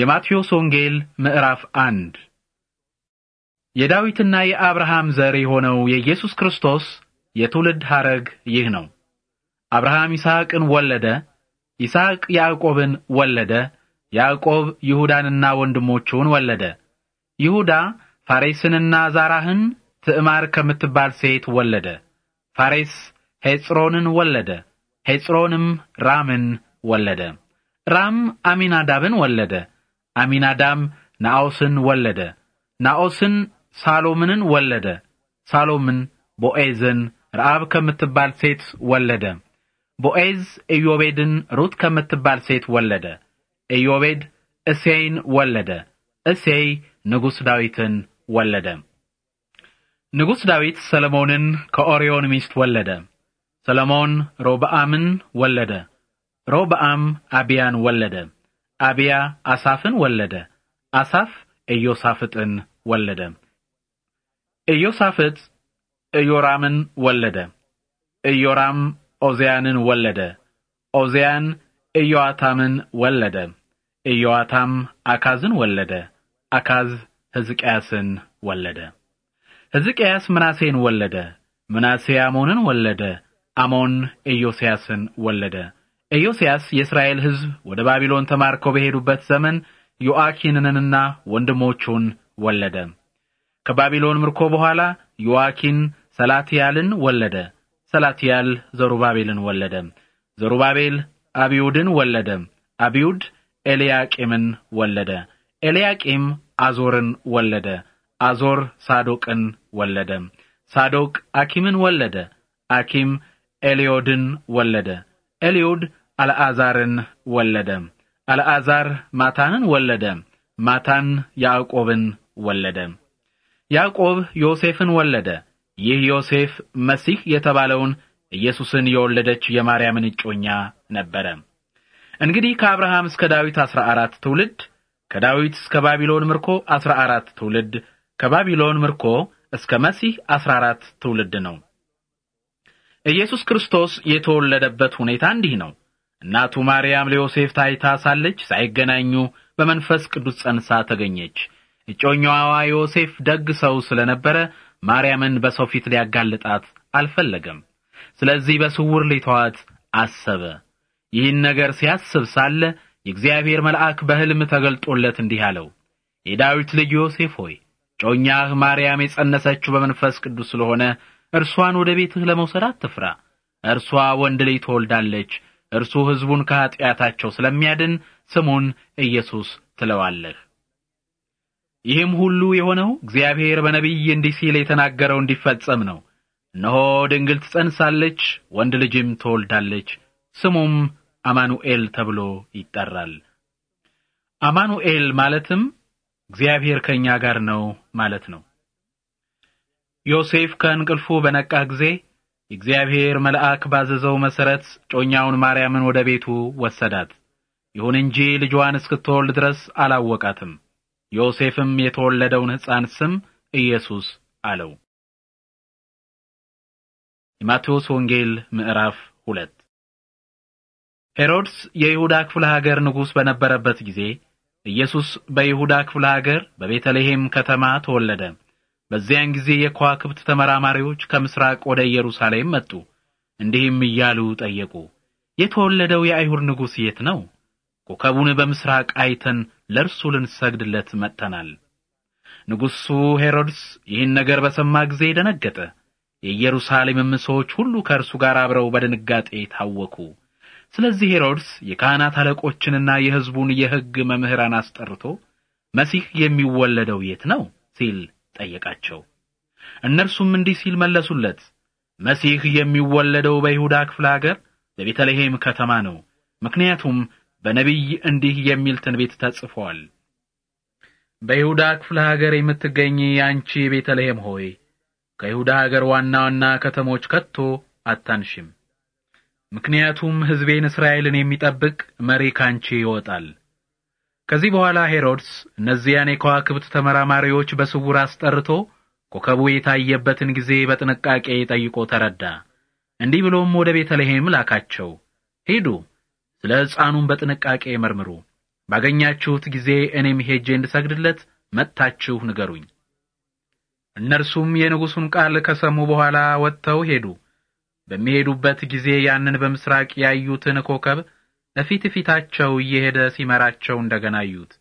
የማቴዎስ ወንጌል ምዕራፍ አንድ የዳዊትና የአብርሃም ዘር የሆነው የኢየሱስ ክርስቶስ የትውልድ ሐረግ ይህ ነው። አብርሃም ይስሐቅን ወለደ፣ ይስሐቅ ያዕቆብን ወለደ፣ ያዕቆብ ይሁዳንና ወንድሞቹን ወለደ። ይሁዳ ፋሬስንና ዛራህን ትዕማር ከምትባል ሴት ወለደ። ፋሬስ ሄጽሮንን ወለደ፣ ሄጽሮንም ራምን ወለደ። ራም አሚናዳብን ወለደ። አሚናዳም ናኦስን ወለደ። ናኦስን ሳሎምንን ወለደ። ሳሎምን ቦኤዝን ረአብ ከምትባል ሴት ወለደ። ቦኤዝ ኢዮቤድን ሩት ከምትባል ሴት ወለደ። ኢዮቤድ እሴይን ወለደ። እሴይ ንጉሥ ዳዊትን ወለደ። ንጉሥ ዳዊት ሰለሞንን ከኦርዮን ሚስት ወለደ። ሰለሞን ሮብዓምን ወለደ። ሮብዓም አብያን ወለደ። አብያ አሳፍን ወለደ። አሳፍ ኢዮሳፍጥን ወለደ። ኢዮሳፍጥ ኢዮራምን ወለደ። ኢዮራም ኦዝያንን ወለደ። ኦዝያን ኢዮአታምን ወለደ። ኢዮአታም አካዝን ወለደ። አካዝ ሕዝቅያስን ወለደ። ሕዝቅያስ ምናሴን ወለደ። ምናሴ አሞንን ወለደ። አሞን ኢዮስያስን ወለደ። ኢዮስያስ የእስራኤል ሕዝብ ወደ ባቢሎን ተማርኮ በሄዱበት ዘመን ዮአኪንንና ወንድሞቹን ወለደ። ከባቢሎን ምርኮ በኋላ ዮአኪን ሰላትያልን ወለደ። ሰላትያል ዘሩባቤልን ወለደ። ዘሩባቤል አብዩድን ወለደ። አብዩድ ኤልያቂምን ወለደ። ኤልያቂም አዞርን ወለደ። አዞር ሳዶቅን ወለደ። ሳዶቅ አኪምን ወለደ። አኪም ኤልዮድን ወለደ። ኤልዮድ አልአዛርን ወለደ። አልአዛር ማታንን ወለደ። ማታን ያዕቆብን ወለደ። ያዕቆብ ዮሴፍን ወለደ። ይህ ዮሴፍ መሲህ የተባለውን ኢየሱስን የወለደች የማርያምን እጮኛ ነበረ። እንግዲህ ከአብርሃም እስከ ዳዊት 14 አራት ትውልድ ከዳዊት እስከ ባቢሎን ምርኮ 14 አራት ትውልድ ከባቢሎን ምርኮ እስከ መሲህ 14 አራት ትውልድ ነው። ኢየሱስ ክርስቶስ የተወለደበት ሁኔታ እንዲህ ነው። እናቱ ማርያም ለዮሴፍ ታይታ ሳለች ሳይገናኙ በመንፈስ ቅዱስ ጸንሳ ተገኘች። እጮኛዋ ዮሴፍ ደግ ሰው ስለነበረ ማርያምን በሰው ፊት ሊያጋልጣት አልፈለገም። ስለዚህ በስውር ሊተዋት አሰበ። ይህን ነገር ሲያስብ ሳለ የእግዚአብሔር መልአክ በሕልም ተገልጦለት እንዲህ አለው፣ የዳዊት ልጅ ዮሴፍ ሆይ ጮኛህ ማርያም የጸነሰችው በመንፈስ ቅዱስ ስለሆነ እርሷን ወደ ቤትህ ለመውሰድ አትፍራ። እርሷ ወንድ ልጅ ትወልዳለች እርሱ ሕዝቡን ከኀጢአታቸው ስለሚያድን ስሙን ኢየሱስ ትለዋለህ። ይህም ሁሉ የሆነው እግዚአብሔር በነቢይ እንዲህ ሲል የተናገረው እንዲፈጸም ነው። እነሆ ድንግል ትጸንሳለች፣ ወንድ ልጅም ትወልዳለች፣ ስሙም አማኑኤል ተብሎ ይጠራል። አማኑኤል ማለትም እግዚአብሔር ከእኛ ጋር ነው ማለት ነው። ዮሴፍ ከእንቅልፉ በነቃ ጊዜ የእግዚአብሔር መልአክ ባዘዘው መሠረት ጮኛውን ማርያምን ወደ ቤቱ ወሰዳት። ይሁን እንጂ ልጇን እስክትወልድ ድረስ አላወቃትም። ዮሴፍም የተወለደውን ሕፃን ስም ኢየሱስ አለው። የማቴዎስ ወንጌል ምዕራፍ ሁለት ሄሮድስ የይሁዳ ክፍለ ሀገር ንጉሥ በነበረበት ጊዜ ኢየሱስ በይሁዳ ክፍለ ሀገር በቤተልሔም ከተማ ተወለደ። በዚያን ጊዜ የከዋክብት ተመራማሪዎች ከምስራቅ ወደ ኢየሩሳሌም መጡ። እንዲህም እያሉ ጠየቁ፣ የተወለደው የአይሁድ ንጉሥ የት ነው? ኮከቡን በምስራቅ አይተን ለእርሱ ልንሰግድለት መጥተናል። ንጉሡ ሄሮድስ ይህን ነገር በሰማ ጊዜ ደነገጠ። የኢየሩሳሌምም ሰዎች ሁሉ ከእርሱ ጋር አብረው በድንጋጤ ታወኩ። ስለዚህ ሄሮድስ የካህናት አለቆችንና የሕዝቡን የሕግ መምህራን አስጠርቶ መሲህ የሚወለደው የት ነው ሲል ጠየቃቸው። እነርሱም እንዲህ ሲል መለሱለት፣ መሲህ የሚወለደው በይሁዳ ክፍለ አገር በቤተልሔም ከተማ ነው። ምክንያቱም በነቢይ እንዲህ የሚል ትንቢት ተጽፏል። በይሁዳ ክፍለ ሀገር የምትገኝ ያንቺ ቤተልሔም ሆይ ከይሁዳ ሀገር ዋና ዋና ከተሞች ከቶ አታንሽም። ምክንያቱም ሕዝቤን እስራኤልን የሚጠብቅ መሪ ካንቺ ይወጣል። ከዚህ በኋላ ሄሮድስ እነዚያን የከዋክብት ተመራማሪዎች በስውር አስጠርቶ ኮከቡ የታየበትን ጊዜ በጥንቃቄ ጠይቆ ተረዳ። እንዲህ ብሎም ወደ ቤተልሔም ላካቸው። ሂዱ፣ ስለ ሕፃኑም በጥንቃቄ መርምሩ። ባገኛችሁት ጊዜ እኔም ሄጄ እንድሰግድለት መጥታችሁ ንገሩኝ። እነርሱም የንጉሡን ቃል ከሰሙ በኋላ ወጥተው ሄዱ። በሚሄዱበት ጊዜ ያንን በምስራቅ ያዩትን ኮከብ ከፊት ፊታቸው እየሄደ ሲመራቸው እንደገና አዩት።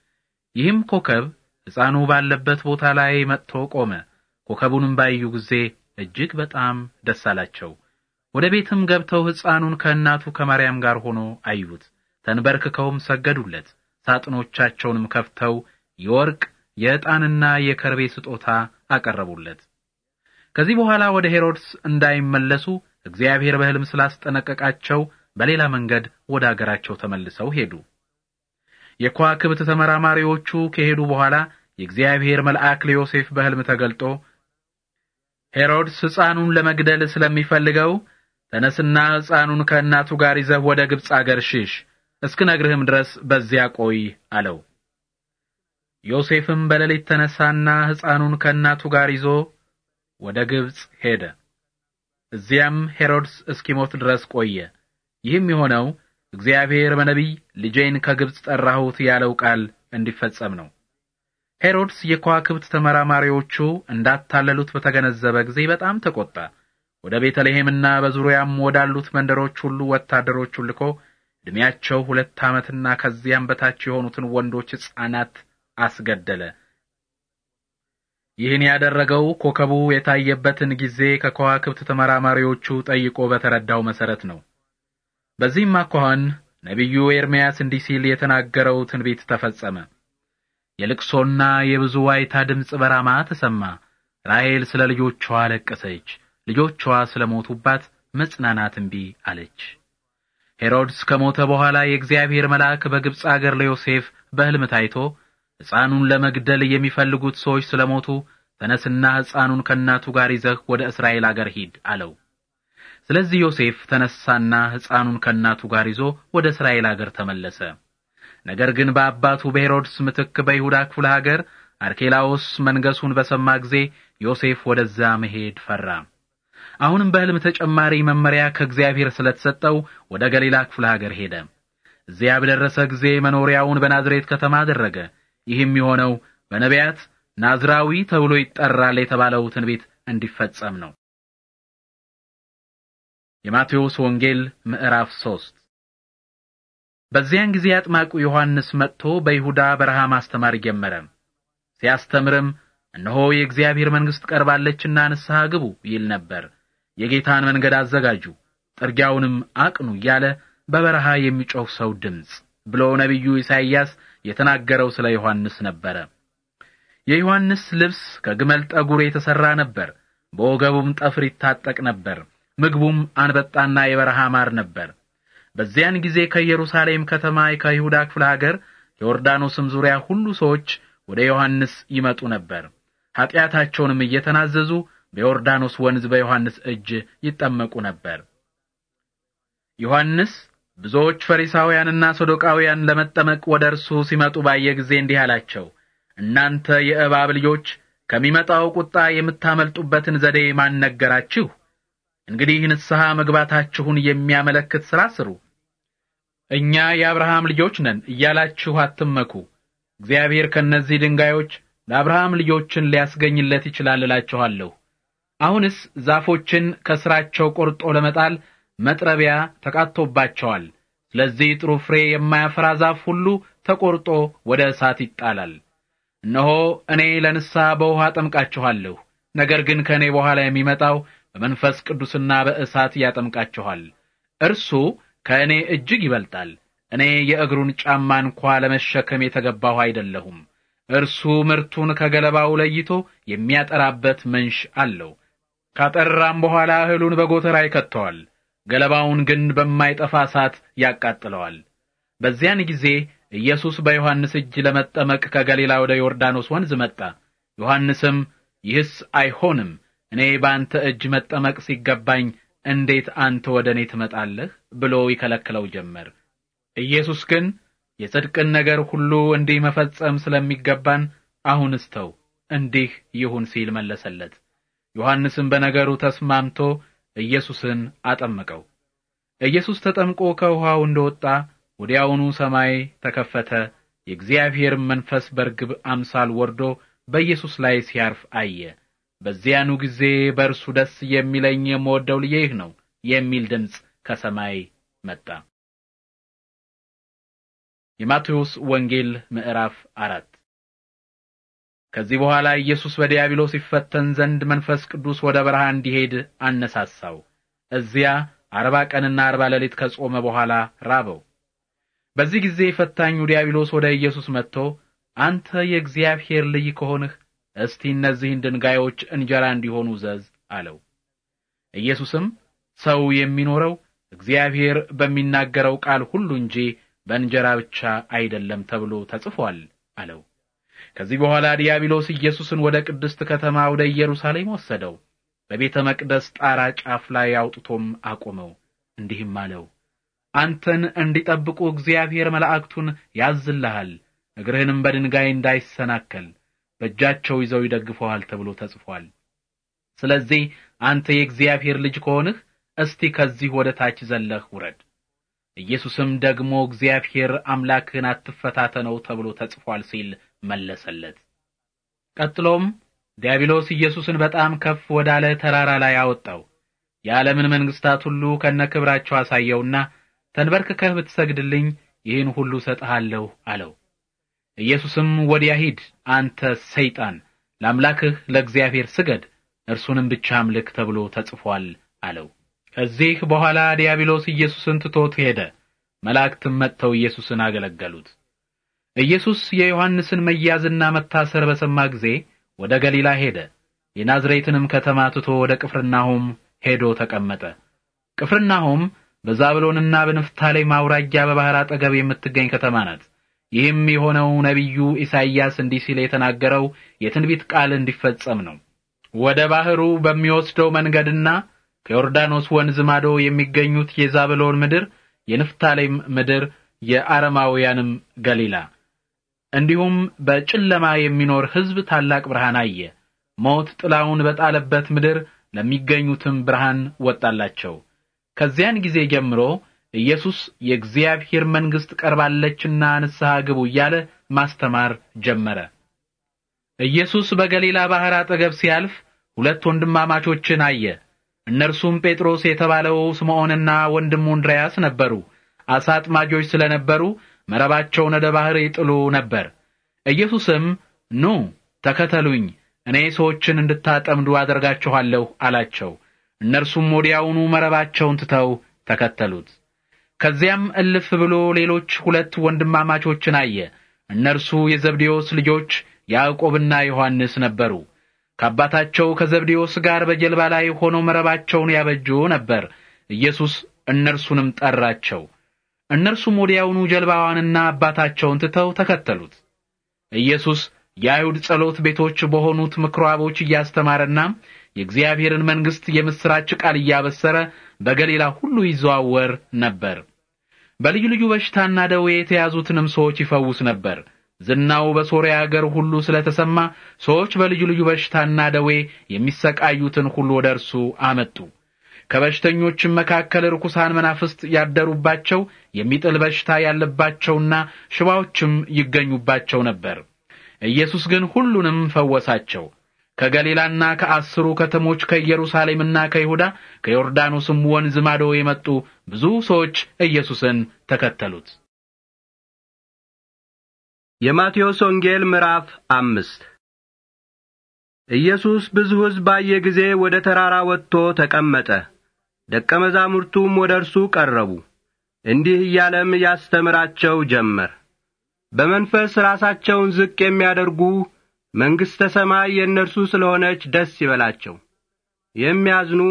ይህም ኮከብ ሕፃኑ ባለበት ቦታ ላይ መጥቶ ቆመ። ኮከቡንም ባዩ ጊዜ እጅግ በጣም ደስ አላቸው። ወደ ቤትም ገብተው ሕፃኑን ከእናቱ ከማርያም ጋር ሆኖ አዩት። ተንበርክከውም ሰገዱለት። ሳጥኖቻቸውንም ከፍተው የወርቅ የዕጣንና የከርቤ ስጦታ አቀረቡለት። ከዚህ በኋላ ወደ ሄሮድስ እንዳይመለሱ እግዚአብሔር በሕልም ስላስጠነቀቃቸው በሌላ መንገድ ወደ አገራቸው ተመልሰው ሄዱ። የከዋክብት ተመራማሪዎቹ ከሄዱ በኋላ የእግዚአብሔር መልአክ ለዮሴፍ በሕልም ተገልጦ ሄሮድስ ሕፃኑን ለመግደል ስለሚፈልገው ተነስና ሕፃኑን ከእናቱ ጋር ይዘህ ወደ ግብፅ አገር ሽሽ፣ እስክነግርህም ድረስ በዚያ ቆይ አለው። ዮሴፍም በሌሊት ተነሳና ሕፃኑን ከእናቱ ጋር ይዞ ወደ ግብፅ ሄደ። እዚያም ሄሮድስ እስኪሞት ድረስ ቆየ። ይህም የሆነው እግዚአብሔር በነቢይ ልጄን ከግብፅ ጠራሁት ያለው ቃል እንዲፈጸም ነው። ሄሮድስ የከዋክብት ተመራማሪዎቹ እንዳታለሉት በተገነዘበ ጊዜ በጣም ተቆጣ። ወደ ቤተልሔምና በዙሪያም ወዳሉት መንደሮች ሁሉ ወታደሮቹን ልኮ ዕድሜያቸው ሁለት ዓመትና ከዚያም በታች የሆኑትን ወንዶች ሕፃናት አስገደለ። ይህን ያደረገው ኮከቡ የታየበትን ጊዜ ከከዋክብት ተመራማሪዎቹ ጠይቆ በተረዳው መሰረት ነው። በዚህም አኳኋን ነቢዩ ኤርምያስ እንዲህ ሲል የተናገረው ትንቢት ተፈጸመ። የልቅሶና የብዙ ዋይታ ድምፅ በራማ ተሰማ። ራሔል ስለ ልጆቿ አለቀሰች፣ ልጆቿ ስለ ሞቱባት መጽናናት እምቢ አለች። ሄሮድስ ከሞተ በኋላ የእግዚአብሔር መልአክ በግብፅ አገር ለዮሴፍ በሕልም ታይቶ ሕፃኑን ለመግደል የሚፈልጉት ሰዎች ስለሞቱ ተነስና ሕፃኑን ከእናቱ ጋር ይዘህ ወደ እስራኤል አገር ሂድ አለው። ስለዚህ ዮሴፍ ተነሳና ሕፃኑን ከእናቱ ጋር ይዞ ወደ እስራኤል አገር ተመለሰ። ነገር ግን በአባቱ በሄሮድስ ምትክ በይሁዳ ክፍለ ሀገር አርኬላዎስ መንገሱን በሰማ ጊዜ ዮሴፍ ወደዛ መሄድ ፈራ። አሁንም በሕልም ተጨማሪ መመሪያ ከእግዚአብሔር ስለተሰጠው ወደ ገሊላ ክፍለ ሀገር ሄደ። እዚያ በደረሰ ጊዜ መኖሪያውን በናዝሬት ከተማ አደረገ። ይህም የሆነው በነቢያት ናዝራዊ ተብሎ ይጠራል የተባለው ትንቢት እንዲፈጸም ነው። የማቴዎስ ወንጌል ምዕራፍ 3 በዚያን ጊዜ አጥማቁ ዮሐንስ መጥቶ በይሁዳ በረሃ ማስተማር ጀመረ። ሲያስተምርም እነሆ የእግዚአብሔር መንግሥት ቀርባለችና ንስሐ ግቡ ይል ነበር። የጌታን መንገድ አዘጋጁ፣ ጥርጊያውንም አቅኑ እያለ በበረሃ የሚጮህ ሰው ድምፅ ብሎ ነቢዩ ኢሳይያስ የተናገረው ስለ ዮሐንስ ነበረ። የዮሐንስ ልብስ ከግመል ጠጉር የተሰራ ነበር፣ በወገቡም ጠፍር ይታጠቅ ነበር። ምግቡም አንበጣና የበረሃ ማር ነበር። በዚያን ጊዜ ከኢየሩሳሌም ከተማ ከይሁዳ ክፍለ ሀገር ዮርዳኖስም ዙሪያ ሁሉ ሰዎች ወደ ዮሐንስ ይመጡ ነበር። ኀጢአታቸውንም እየተናዘዙ በዮርዳኖስ ወንዝ በዮሐንስ እጅ ይጠመቁ ነበር። ዮሐንስ ብዙዎች ፈሪሳውያንና ሰዶቃውያን ለመጠመቅ ወደ እርሱ ሲመጡ ባየ ጊዜ እንዲህ አላቸው፣ እናንተ የእባብ ልጆች ከሚመጣው ቁጣ የምታመልጡበትን ዘዴ ማን ነገራችሁ? እንግዲህ ንስሐ መግባታችሁን የሚያመለክት ሥራ ስሩ። እኛ የአብርሃም ልጆች ነን እያላችሁ አትመኩ። እግዚአብሔር ከእነዚህ ድንጋዮች ለአብርሃም ልጆችን ሊያስገኝለት ይችላል እላችኋለሁ። አሁንስ ዛፎችን ከሥራቸው ቆርጦ ለመጣል መጥረቢያ ተቃጥቶባቸዋል። ስለዚህ ጥሩ ፍሬ የማያፈራ ዛፍ ሁሉ ተቆርጦ ወደ እሳት ይጣላል። እነሆ እኔ ለንስሐ በውኃ አጠምቃችኋለሁ። ነገር ግን ከእኔ በኋላ የሚመጣው በመንፈስ ቅዱስና በእሳት ያጠምቃችኋል። እርሱ ከእኔ እጅግ ይበልጣል። እኔ የእግሩን ጫማ እንኳ ለመሸከም የተገባሁ አይደለሁም። እርሱ ምርቱን ከገለባው ለይቶ የሚያጠራበት መንሽ አለው። ካጠራም በኋላ እህሉን በጎተራ ይከተዋል፣ ገለባውን ግን በማይጠፋ እሳት ያቃጥለዋል። በዚያን ጊዜ ኢየሱስ በዮሐንስ እጅ ለመጠመቅ ከገሊላ ወደ ዮርዳኖስ ወንዝ መጣ። ዮሐንስም ይህስ አይሆንም እኔ በአንተ እጅ መጠመቅ ሲገባኝ እንዴት አንተ ወደ እኔ ትመጣለህ ብሎ ይከለክለው ጀመር። ኢየሱስ ግን የጽድቅን ነገር ሁሉ እንዲህ መፈጸም ስለሚገባን አሁን እስተው እንዲህ ይሁን ሲል መለሰለት። ዮሐንስም በነገሩ ተስማምቶ ኢየሱስን አጠመቀው። ኢየሱስ ተጠምቆ ከውሃው እንደወጣ ወዲያውኑ ሰማይ ተከፈተ፣ የእግዚአብሔር መንፈስ በርግብ አምሳል ወርዶ በኢየሱስ ላይ ሲያርፍ አየ። በዚያኑ ጊዜ በእርሱ ደስ የሚለኝ የምወደው ልጄ ይህ ነው የሚል ድምፅ ከሰማይ መጣ። የማቴዎስ ወንጌል ምዕራፍ አራት ከዚህ በኋላ ኢየሱስ በዲያብሎስ ይፈተን ዘንድ መንፈስ ቅዱስ ወደ በረሃ እንዲሄድ አነሳሳው። እዚያ አርባ ቀንና አርባ ሌሊት ከጾመ በኋላ ራበው። በዚህ ጊዜ ፈታኙ ዲያብሎስ ወደ ኢየሱስ መጥቶ አንተ የእግዚአብሔር ልጅ ከሆንህ እስቲ እነዚህን ድንጋዮች እንጀራ እንዲሆኑ ዘዝ አለው። ኢየሱስም ሰው የሚኖረው እግዚአብሔር በሚናገረው ቃል ሁሉ እንጂ በእንጀራ ብቻ አይደለም ተብሎ ተጽፏል አለው። ከዚህ በኋላ ዲያብሎስ ኢየሱስን ወደ ቅድስት ከተማ ወደ ኢየሩሳሌም ወሰደው። በቤተ መቅደስ ጣራ ጫፍ ላይ አውጥቶም አቆመው። እንዲህም አለው፣ አንተን እንዲጠብቁ እግዚአብሔር መላእክቱን ያዝልሃል፣ እግርህንም በድንጋይ እንዳይሰናከል በእጃቸው ይዘው ይደግፈዋል ተብሎ ተጽፏል። ስለዚህ አንተ የእግዚአብሔር ልጅ ከሆንህ እስቲ ከዚህ ወደ ታች ዘለህ ውረድ። ኢየሱስም ደግሞ እግዚአብሔር አምላክህን አትፈታተነው ተብሎ ተጽፏል ሲል መለሰለት። ቀጥሎም ዲያብሎስ ኢየሱስን በጣም ከፍ ወዳለ ተራራ ላይ አወጣው። የዓለምን መንግስታት ሁሉ ከነክብራቸው አሳየውና ተንበርክከህ ብትሰግድልኝ ይህን ሁሉ ሰጥሃለሁ አለው። ኢየሱስም ወዲያ ሂድ፣ አንተ ሰይጣን፣ ለአምላክህ ለእግዚአብሔር ስገድ፣ እርሱንም ብቻ አምልክ ተብሎ ተጽፏል አለው። ከዚህ በኋላ ዲያብሎስ ኢየሱስን ትቶት ሄደ። መላእክትም መጥተው ኢየሱስን አገለገሉት። ኢየሱስ የዮሐንስን መያዝና መታሰር በሰማ ጊዜ ወደ ገሊላ ሄደ። የናዝሬትንም ከተማ ትቶ ወደ ቅፍርናሆም ሄዶ ተቀመጠ። ቅፍርናሆም በዛብሎንና በንፍታሌም አውራጃ በባህር አጠገብ የምትገኝ ከተማ ናት። ይህም የሆነው ነቢዩ ኢሳይያስ እንዲህ ሲል የተናገረው የትንቢት ቃል እንዲፈጸም ነው። ወደ ባህሩ በሚወስደው መንገድና ከዮርዳኖስ ወንዝ ማዶ የሚገኙት የዛብሎን ምድር፣ የንፍታሌም ምድር፣ የአረማውያንም ገሊላ እንዲሁም በጨለማ የሚኖር ሕዝብ ታላቅ ብርሃን አየ። ሞት ጥላውን በጣለበት ምድር ለሚገኙትም ብርሃን ወጣላቸው። ከዚያን ጊዜ ጀምሮ ኢየሱስ የእግዚአብሔር መንግሥት ቀርባለችና ንስሐ ግቡ እያለ ማስተማር ጀመረ። ኢየሱስ በገሊላ ባህር አጠገብ ሲያልፍ ሁለት ወንድማማቾችን አየ። እነርሱም ጴጥሮስ የተባለው ስምዖንና ወንድሙ እንድርያስ ነበሩ። አሳጥማጆች አጥማጆች ስለነበሩ መረባቸውን ወደ ባህር ይጥሉ ነበር። ኢየሱስም ኑ ተከተሉኝ፣ እኔ ሰዎችን እንድታጠምዱ አደርጋችኋለሁ አላቸው። እነርሱም ወዲያውኑ መረባቸውን ትተው ተከተሉት። ከዚያም እልፍ ብሎ ሌሎች ሁለት ወንድማማቾችን አየ። እነርሱ የዘብዴዎስ ልጆች ያዕቆብና ዮሐንስ ነበሩ። ከአባታቸው ከዘብዴዎስ ጋር በጀልባ ላይ ሆነው መረባቸውን ያበጁ ነበር። ኢየሱስ እነርሱንም ጠራቸው። እነርሱም ወዲያውኑ ጀልባዋንና አባታቸውን ትተው ተከተሉት። ኢየሱስ የአይሁድ ጸሎት ቤቶች በሆኑት ምኵራቦች እያስተማረና የእግዚአብሔርን መንግሥት የምሥራች ቃል እያበሰረ በገሊላ ሁሉ ይዘዋወር ነበር። በልዩ ልዩ በሽታና ደዌ የተያዙትንም ሰዎች ይፈውስ ነበር። ዝናው በሶርያ አገር ሁሉ ስለተሰማ ሰዎች በልዩ ልዩ በሽታና ደዌ የሚሰቃዩትን ሁሉ ወደ እርሱ አመጡ። ከበሽተኞችም መካከል ርኩሳን መናፍስት ያደሩባቸው፣ የሚጥል በሽታ ያለባቸውና ሽባዎችም ይገኙባቸው ነበር። ኢየሱስ ግን ሁሉንም ፈወሳቸው። ከገሊላና ከአስሩ ከተሞች ከኢየሩሳሌምና ከይሁዳ ከዮርዳኖስም ወንዝ ማዶ የመጡ ብዙ ሰዎች ኢየሱስን ተከተሉት። የማቴዎስ ወንጌል ምዕራፍ አምስት ኢየሱስ ብዙ ሕዝብ ባየ ጊዜ ወደ ተራራ ወጥቶ ተቀመጠ። ደቀ መዛሙርቱም ወደ እርሱ ቀረቡ። እንዲህ እያለም ያስተምራቸው ጀመር። በመንፈስ ራሳቸውን ዝቅ የሚያደርጉ መንግሥተ ሰማይ የእነርሱ ስለሆነች ደስ ይበላቸው። የሚያዝኑ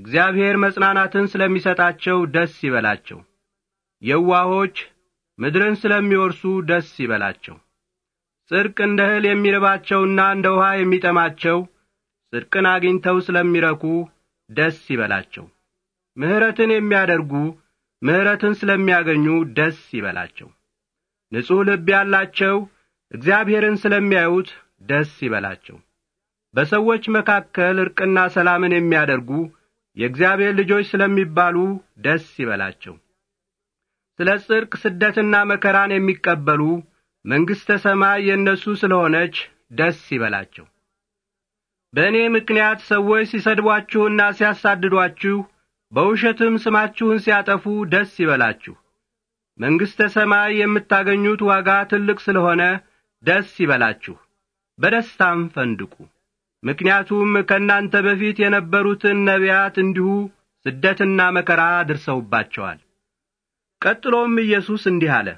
እግዚአብሔር መጽናናትን ስለሚሰጣቸው ደስ ይበላቸው። የዋሆች ምድርን ስለሚወርሱ ደስ ይበላቸው። ጽድቅ እንደ እህል የሚርባቸውና እንደ ውኃ የሚጠማቸው ጽድቅን አግኝተው ስለሚረኩ ደስ ይበላቸው። ምሕረትን የሚያደርጉ ምሕረትን ስለሚያገኙ ደስ ይበላቸው። ንጹሕ ልብ ያላቸው እግዚአብሔርን ስለሚያዩት ደስ ይበላቸው። በሰዎች መካከል እርቅና ሰላምን የሚያደርጉ የእግዚአብሔር ልጆች ስለሚባሉ ደስ ይበላቸው። ስለ ጽድቅ ስደትና መከራን የሚቀበሉ መንግሥተ ሰማይ የእነሱ ስለሆነች ደስ ይበላቸው። በእኔ ምክንያት ሰዎች ሲሰድቧችሁና ሲያሳድዷችሁ በውሸትም ስማችሁን ሲያጠፉ ደስ ይበላችሁ። መንግሥተ ሰማይ የምታገኙት ዋጋ ትልቅ ስለሆነ ደስ ይበላችሁ፣ በደስታም ፈንድቁ። ምክንያቱም ከእናንተ በፊት የነበሩትን ነቢያት እንዲሁ ስደትና መከራ አድርሰውባቸዋል! ቀጥሎም ኢየሱስ እንዲህ አለ፣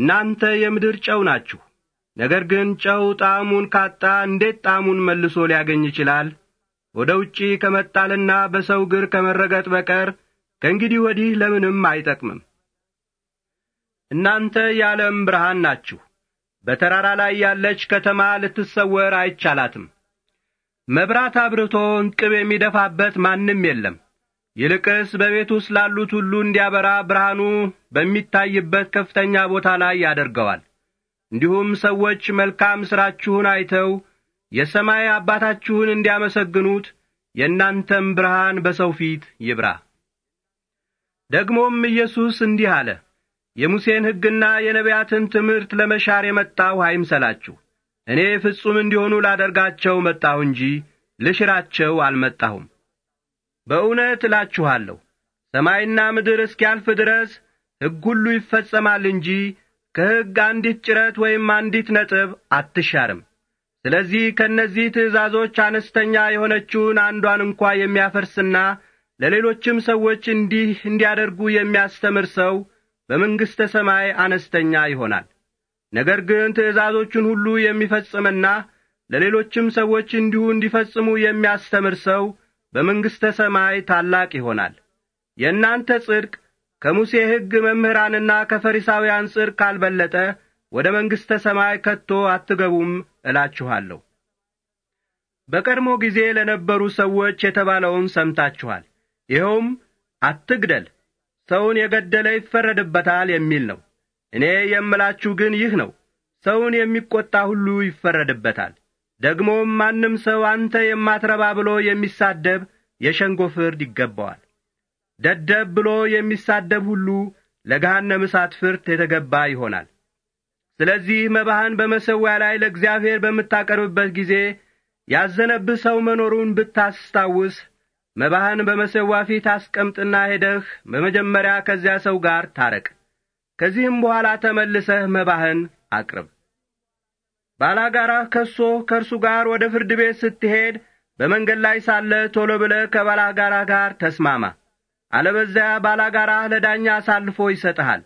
እናንተ የምድር ጨው ናችሁ። ነገር ግን ጨው ጣዕሙን ካጣ እንዴት ጣዕሙን መልሶ ሊያገኝ ይችላል? ወደ ውጪ ከመጣልና በሰው እግር ከመረገጥ በቀር ከእንግዲህ ወዲህ ለምንም አይጠቅምም። እናንተ የዓለም ብርሃን ናችሁ። በተራራ ላይ ያለች ከተማ ልትሰወር አይቻላትም። መብራት አብርቶ እንቅብ የሚደፋበት ማንም የለም። ይልቅስ በቤት ውስጥ ላሉት ሁሉ እንዲያበራ ብርሃኑ በሚታይበት ከፍተኛ ቦታ ላይ ያደርገዋል። እንዲሁም ሰዎች መልካም ሥራችሁን አይተው የሰማይ አባታችሁን እንዲያመሰግኑት የእናንተም ብርሃን በሰው ፊት ይብራ። ደግሞም ኢየሱስ እንዲህ አለ፣ የሙሴን ሕግና የነቢያትን ትምህርት ለመሻር የመጣሁ አይምሰላችሁ። እኔ ፍጹም እንዲሆኑ ላደርጋቸው መጣሁ እንጂ ልሽራቸው አልመጣሁም። በእውነት እላችኋለሁ ሰማይና ምድር እስኪያልፍ ድረስ ሕግ ሁሉ ይፈጸማል እንጂ ከሕግ አንዲት ጭረት ወይም አንዲት ነጥብ አትሻርም። ስለዚህ ከእነዚህ ትእዛዞች አነስተኛ የሆነችውን አንዷን እንኳ የሚያፈርስና ለሌሎችም ሰዎች እንዲህ እንዲያደርጉ የሚያስተምር ሰው በመንግሥተ ሰማይ አነስተኛ ይሆናል። ነገር ግን ትእዛዞቹን ሁሉ የሚፈጽምና ለሌሎችም ሰዎች እንዲሁ እንዲፈጽሙ የሚያስተምር ሰው በመንግሥተ ሰማይ ታላቅ ይሆናል። የእናንተ ጽድቅ ከሙሴ ሕግ መምህራንና ከፈሪሳውያን ጽድቅ ካልበለጠ ወደ መንግሥተ ሰማይ ከቶ አትገቡም እላችኋለሁ። በቀድሞ ጊዜ ለነበሩ ሰዎች የተባለውን ሰምታችኋል። ይኸውም አትግደል፣ ሰውን የገደለ ይፈረድበታል የሚል ነው። እኔ የምላችሁ ግን ይህ ነው፣ ሰውን የሚቈጣ ሁሉ ይፈረድበታል። ደግሞም ማንም ሰው አንተ የማትረባ ብሎ የሚሳደብ የሸንጎ ፍርድ ይገባዋል። ደደብ ብሎ የሚሳደብ ሁሉ ለገሃነም እሳት ፍርድ የተገባ ይሆናል። ስለዚህ መባህን በመሠዊያ ላይ ለእግዚአብሔር በምታቀርብበት ጊዜ ያዘነብህ ሰው መኖሩን ብታስታውስ መባህን በመሰዋ ፊት አስቀምጥና ሄደህ በመጀመሪያ ከዚያ ሰው ጋር ታረቅ። ከዚህም በኋላ ተመልሰህ መባህን አቅርብ። ባላጋራህ ከሶ ከእርሱ ጋር ወደ ፍርድ ቤት ስትሄድ በመንገድ ላይ ሳለ ቶሎ ብለህ ከባላጋራህ ጋር ተስማማ። አለበዚያ ባላጋራህ ለዳኛ አሳልፎ ይሰጥሃል።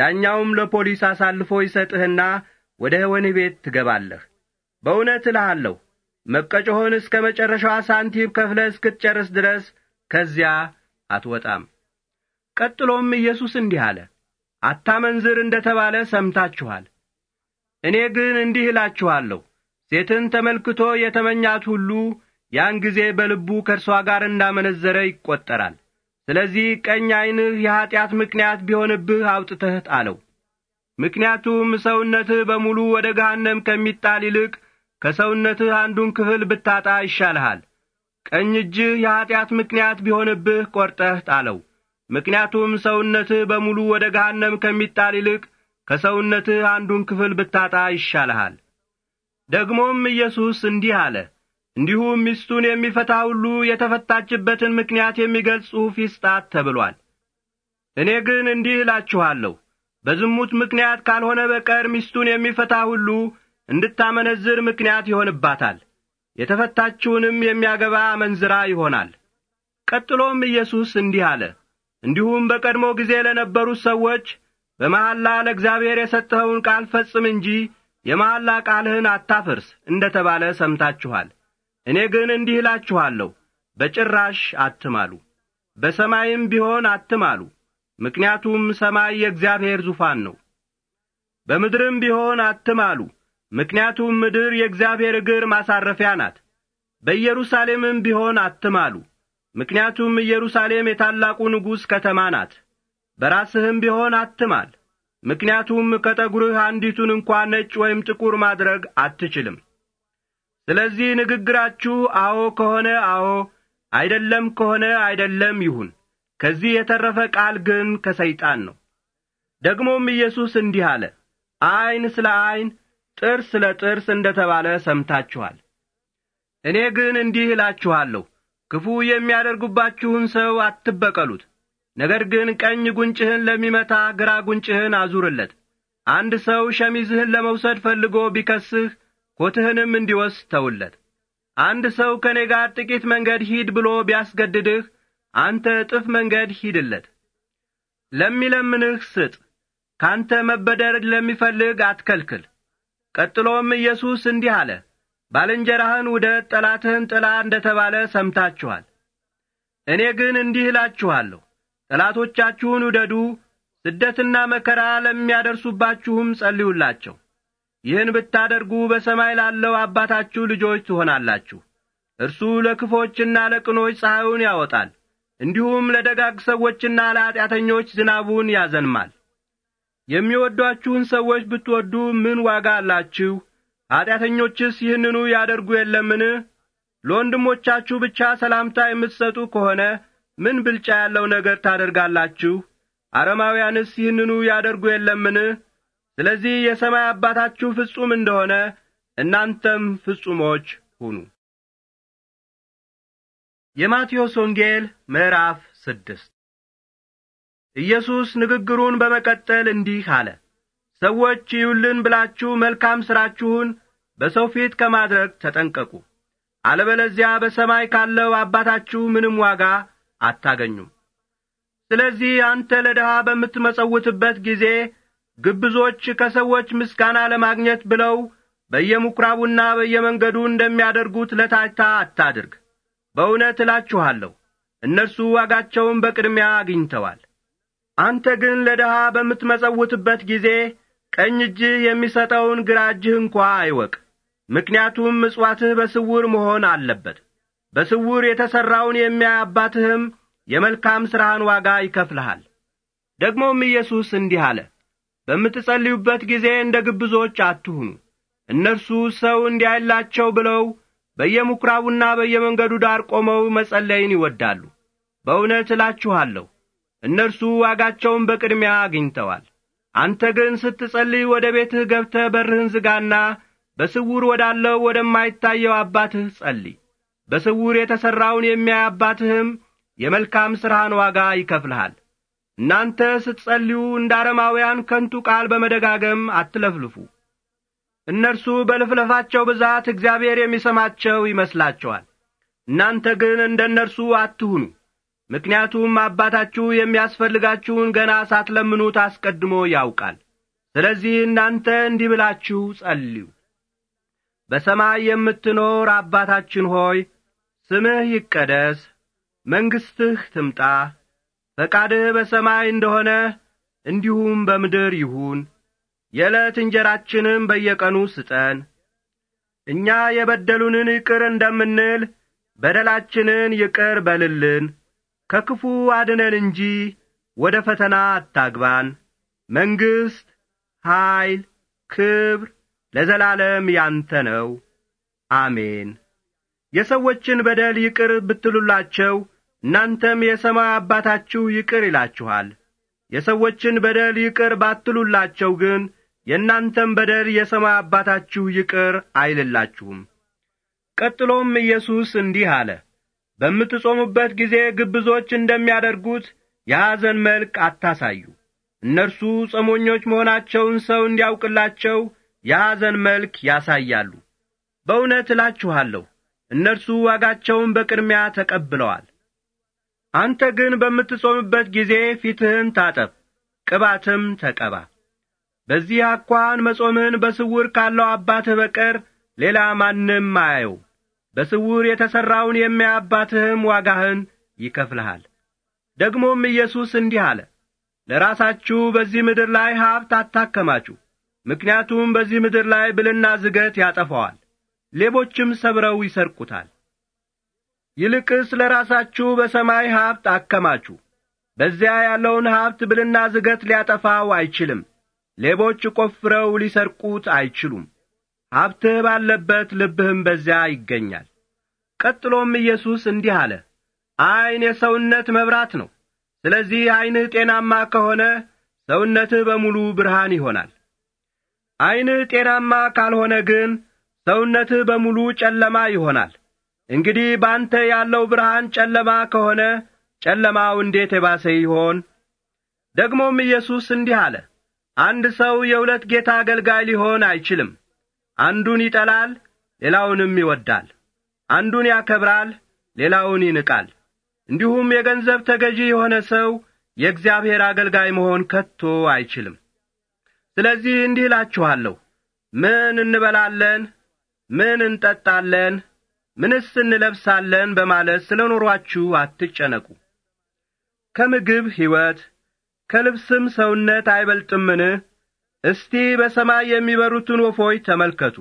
ዳኛውም ለፖሊስ አሳልፎ ይሰጥህና ወደ ወህኒ ቤት ትገባለህ። በእውነት እልሃለሁ መቀጮህን እስከ መጨረሻዋ ሳንቲም ከፍለ እስክትጨርስ ድረስ ከዚያ አትወጣም። ቀጥሎም ኢየሱስ እንዲህ አለ፣ አታመንዝር እንደ ተባለ ሰምታችኋል። እኔ ግን እንዲህ እላችኋለሁ፣ ሴትን ተመልክቶ የተመኛት ሁሉ ያን ጊዜ በልቡ ከእርሷ ጋር እንዳመነዘረ ይቈጠራል። ስለዚህ ቀኝ ዐይንህ የኀጢአት ምክንያት ቢሆንብህ አውጥተህ ጣለው። ምክንያቱም ሰውነትህ በሙሉ ወደ ገሃነም ከሚጣል ይልቅ ከሰውነትህ አንዱን ክፍል ብታጣ ይሻልሃል። ቀኝ እጅህ የኀጢአት ምክንያት ቢሆንብህ ቈርጠህ ጣለው። ምክንያቱም ሰውነትህ በሙሉ ወደ ገሃነም ከሚጣል ይልቅ ከሰውነትህ አንዱን ክፍል ብታጣ ይሻልሃል። ደግሞም ኢየሱስ እንዲህ አለ፣ እንዲሁም ሚስቱን የሚፈታ ሁሉ የተፈታችበትን ምክንያት የሚገልጽ ጽሑፍ ይስጣት ተብሏል። እኔ ግን እንዲህ እላችኋለሁ፣ በዝሙት ምክንያት ካልሆነ በቀር ሚስቱን የሚፈታ ሁሉ እንድታመነዝር ምክንያት ይሆንባታል። የተፈታችውንም የሚያገባ መንዝራ ይሆናል። ቀጥሎም ኢየሱስ እንዲህ አለ፣ እንዲሁም በቀድሞ ጊዜ ለነበሩት ሰዎች በመሐላ ለእግዚአብሔር የሰጠኸውን ቃል ፈጽም እንጂ የመሐላ ቃልህን አታፍርስ እንደ ተባለ ሰምታችኋል። እኔ ግን እንዲህ እላችኋለሁ፣ በጭራሽ አትማሉ፣ በሰማይም ቢሆን አትማሉ። ምክንያቱም ሰማይ የእግዚአብሔር ዙፋን ነው። በምድርም ቢሆን አትማሉ ምክንያቱም ምድር የእግዚአብሔር እግር ማሳረፊያ ናት። በኢየሩሳሌምም ቢሆን አትማሉ፣ ምክንያቱም ኢየሩሳሌም የታላቁ ንጉሥ ከተማ ናት። በራስህም ቢሆን አትማል፣ ምክንያቱም ከጠጉርህ አንዲቱን እንኳ ነጭ ወይም ጥቁር ማድረግ አትችልም። ስለዚህ ንግግራችሁ አዎ ከሆነ አዎ፣ አይደለም ከሆነ አይደለም ይሁን። ከዚህ የተረፈ ቃል ግን ከሰይጣን ነው። ደግሞም ኢየሱስ እንዲህ አለ፣ ዐይን ስለ ዐይን ጥርስ ለጥርስ እንደ ተባለ ሰምታችኋል። እኔ ግን እንዲህ እላችኋለሁ፣ ክፉ የሚያደርጉባችሁን ሰው አትበቀሉት። ነገር ግን ቀኝ ጉንጭህን ለሚመታ ግራ ጉንጭህን አዙርለት። አንድ ሰው ሸሚዝህን ለመውሰድ ፈልጎ ቢከስህ ኮትህንም እንዲወስድ ተውለት። አንድ ሰው ከእኔ ጋር ጥቂት መንገድ ሂድ ብሎ ቢያስገድድህ አንተ እጥፍ መንገድ ሂድለት። ለሚለምንህ ስጥ፣ ካንተ መበደር ለሚፈልግ አትከልክል። ቀጥሎም ኢየሱስ እንዲህ አለ፣ ባልንጀራህን ውደድ፣ ጠላትህን ጥላ እንደ ተባለ ሰምታችኋል። እኔ ግን እንዲህ እላችኋለሁ፣ ጠላቶቻችሁን ውደዱ፣ ስደትና መከራ ለሚያደርሱባችሁም ጸልዩላቸው። ይህን ብታደርጉ በሰማይ ላለው አባታችሁ ልጆች ትሆናላችሁ። እርሱ ለክፎችና ለቅኖች ፀሐዩን ያወጣል፣ እንዲሁም ለደጋግ ሰዎችና ለኀጢአተኞች ዝናቡን ያዘንማል። የሚወዷችሁን ሰዎች ብትወዱ ምን ዋጋ አላችሁ? ኀጢአተኞችስ ይህንኑ ያደርጉ የለምን? ለወንድሞቻችሁ ብቻ ሰላምታ የምትሰጡ ከሆነ ምን ብልጫ ያለው ነገር ታደርጋላችሁ? አረማውያንስ ይህንኑ ያደርጉ የለምን? ስለዚህ የሰማይ አባታችሁ ፍጹም እንደሆነ እናንተም ፍጹሞች ሁኑ። የማቴዎስ ወንጌል ምዕራፍ ስድስት ኢየሱስ ንግግሩን በመቀጠል እንዲህ አለ ሰዎች ይዩልን ብላችሁ መልካም ሥራችሁን በሰው ፊት ከማድረግ ተጠንቀቁ አለበለዚያ በሰማይ ካለው አባታችሁ ምንም ዋጋ አታገኙም ስለዚህ አንተ ለድሃ በምትመጸውትበት ጊዜ ግብዞች ከሰዎች ምስጋና ለማግኘት ብለው በየምኵራቡና በየመንገዱ እንደሚያደርጉት ለታይታ አታድርግ በእውነት እላችኋለሁ እነርሱ ዋጋቸውን በቅድሚያ አግኝተዋል አንተ ግን ለድሃ በምትመጸውትበት ጊዜ ቀኝ እጅህ የሚሰጠውን ግራ እጅህ እንኳ አይወቅ። ምክንያቱም ምጽዋትህ በስውር መሆን አለበት። በስውር የተሠራውን የሚያይ አባትህም የመልካም ሥራህን ዋጋ ይከፍልሃል። ደግሞም ኢየሱስ እንዲህ አለ፣ በምትጸልዩበት ጊዜ እንደ ግብዞች አትሁኑ። እነርሱ ሰው እንዲያይላቸው ብለው በየምኵራቡና በየመንገዱ ዳር ቆመው መጸለይን ይወዳሉ። በእውነት እላችኋለሁ እነርሱ ዋጋቸውን በቅድሚያ አግኝተዋል። አንተ ግን ስትጸልይ ወደ ቤትህ ገብተህ በርህን ዝጋና በስውር ወዳለው ወደማይታየው አባትህ ጸልይ። በስውር የተሠራውን የሚያይ አባትህም የመልካም ሥራህን ዋጋ ይከፍልሃል። እናንተ ስትጸልዩ እንደ አረማውያን ከንቱ ቃል በመደጋገም አትለፍልፉ። እነርሱ በልፍለፋቸው ብዛት እግዚአብሔር የሚሰማቸው ይመስላቸዋል። እናንተ ግን እንደ እነርሱ አትሁኑ። ምክንያቱም አባታችሁ የሚያስፈልጋችሁን ገና ሳትለምኑት አስቀድሞ ያውቃል። ስለዚህ እናንተ እንዲህ ብላችሁ ጸልዩ። በሰማይ የምትኖር አባታችን ሆይ ስምህ ይቀደስ፣ መንግሥትህ ትምጣ፣ ፈቃድህ በሰማይ እንደሆነ እንዲሁም በምድር ይሁን። የዕለት እንጀራችንም በየቀኑ ስጠን። እኛ የበደሉንን ይቅር እንደምንል በደላችንን ይቅር በልልን ከክፉ አድነን እንጂ ወደ ፈተና አታግባን። መንግሥት፣ ኀይል፣ ክብር ለዘላለም ያንተ ነው። አሜን። የሰዎችን በደል ይቅር ብትሉላቸው እናንተም የሰማይ አባታችሁ ይቅር ይላችኋል። የሰዎችን በደል ይቅር ባትሉላቸው ግን የእናንተም በደል የሰማይ አባታችሁ ይቅር አይልላችሁም። ቀጥሎም ኢየሱስ እንዲህ አለ። በምትጾሙበት ጊዜ ግብዞች እንደሚያደርጉት የሐዘን መልክ አታሳዩ። እነርሱ ጾመኞች መሆናቸውን ሰው እንዲያውቅላቸው የሐዘን መልክ ያሳያሉ። በእውነት እላችኋለሁ እነርሱ ዋጋቸውን በቅድሚያ ተቀብለዋል። አንተ ግን በምትጾምበት ጊዜ ፊትህን ታጠብ፣ ቅባትም ተቀባ። በዚህ አኳን መጾምህን በስውር ካለው አባትህ በቀር ሌላ ማንም አያየው። በስውር የተሠራውን የሚያባትህም ዋጋህን ይከፍልሃል። ደግሞም ኢየሱስ እንዲህ አለ፣ ለራሳችሁ በዚህ ምድር ላይ ሀብት አታከማችሁ ምክንያቱም በዚህ ምድር ላይ ብልና ዝገት ያጠፋዋል፣ ሌቦችም ሰብረው ይሰርቁታል። ይልቅስ ለራሳችሁ በሰማይ ሀብት አከማችሁ። በዚያ ያለውን ሀብት ብልና ዝገት ሊያጠፋው አይችልም፣ ሌቦች ቆፍረው ሊሰርቁት አይችሉም። ሀብትህ ባለበት ልብህም በዚያ ይገኛል። ቀጥሎም ኢየሱስ እንዲህ አለ፣ ዐይን የሰውነት መብራት ነው። ስለዚህ ዐይንህ ጤናማ ከሆነ ሰውነትህ በሙሉ ብርሃን ይሆናል። ዐይንህ ጤናማ ካልሆነ ግን ሰውነትህ በሙሉ ጨለማ ይሆናል። እንግዲህ ባንተ ያለው ብርሃን ጨለማ ከሆነ ጨለማው እንዴት የባሰ ይሆን? ደግሞም ኢየሱስ እንዲህ አለ፣ አንድ ሰው የሁለት ጌታ አገልጋይ ሊሆን አይችልም። አንዱን ይጠላል ሌላውንም ይወዳል አንዱን ያከብራል ሌላውን ይንቃል እንዲሁም የገንዘብ ተገዢ የሆነ ሰው የእግዚአብሔር አገልጋይ መሆን ከቶ አይችልም ስለዚህ እንዲህ እላችኋለሁ ምን እንበላለን ምን እንጠጣለን ምንስ እንለብሳለን በማለት ስለ ኑሯችሁ አትጨነቁ ከምግብ ሕይወት ከልብስም ሰውነት አይበልጥምን እስቲ በሰማይ የሚበሩትን ወፎች ተመልከቱ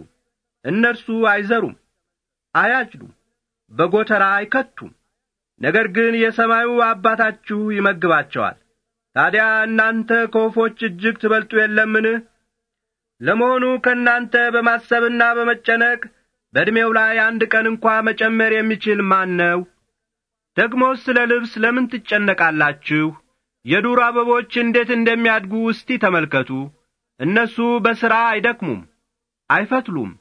እነርሱ አይዘሩም አያጭዱም በጎተራ አይከቱም ነገር ግን የሰማዩ አባታችሁ ይመግባቸዋል ታዲያ እናንተ ከወፎች እጅግ ትበልጡ የለምን ለመሆኑ ከእናንተ በማሰብና በመጨነቅ በዕድሜው ላይ አንድ ቀን እንኳ መጨመር የሚችል ማን ነው? ደግሞ ስለ ልብስ ለምን ትጨነቃላችሁ? የዱር አበቦች እንዴት እንደሚያድጉ እስቲ ተመልከቱ። እነሱ በሥራ አይደክሙም፣ አይፈትሉም።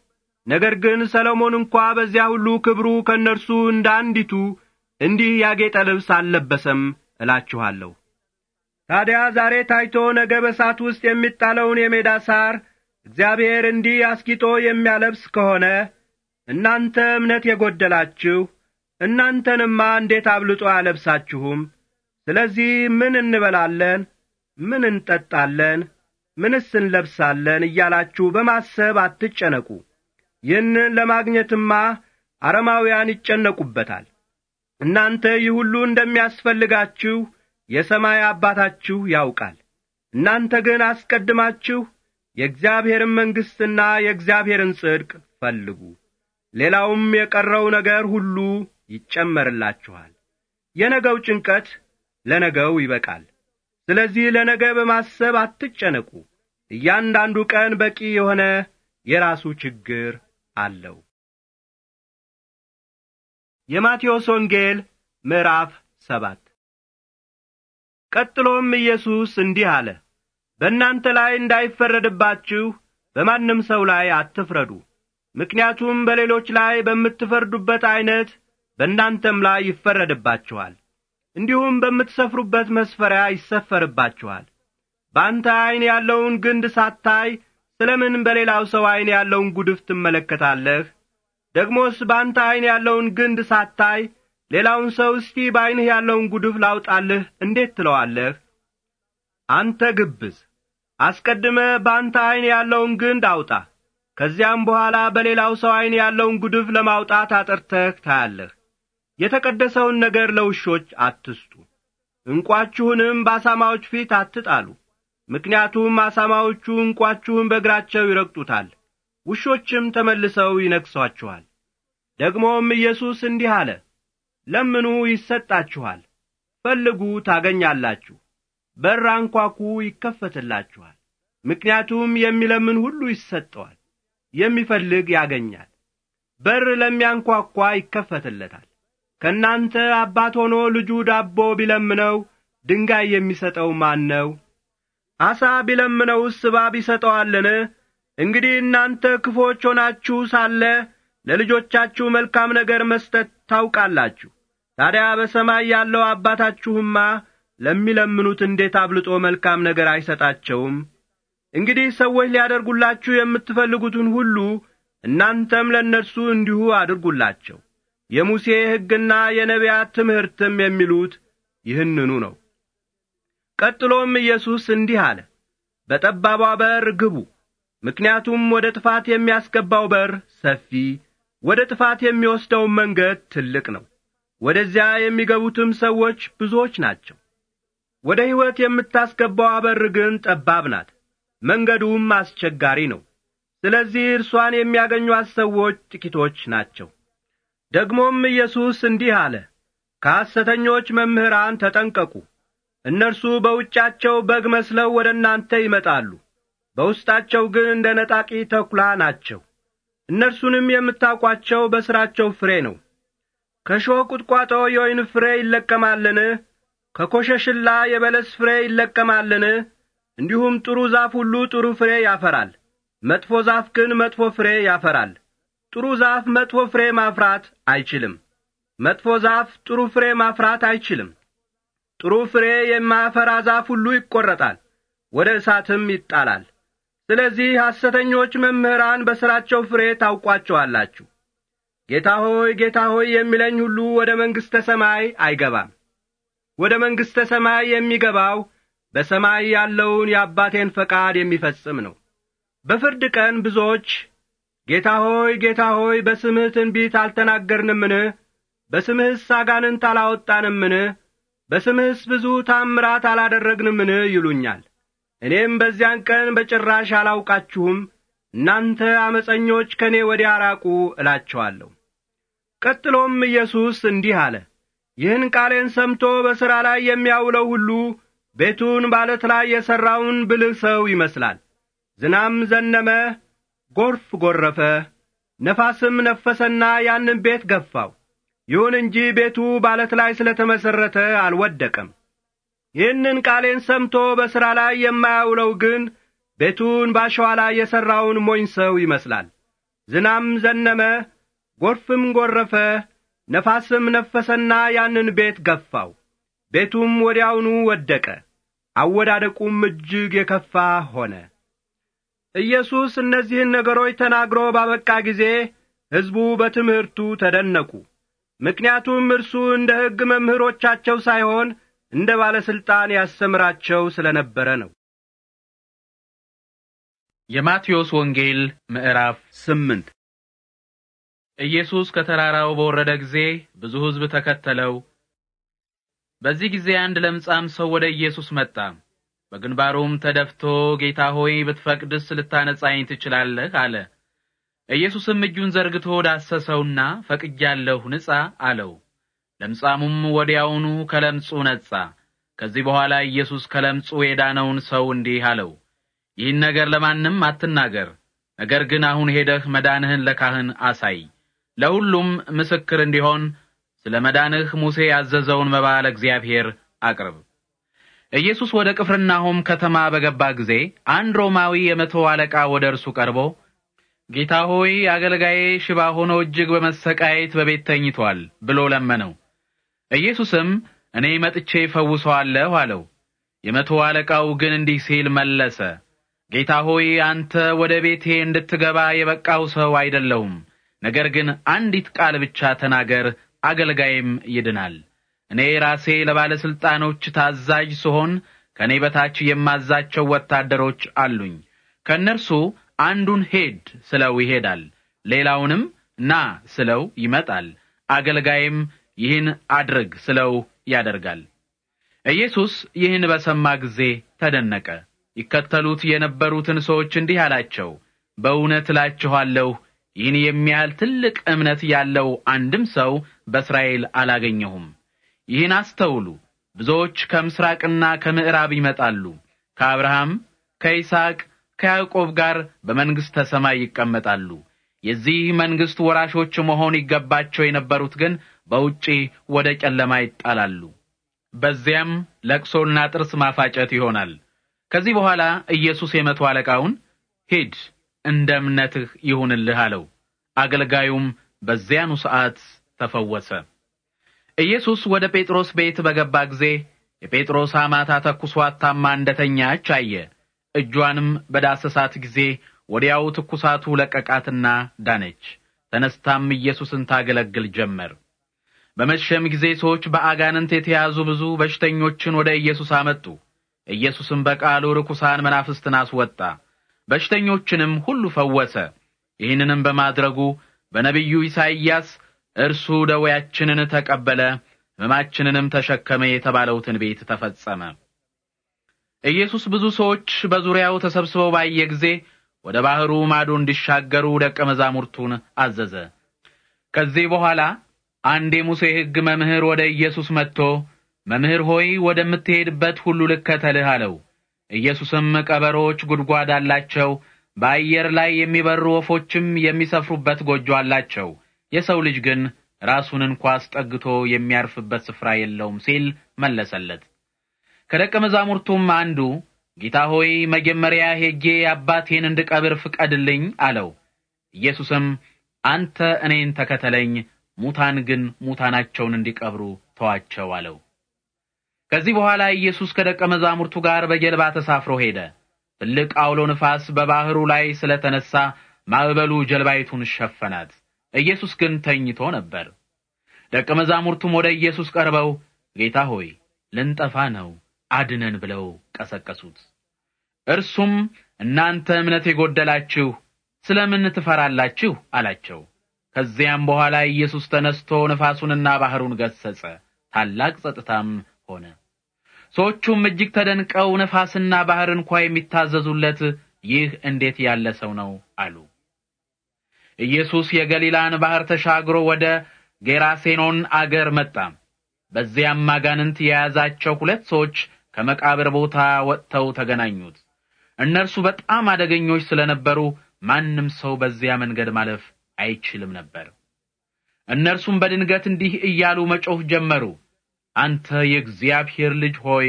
ነገር ግን ሰለሞን እንኳ በዚያ ሁሉ ክብሩ ከእነርሱ እንደ አንዲቱ እንዲህ ያጌጠ ልብስ አልለበሰም እላችኋለሁ። ታዲያ ዛሬ ታይቶ ነገ በእሳት ውስጥ የሚጣለውን የሜዳ ሳር እግዚአብሔር እንዲህ አስጊጦ የሚያለብስ ከሆነ እናንተ እምነት የጐደላችሁ እናንተንማ እንዴት አብልጦ አያለብሳችሁም? ስለዚህ ምን እንበላለን? ምን እንጠጣለን? ምንስ እንለብሳለን እያላችሁ በማሰብ አትጨነቁ። ይህንን ለማግኘትማ አረማውያን ይጨነቁበታል። እናንተ ይህ ሁሉ እንደሚያስፈልጋችሁ የሰማይ አባታችሁ ያውቃል። እናንተ ግን አስቀድማችሁ የእግዚአብሔርን መንግሥትና የእግዚአብሔርን ጽድቅ ፈልጉ፣ ሌላውም የቀረው ነገር ሁሉ ይጨመርላችኋል። የነገው ጭንቀት ለነገው ይበቃል። ስለዚህ ለነገ በማሰብ አትጨነቁ። እያንዳንዱ ቀን በቂ የሆነ የራሱ ችግር አለው። የማቴዎስ ወንጌል ምዕራፍ ሰባት ቀጥሎም ኢየሱስ እንዲህ አለ፣ በእናንተ ላይ እንዳይፈረድባችሁ በማንም ሰው ላይ አትፍረዱ። ምክንያቱም በሌሎች ላይ በምትፈርዱበት ዐይነት በእናንተም ላይ ይፈረድባችኋል። እንዲሁም በምትሰፍሩበት መስፈሪያ ይሰፈርባችኋል። በአንተ ዐይን ያለውን ግንድ ሳታይ ስለ ምን በሌላው ሰው ዐይን ያለውን ጉድፍ ትመለከታለህ? ደግሞስ በአንተ ዐይን ያለውን ግንድ ሳታይ ሌላውን ሰው እስቲ በዐይንህ ያለውን ጉድፍ ላውጣልህ እንዴት ትለዋለህ? አንተ ግብዝ፣ አስቀድመ በአንተ ዐይን ያለውን ግንድ አውጣ፣ ከዚያም በኋላ በሌላው ሰው ዐይን ያለውን ጉድፍ ለማውጣት አጥርተህ ታያለህ። የተቀደሰውን ነገር ለውሾች አትስጡ፣ እንቋችሁንም በአሳማዎች ፊት አትጣሉ። ምክንያቱም አሳማዎቹ እንቋችሁን በእግራቸው ይረግጡታል፣ ውሾችም ተመልሰው ይነክሷችኋል። ደግሞም ኢየሱስ እንዲህ አለ፣ ለምኑ ይሰጣችኋል፣ ፈልጉ ታገኛላችሁ፣ በር አንኳኩ ይከፈትላችኋል። ምክንያቱም የሚለምን ሁሉ ይሰጠዋል፣ የሚፈልግ ያገኛል፣ በር ለሚያንኳኳ ይከፈትለታል። ከእናንተ አባት ሆኖ ልጁ ዳቦ ቢለምነው ድንጋይ የሚሰጠው ማን ነው? አሳ ቢለምነውስ እባብ ይሰጠዋልን? እንግዲህ እናንተ ክፎች ሆናችሁ ሳለ ለልጆቻችሁ መልካም ነገር መስጠት ታውቃላችሁ። ታዲያ በሰማይ ያለው አባታችሁማ ለሚለምኑት እንዴት አብልጦ መልካም ነገር አይሰጣቸውም? እንግዲህ ሰዎች ሊያደርጉላችሁ የምትፈልጉትን ሁሉ እናንተም ለእነርሱ እንዲሁ አድርጉላቸው። የሙሴ ሕግና የነቢያት ትምህርትም የሚሉት ይህንኑ ነው። ቀጥሎም ኢየሱስ እንዲህ አለ፣ በጠባቧ በር ግቡ፣ ምክንያቱም ወደ ጥፋት የሚያስገባው በር ሰፊ፣ ወደ ጥፋት የሚወስደው መንገድ ትልቅ ነው፣ ወደዚያ የሚገቡትም ሰዎች ብዙዎች ናቸው። ወደ ሕይወት የምታስገባው በር ግን ጠባብ ናት፣ መንገዱም አስቸጋሪ ነው። ስለዚህ እርሷን የሚያገኟት ሰዎች ጥቂቶች ናቸው። ደግሞም ኢየሱስ እንዲህ አለ፣ ከሐሰተኞች መምህራን ተጠንቀቁ እነርሱ በውጫቸው በግ መስለው ወደ እናንተ ይመጣሉ፣ በውስጣቸው ግን እንደ ነጣቂ ተኩላ ናቸው። እነርሱንም የምታውቋቸው በሥራቸው ፍሬ ነው። ከሾህ ቁጥቋጦ የወይን ፍሬ ይለቀማልን? ከኮሸሽላ የበለስ ፍሬ ይለቀማልን? እንዲሁም ጥሩ ዛፍ ሁሉ ጥሩ ፍሬ ያፈራል፣ መጥፎ ዛፍ ግን መጥፎ ፍሬ ያፈራል። ጥሩ ዛፍ መጥፎ ፍሬ ማፍራት አይችልም፣ መጥፎ ዛፍ ጥሩ ፍሬ ማፍራት አይችልም። ጥሩ ፍሬ የማያፈራ ዛፍ ሁሉ ይቈረጣል፣ ወደ እሳትም ይጣላል። ስለዚህ ሐሰተኞች መምህራን በሥራቸው ፍሬ ታውቋቸዋላችሁ። ጌታ ሆይ ጌታ ሆይ የሚለኝ ሁሉ ወደ መንግሥተ ሰማይ አይገባም። ወደ መንግሥተ ሰማይ የሚገባው በሰማይ ያለውን የአባቴን ፈቃድ የሚፈጽም ነው። በፍርድ ቀን ብዙዎች ጌታ ሆይ ጌታ ሆይ በስምህ ትንቢት አልተናገርንምን? በስምህስ አጋንንት አላወጣንምን? በስምስ ብዙ ታምራት አላደረግንምን ይሉኛል። እኔም በዚያን ቀን በጭራሽ አላውቃችሁም፣ እናንተ አመፀኞች ከእኔ ወዲያ ራቁ እላቸዋለሁ። ቀጥሎም ኢየሱስ እንዲህ አለ፣ ይህን ቃሌን ሰምቶ በሥራ ላይ የሚያውለው ሁሉ ቤቱን ባለት ላይ የሠራውን ብልህ ሰው ይመስላል። ዝናም ዘነመ፣ ጎርፍ ጐረፈ፣ ነፋስም ነፈሰና ያንን ቤት ገፋው ይሁን እንጂ ቤቱ ባለት ላይ ስለ ተመሠረተ አልወደቀም። ይህንን ቃሌን ሰምቶ በሥራ ላይ የማያውለው ግን ቤቱን ባሸዋ ላይ የሠራውን ሞኝ ሰው ይመስላል። ዝናም ዘነመ፣ ጐርፍም ጐረፈ፣ ነፋስም ነፈሰና ያንን ቤት ገፋው። ቤቱም ወዲያውኑ ወደቀ። አወዳደቁም እጅግ የከፋ ሆነ። ኢየሱስ እነዚህን ነገሮች ተናግሮ ባበቃ ጊዜ ሕዝቡ በትምህርቱ ተደነቁ። ምክንያቱም እርሱ እንደ ሕግ መምህሮቻቸው ሳይሆን እንደ ሥልጣን ያስተምራቸው ስለ ነበረ ነው። የማቴዎስ ወንጌል ምዕራፍ ስምንት ኢየሱስ ከተራራው በወረደ ጊዜ ብዙ ሕዝብ ተከተለው። በዚህ ጊዜ አንድ ለምጻም ሰው ወደ ኢየሱስ መጣ። በግንባሩም ተደፍቶ ጌታ ሆይ ብትፈቅድስ ልታነጻኝ ትችላለህ አለ። ኢየሱስም እጁን ዘርግቶ ዳሰሰውና ፈቅጃለሁ፣ ንጻ አለው። ለምጻሙም ወዲያውኑ ከለምጹ ነጻ። ከዚህ በኋላ ኢየሱስ ከለምጹ የዳነውን ሰው እንዲህ አለው፣ ይህን ነገር ለማንም አትናገር። ነገር ግን አሁን ሄደህ መዳንህን ለካህን አሳይ፣ ለሁሉም ምስክር እንዲሆን ስለ መዳንህ ሙሴ ያዘዘውን መባ ለእግዚአብሔር አቅርብ። ኢየሱስ ወደ ቅፍርናሆም ከተማ በገባ ጊዜ አንድ ሮማዊ የመቶ አለቃ ወደ እርሱ ቀርቦ ጌታ ሆይ አገልጋዬ ሽባ ሆኖ እጅግ በመሰቃየት በቤት ተኝቷል ብሎ ለመነው። ኢየሱስም እኔ መጥቼ ፈውሰዋለሁ አለው። የመቶ አለቃው ግን እንዲህ ሲል መለሰ፣ ጌታ ሆይ አንተ ወደ ቤቴ እንድትገባ የበቃው ሰው አይደለሁም። ነገር ግን አንዲት ቃል ብቻ ተናገር፣ አገልጋይም ይድናል። እኔ ራሴ ለባለሥልጣኖች ታዛዥ ስሆን ከእኔ በታች የማዛቸው ወታደሮች አሉኝ። ከእነርሱ አንዱን ሄድ ስለው ይሄዳል፣ ሌላውንም ና ስለው ይመጣል፣ አገልጋይም ይህን አድርግ ስለው ያደርጋል። ኢየሱስ ይህን በሰማ ጊዜ ተደነቀ። ይከተሉት የነበሩትን ሰዎች እንዲህ አላቸው፣ በእውነት እላችኋለሁ ይህን የሚያህል ትልቅ እምነት ያለው አንድም ሰው በእስራኤል አላገኘሁም። ይህን አስተውሉ። ብዙዎች ከምሥራቅና ከምዕራብ ይመጣሉ፣ ከአብርሃም ከይስሐቅ ከያዕቆብ ጋር በመንግሥተ ሰማይ ይቀመጣሉ። የዚህ መንግሥት ወራሾች መሆን ይገባቸው የነበሩት ግን በውጪ ወደ ጨለማ ይጣላሉ። በዚያም ለቅሶና ጥርስ ማፋጨት ይሆናል። ከዚህ በኋላ ኢየሱስ የመቶ አለቃውን ሂድ፣ እንደ እምነትህ ይሁንልህ አለው። አገልጋዩም በዚያኑ ሰዓት ተፈወሰ። ኢየሱስ ወደ ጴጥሮስ ቤት በገባ ጊዜ የጴጥሮስ አማታ አተኩሷት ታማ እንደተኛች አየ። እጇንም በዳሰሳት ጊዜ ወዲያው ትኩሳቱ ለቀቃትና ዳነች። ተነስታም ኢየሱስን ታገለግል ጀመር። በመሸም ጊዜ ሰዎች በአጋንንት የተያዙ ብዙ በሽተኞችን ወደ ኢየሱስ አመጡ። ኢየሱስም በቃሉ ርኩሳን መናፍስትን አስወጣ፣ በሽተኞችንም ሁሉ ፈወሰ። ይህንንም በማድረጉ በነቢዩ ኢሳይያስ እርሱ ደዌያችንን ተቀበለ ሕማማችንንም ተሸከመ የተባለው ትንቢት ተፈጸመ። ኢየሱስ ብዙ ሰዎች በዙሪያው ተሰብስበው ባየ ጊዜ ወደ ባህሩ ማዶ እንዲሻገሩ ደቀ መዛሙርቱን አዘዘ። ከዚህ በኋላ አንድ የሙሴ ሕግ መምህር ወደ ኢየሱስ መጥቶ መምህር ሆይ ወደምትሄድበት ሁሉ ልከተልህ አለው። ኢየሱስም ቀበሮች ጉድጓድ አላቸው፣ በአየር ላይ የሚበሩ ወፎችም የሚሰፍሩበት ጎጆ አላቸው፣ የሰው ልጅ ግን ራሱን እንኳ አስጠግቶ የሚያርፍበት ስፍራ የለውም ሲል መለሰለት። ከደቀ መዛሙርቱም አንዱ ጌታ ሆይ መጀመሪያ ሄጄ አባቴን እንድቀብር ፍቀድልኝ አለው። ኢየሱስም አንተ እኔን ተከተለኝ፣ ሙታን ግን ሙታናቸውን እንዲቀብሩ ተዋቸው አለው። ከዚህ በኋላ ኢየሱስ ከደቀ መዛሙርቱ ጋር በጀልባ ተሳፍሮ ሄደ። ትልቅ አውሎ ንፋስ በባህሩ ላይ ስለተነሳ ማዕበሉ ጀልባይቱን ሸፈናት። ኢየሱስ ግን ተኝቶ ነበር። ደቀ መዛሙርቱም ወደ ኢየሱስ ቀርበው ጌታ ሆይ ልንጠፋ ነው አድነን ብለው ቀሰቀሱት። እርሱም እናንተ እምነት የጎደላችሁ ስለምን ትፈራላችሁ? አላቸው። ከዚያም በኋላ ኢየሱስ ተነስቶ ነፋሱንና ባህሩን ገሰጸ፣ ታላቅ ጸጥታም ሆነ። ሰዎቹም እጅግ ተደንቀው ነፋስና ባህር እንኳ የሚታዘዙለት ይህ እንዴት ያለ ሰው ነው አሉ። ኢየሱስ የገሊላን ባህር ተሻግሮ ወደ ጌራሴኖን አገር መጣ። በዚያም አጋንንት የያዛቸው ሁለት ሰዎች ከመቃብር ቦታ ወጥተው ተገናኙት። እነርሱ በጣም አደገኞች ስለነበሩ ማንም ሰው በዚያ መንገድ ማለፍ አይችልም ነበር። እነርሱም በድንገት እንዲህ እያሉ መጮህ ጀመሩ። አንተ የእግዚአብሔር ልጅ ሆይ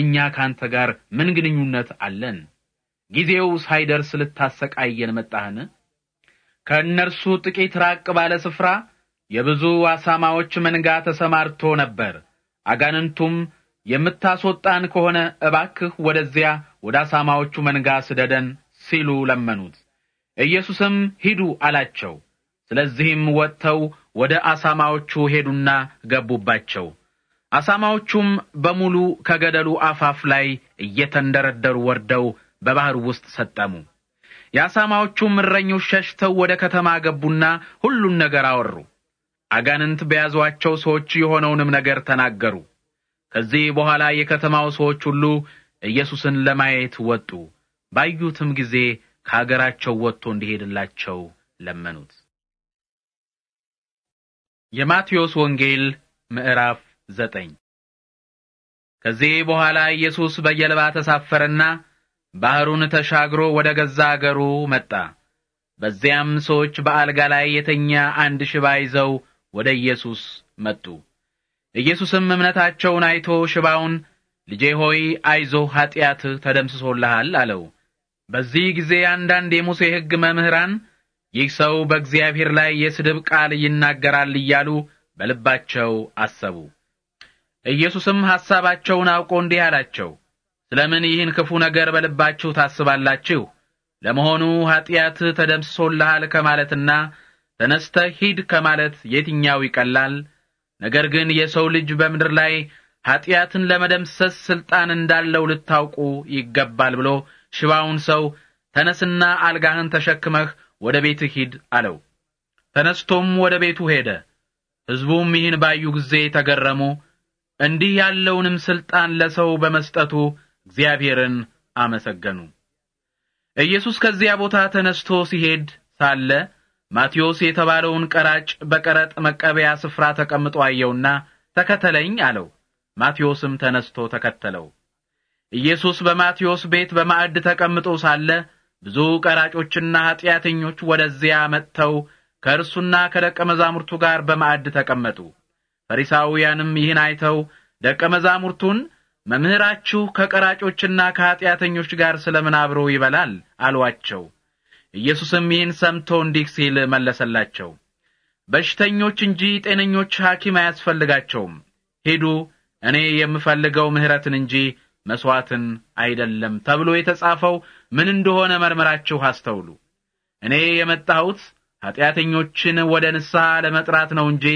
እኛ ካንተ ጋር ምን ግንኙነት አለን? ጊዜው ሳይደርስ ልታሰቃየን መጣህን? ከእነርሱ ጥቂት ራቅ ባለ ስፍራ የብዙ አሳማዎች መንጋ ተሰማርቶ ነበር። አጋንንቱም የምታስወጣን ከሆነ እባክህ ወደዚያ ወደ አሳማዎቹ መንጋ ስደደን ሲሉ ለመኑት። ኢየሱስም ሂዱ አላቸው። ስለዚህም ወጥተው ወደ አሳማዎቹ ሄዱና ገቡባቸው። አሳማዎቹም በሙሉ ከገደሉ አፋፍ ላይ እየተንደረደሩ ወርደው በባህር ውስጥ ሰጠሙ። የአሳማዎቹም እረኞች ሸሽተው ወደ ከተማ ገቡና ሁሉን ነገር አወሩ። አጋንንት በያዟቸው ሰዎች የሆነውንም ነገር ተናገሩ። ከዚህ በኋላ የከተማው ሰዎች ሁሉ ኢየሱስን ለማየት ወጡ። ባዩትም ጊዜ ከአገራቸው ወጥቶ እንዲሄድላቸው ለመኑት። የማቴዎስ ወንጌል ምዕራፍ ዘጠኝ ከዚህ በኋላ ኢየሱስ በጀልባ ተሳፈረና ባህሩን ተሻግሮ ወደ ገዛ አገሩ መጣ። በዚያም ሰዎች በአልጋ ላይ የተኛ አንድ ሽባ ይዘው ወደ ኢየሱስ መጡ። ኢየሱስም እምነታቸውን አይቶ ሽባውን ልጄ ሆይ አይዞ ኀጢአትህ ተደምስሶልሃል አለው። በዚህ ጊዜ አንዳንድ የሙሴ ሕግ መምህራን ይህ ሰው በእግዚአብሔር ላይ የስድብ ቃል ይናገራል እያሉ በልባቸው አሰቡ። ኢየሱስም ሐሳባቸውን አውቆ እንዲህ አላቸው፣ ስለምን ይህን ክፉ ነገር በልባችሁ ታስባላችሁ? ለመሆኑ ኀጢአት ተደምስሶልሃል ከማለትና ተነስተህ ሂድ ከማለት የትኛው ይቀላል? ነገር ግን የሰው ልጅ በምድር ላይ ኀጢአትን ለመደምሰስ ሥልጣን እንዳለው ልታውቁ ይገባል ብሎ ሽባውን ሰው ተነስና አልጋህን ተሸክመህ ወደ ቤትህ ሂድ አለው። ተነስቶም ወደ ቤቱ ሄደ። ሕዝቡም ይህን ባዩ ጊዜ ተገረሙ። እንዲህ ያለውንም ሥልጣን ለሰው በመስጠቱ እግዚአብሔርን አመሰገኑ። ኢየሱስ ከዚያ ቦታ ተነስቶ ሲሄድ ሳለ ማቴዎስ የተባለውን ቀራጭ በቀረጥ መቀበያ ስፍራ ተቀምጦ አየውና ተከተለኝ አለው። ማቴዎስም ተነስቶ ተከተለው። ኢየሱስ በማቴዎስ ቤት በማዕድ ተቀምጦ ሳለ ብዙ ቀራጮችና ኃጢአተኞች ወደዚያ መጥተው ከእርሱና ከደቀ መዛሙርቱ ጋር በማዕድ ተቀመጡ። ፈሪሳውያንም ይህን አይተው ደቀ መዛሙርቱን መምህራችሁ ከቀራጮችና ከኃጢአተኞች ጋር ስለምን አብሮ ይበላል? አሏቸው። ኢየሱስም ይህን ሰምቶ እንዲህ ሲል መለሰላቸው፣ በሽተኞች እንጂ ጤነኞች ሐኪም አያስፈልጋቸውም። ሂዱ፣ እኔ የምፈልገው ምሕረትን እንጂ መሥዋዕትን አይደለም ተብሎ የተጻፈው ምን እንደሆነ መርምራችሁ አስተውሉ። እኔ የመጣሁት ኀጢአተኞችን ወደ ንስሐ ለመጥራት ነው እንጂ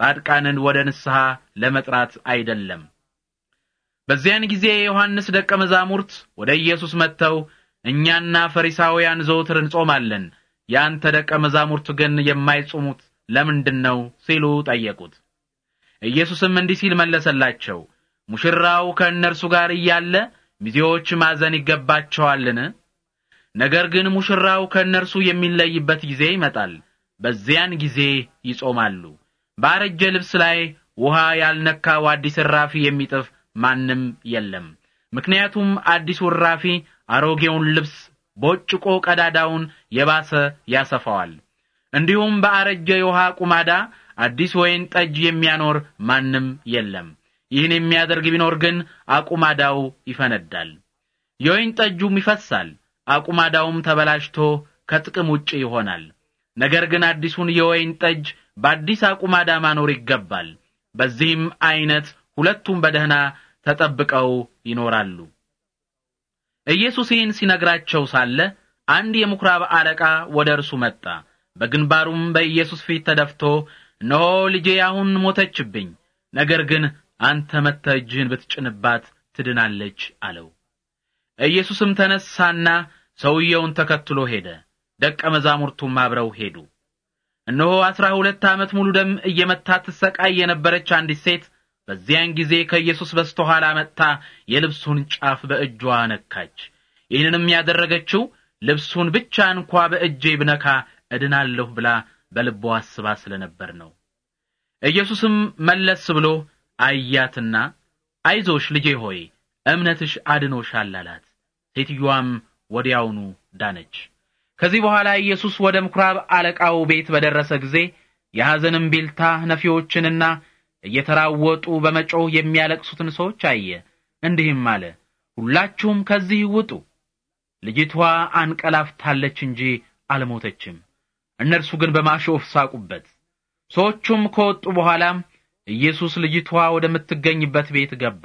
ጻድቃንን ወደ ንስሐ ለመጥራት አይደለም። በዚያን ጊዜ የዮሐንስ ደቀ መዛሙርት ወደ ኢየሱስ መጥተው እኛና ፈሪሳውያን ዘውትር እንጾማለን፣ ያንተ ደቀ መዛሙርት ግን የማይጾሙት ለምንድን ነው ሲሉ ጠየቁት። ኢየሱስም እንዲህ ሲል መለሰላቸው፣ ሙሽራው ከእነርሱ ጋር እያለ ሚዜዎች ማዘን ይገባቸዋልን? ነገር ግን ሙሽራው ከእነርሱ የሚለይበት ጊዜ ይመጣል፣ በዚያን ጊዜ ይጾማሉ። ባረጀ ልብስ ላይ ውሃ ያልነካው አዲስ እራፊ የሚጥፍ ማንም የለም። ምክንያቱም አዲሱ ራፊ አሮጌውን ልብስ ቦጭቆ ቀዳዳውን የባሰ ያሰፋዋል። እንዲሁም በአረጀ የውሃ ቁማዳ አዲስ ወይን ጠጅ የሚያኖር ማንም የለም። ይህን የሚያደርግ ቢኖር ግን አቁማዳው ይፈነዳል፣ የወይን ጠጁም ይፈሳል፣ አቁማዳውም ተበላሽቶ ከጥቅም ውጭ ይሆናል። ነገር ግን አዲሱን የወይን ጠጅ በአዲስ አቁማዳ ማኖር ይገባል። በዚህም አይነት ሁለቱም በደህና ተጠብቀው ይኖራሉ። ኢየሱስ ይህን ሲነግራቸው ሳለ አንድ የምኵራብ አለቃ ወደ እርሱ መጣ። በግንባሩም በኢየሱስ ፊት ተደፍቶ እነሆ ልጄ አሁን ሞተችብኝ፣ ነገር ግን አንተ መጥተህ እጅህን ብትጭንባት ትድናለች አለው። ኢየሱስም ተነሳና ሰውየውን ተከትሎ ሄደ። ደቀ መዛሙርቱም አብረው ሄዱ። እነሆ አስራ ሁለት ዓመት ሙሉ ደም እየመታት ትሰቃይ የነበረች አንዲት ሴት በዚያን ጊዜ ከኢየሱስ በስተኋላ መጥታ የልብሱን ጫፍ በእጇ ነካች። ይህንንም ያደረገችው ልብሱን ብቻ እንኳ በእጄ ብነካ እድናለሁ ብላ በልቦ አስባ ስለነበር ነው። ኢየሱስም መለስ ብሎ አያትና አይዞሽ ልጄ ሆይ እምነትሽ አድኖሻል አላት። ሴትዮዋም ወዲያውኑ ዳነች። ከዚህ በኋላ ኢየሱስ ወደ ምኵራብ አለቃው ቤት በደረሰ ጊዜ የሐዘንም ቢልታ ነፊዎችንና እየተራወጡ በመጮህ የሚያለቅሱትን ሰዎች አየ። እንዲህም አለ፣ ሁላችሁም ከዚህ ውጡ። ልጅቷ አንቀላፍታለች እንጂ አልሞተችም። እነርሱ ግን በማሾፍ ሳቁበት። ሰዎቹም ከወጡ በኋላ ኢየሱስ ልጅቷ ወደምትገኝበት ቤት ገባ።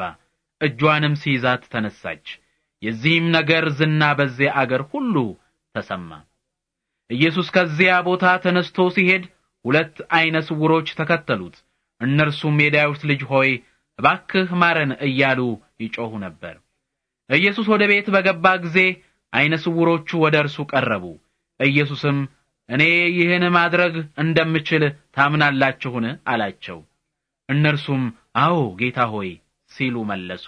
እጇንም ሲይዛት ተነሳች። የዚህም ነገር ዝና በዚያ አገር ሁሉ ተሰማ። ኢየሱስ ከዚያ ቦታ ተነስቶ ሲሄድ ሁለት ዐይነ ስውሮች ተከተሉት። እነርሱም የዳዊት ልጅ ሆይ እባክህ ማረን እያሉ ይጮኹ ነበር። ኢየሱስ ወደ ቤት በገባ ጊዜ አይነ ስውሮቹ ወደ እርሱ ቀረቡ። ኢየሱስም እኔ ይህን ማድረግ እንደምችል ታምናላችሁን? አላቸው። እነርሱም አዎ ጌታ ሆይ ሲሉ መለሱ።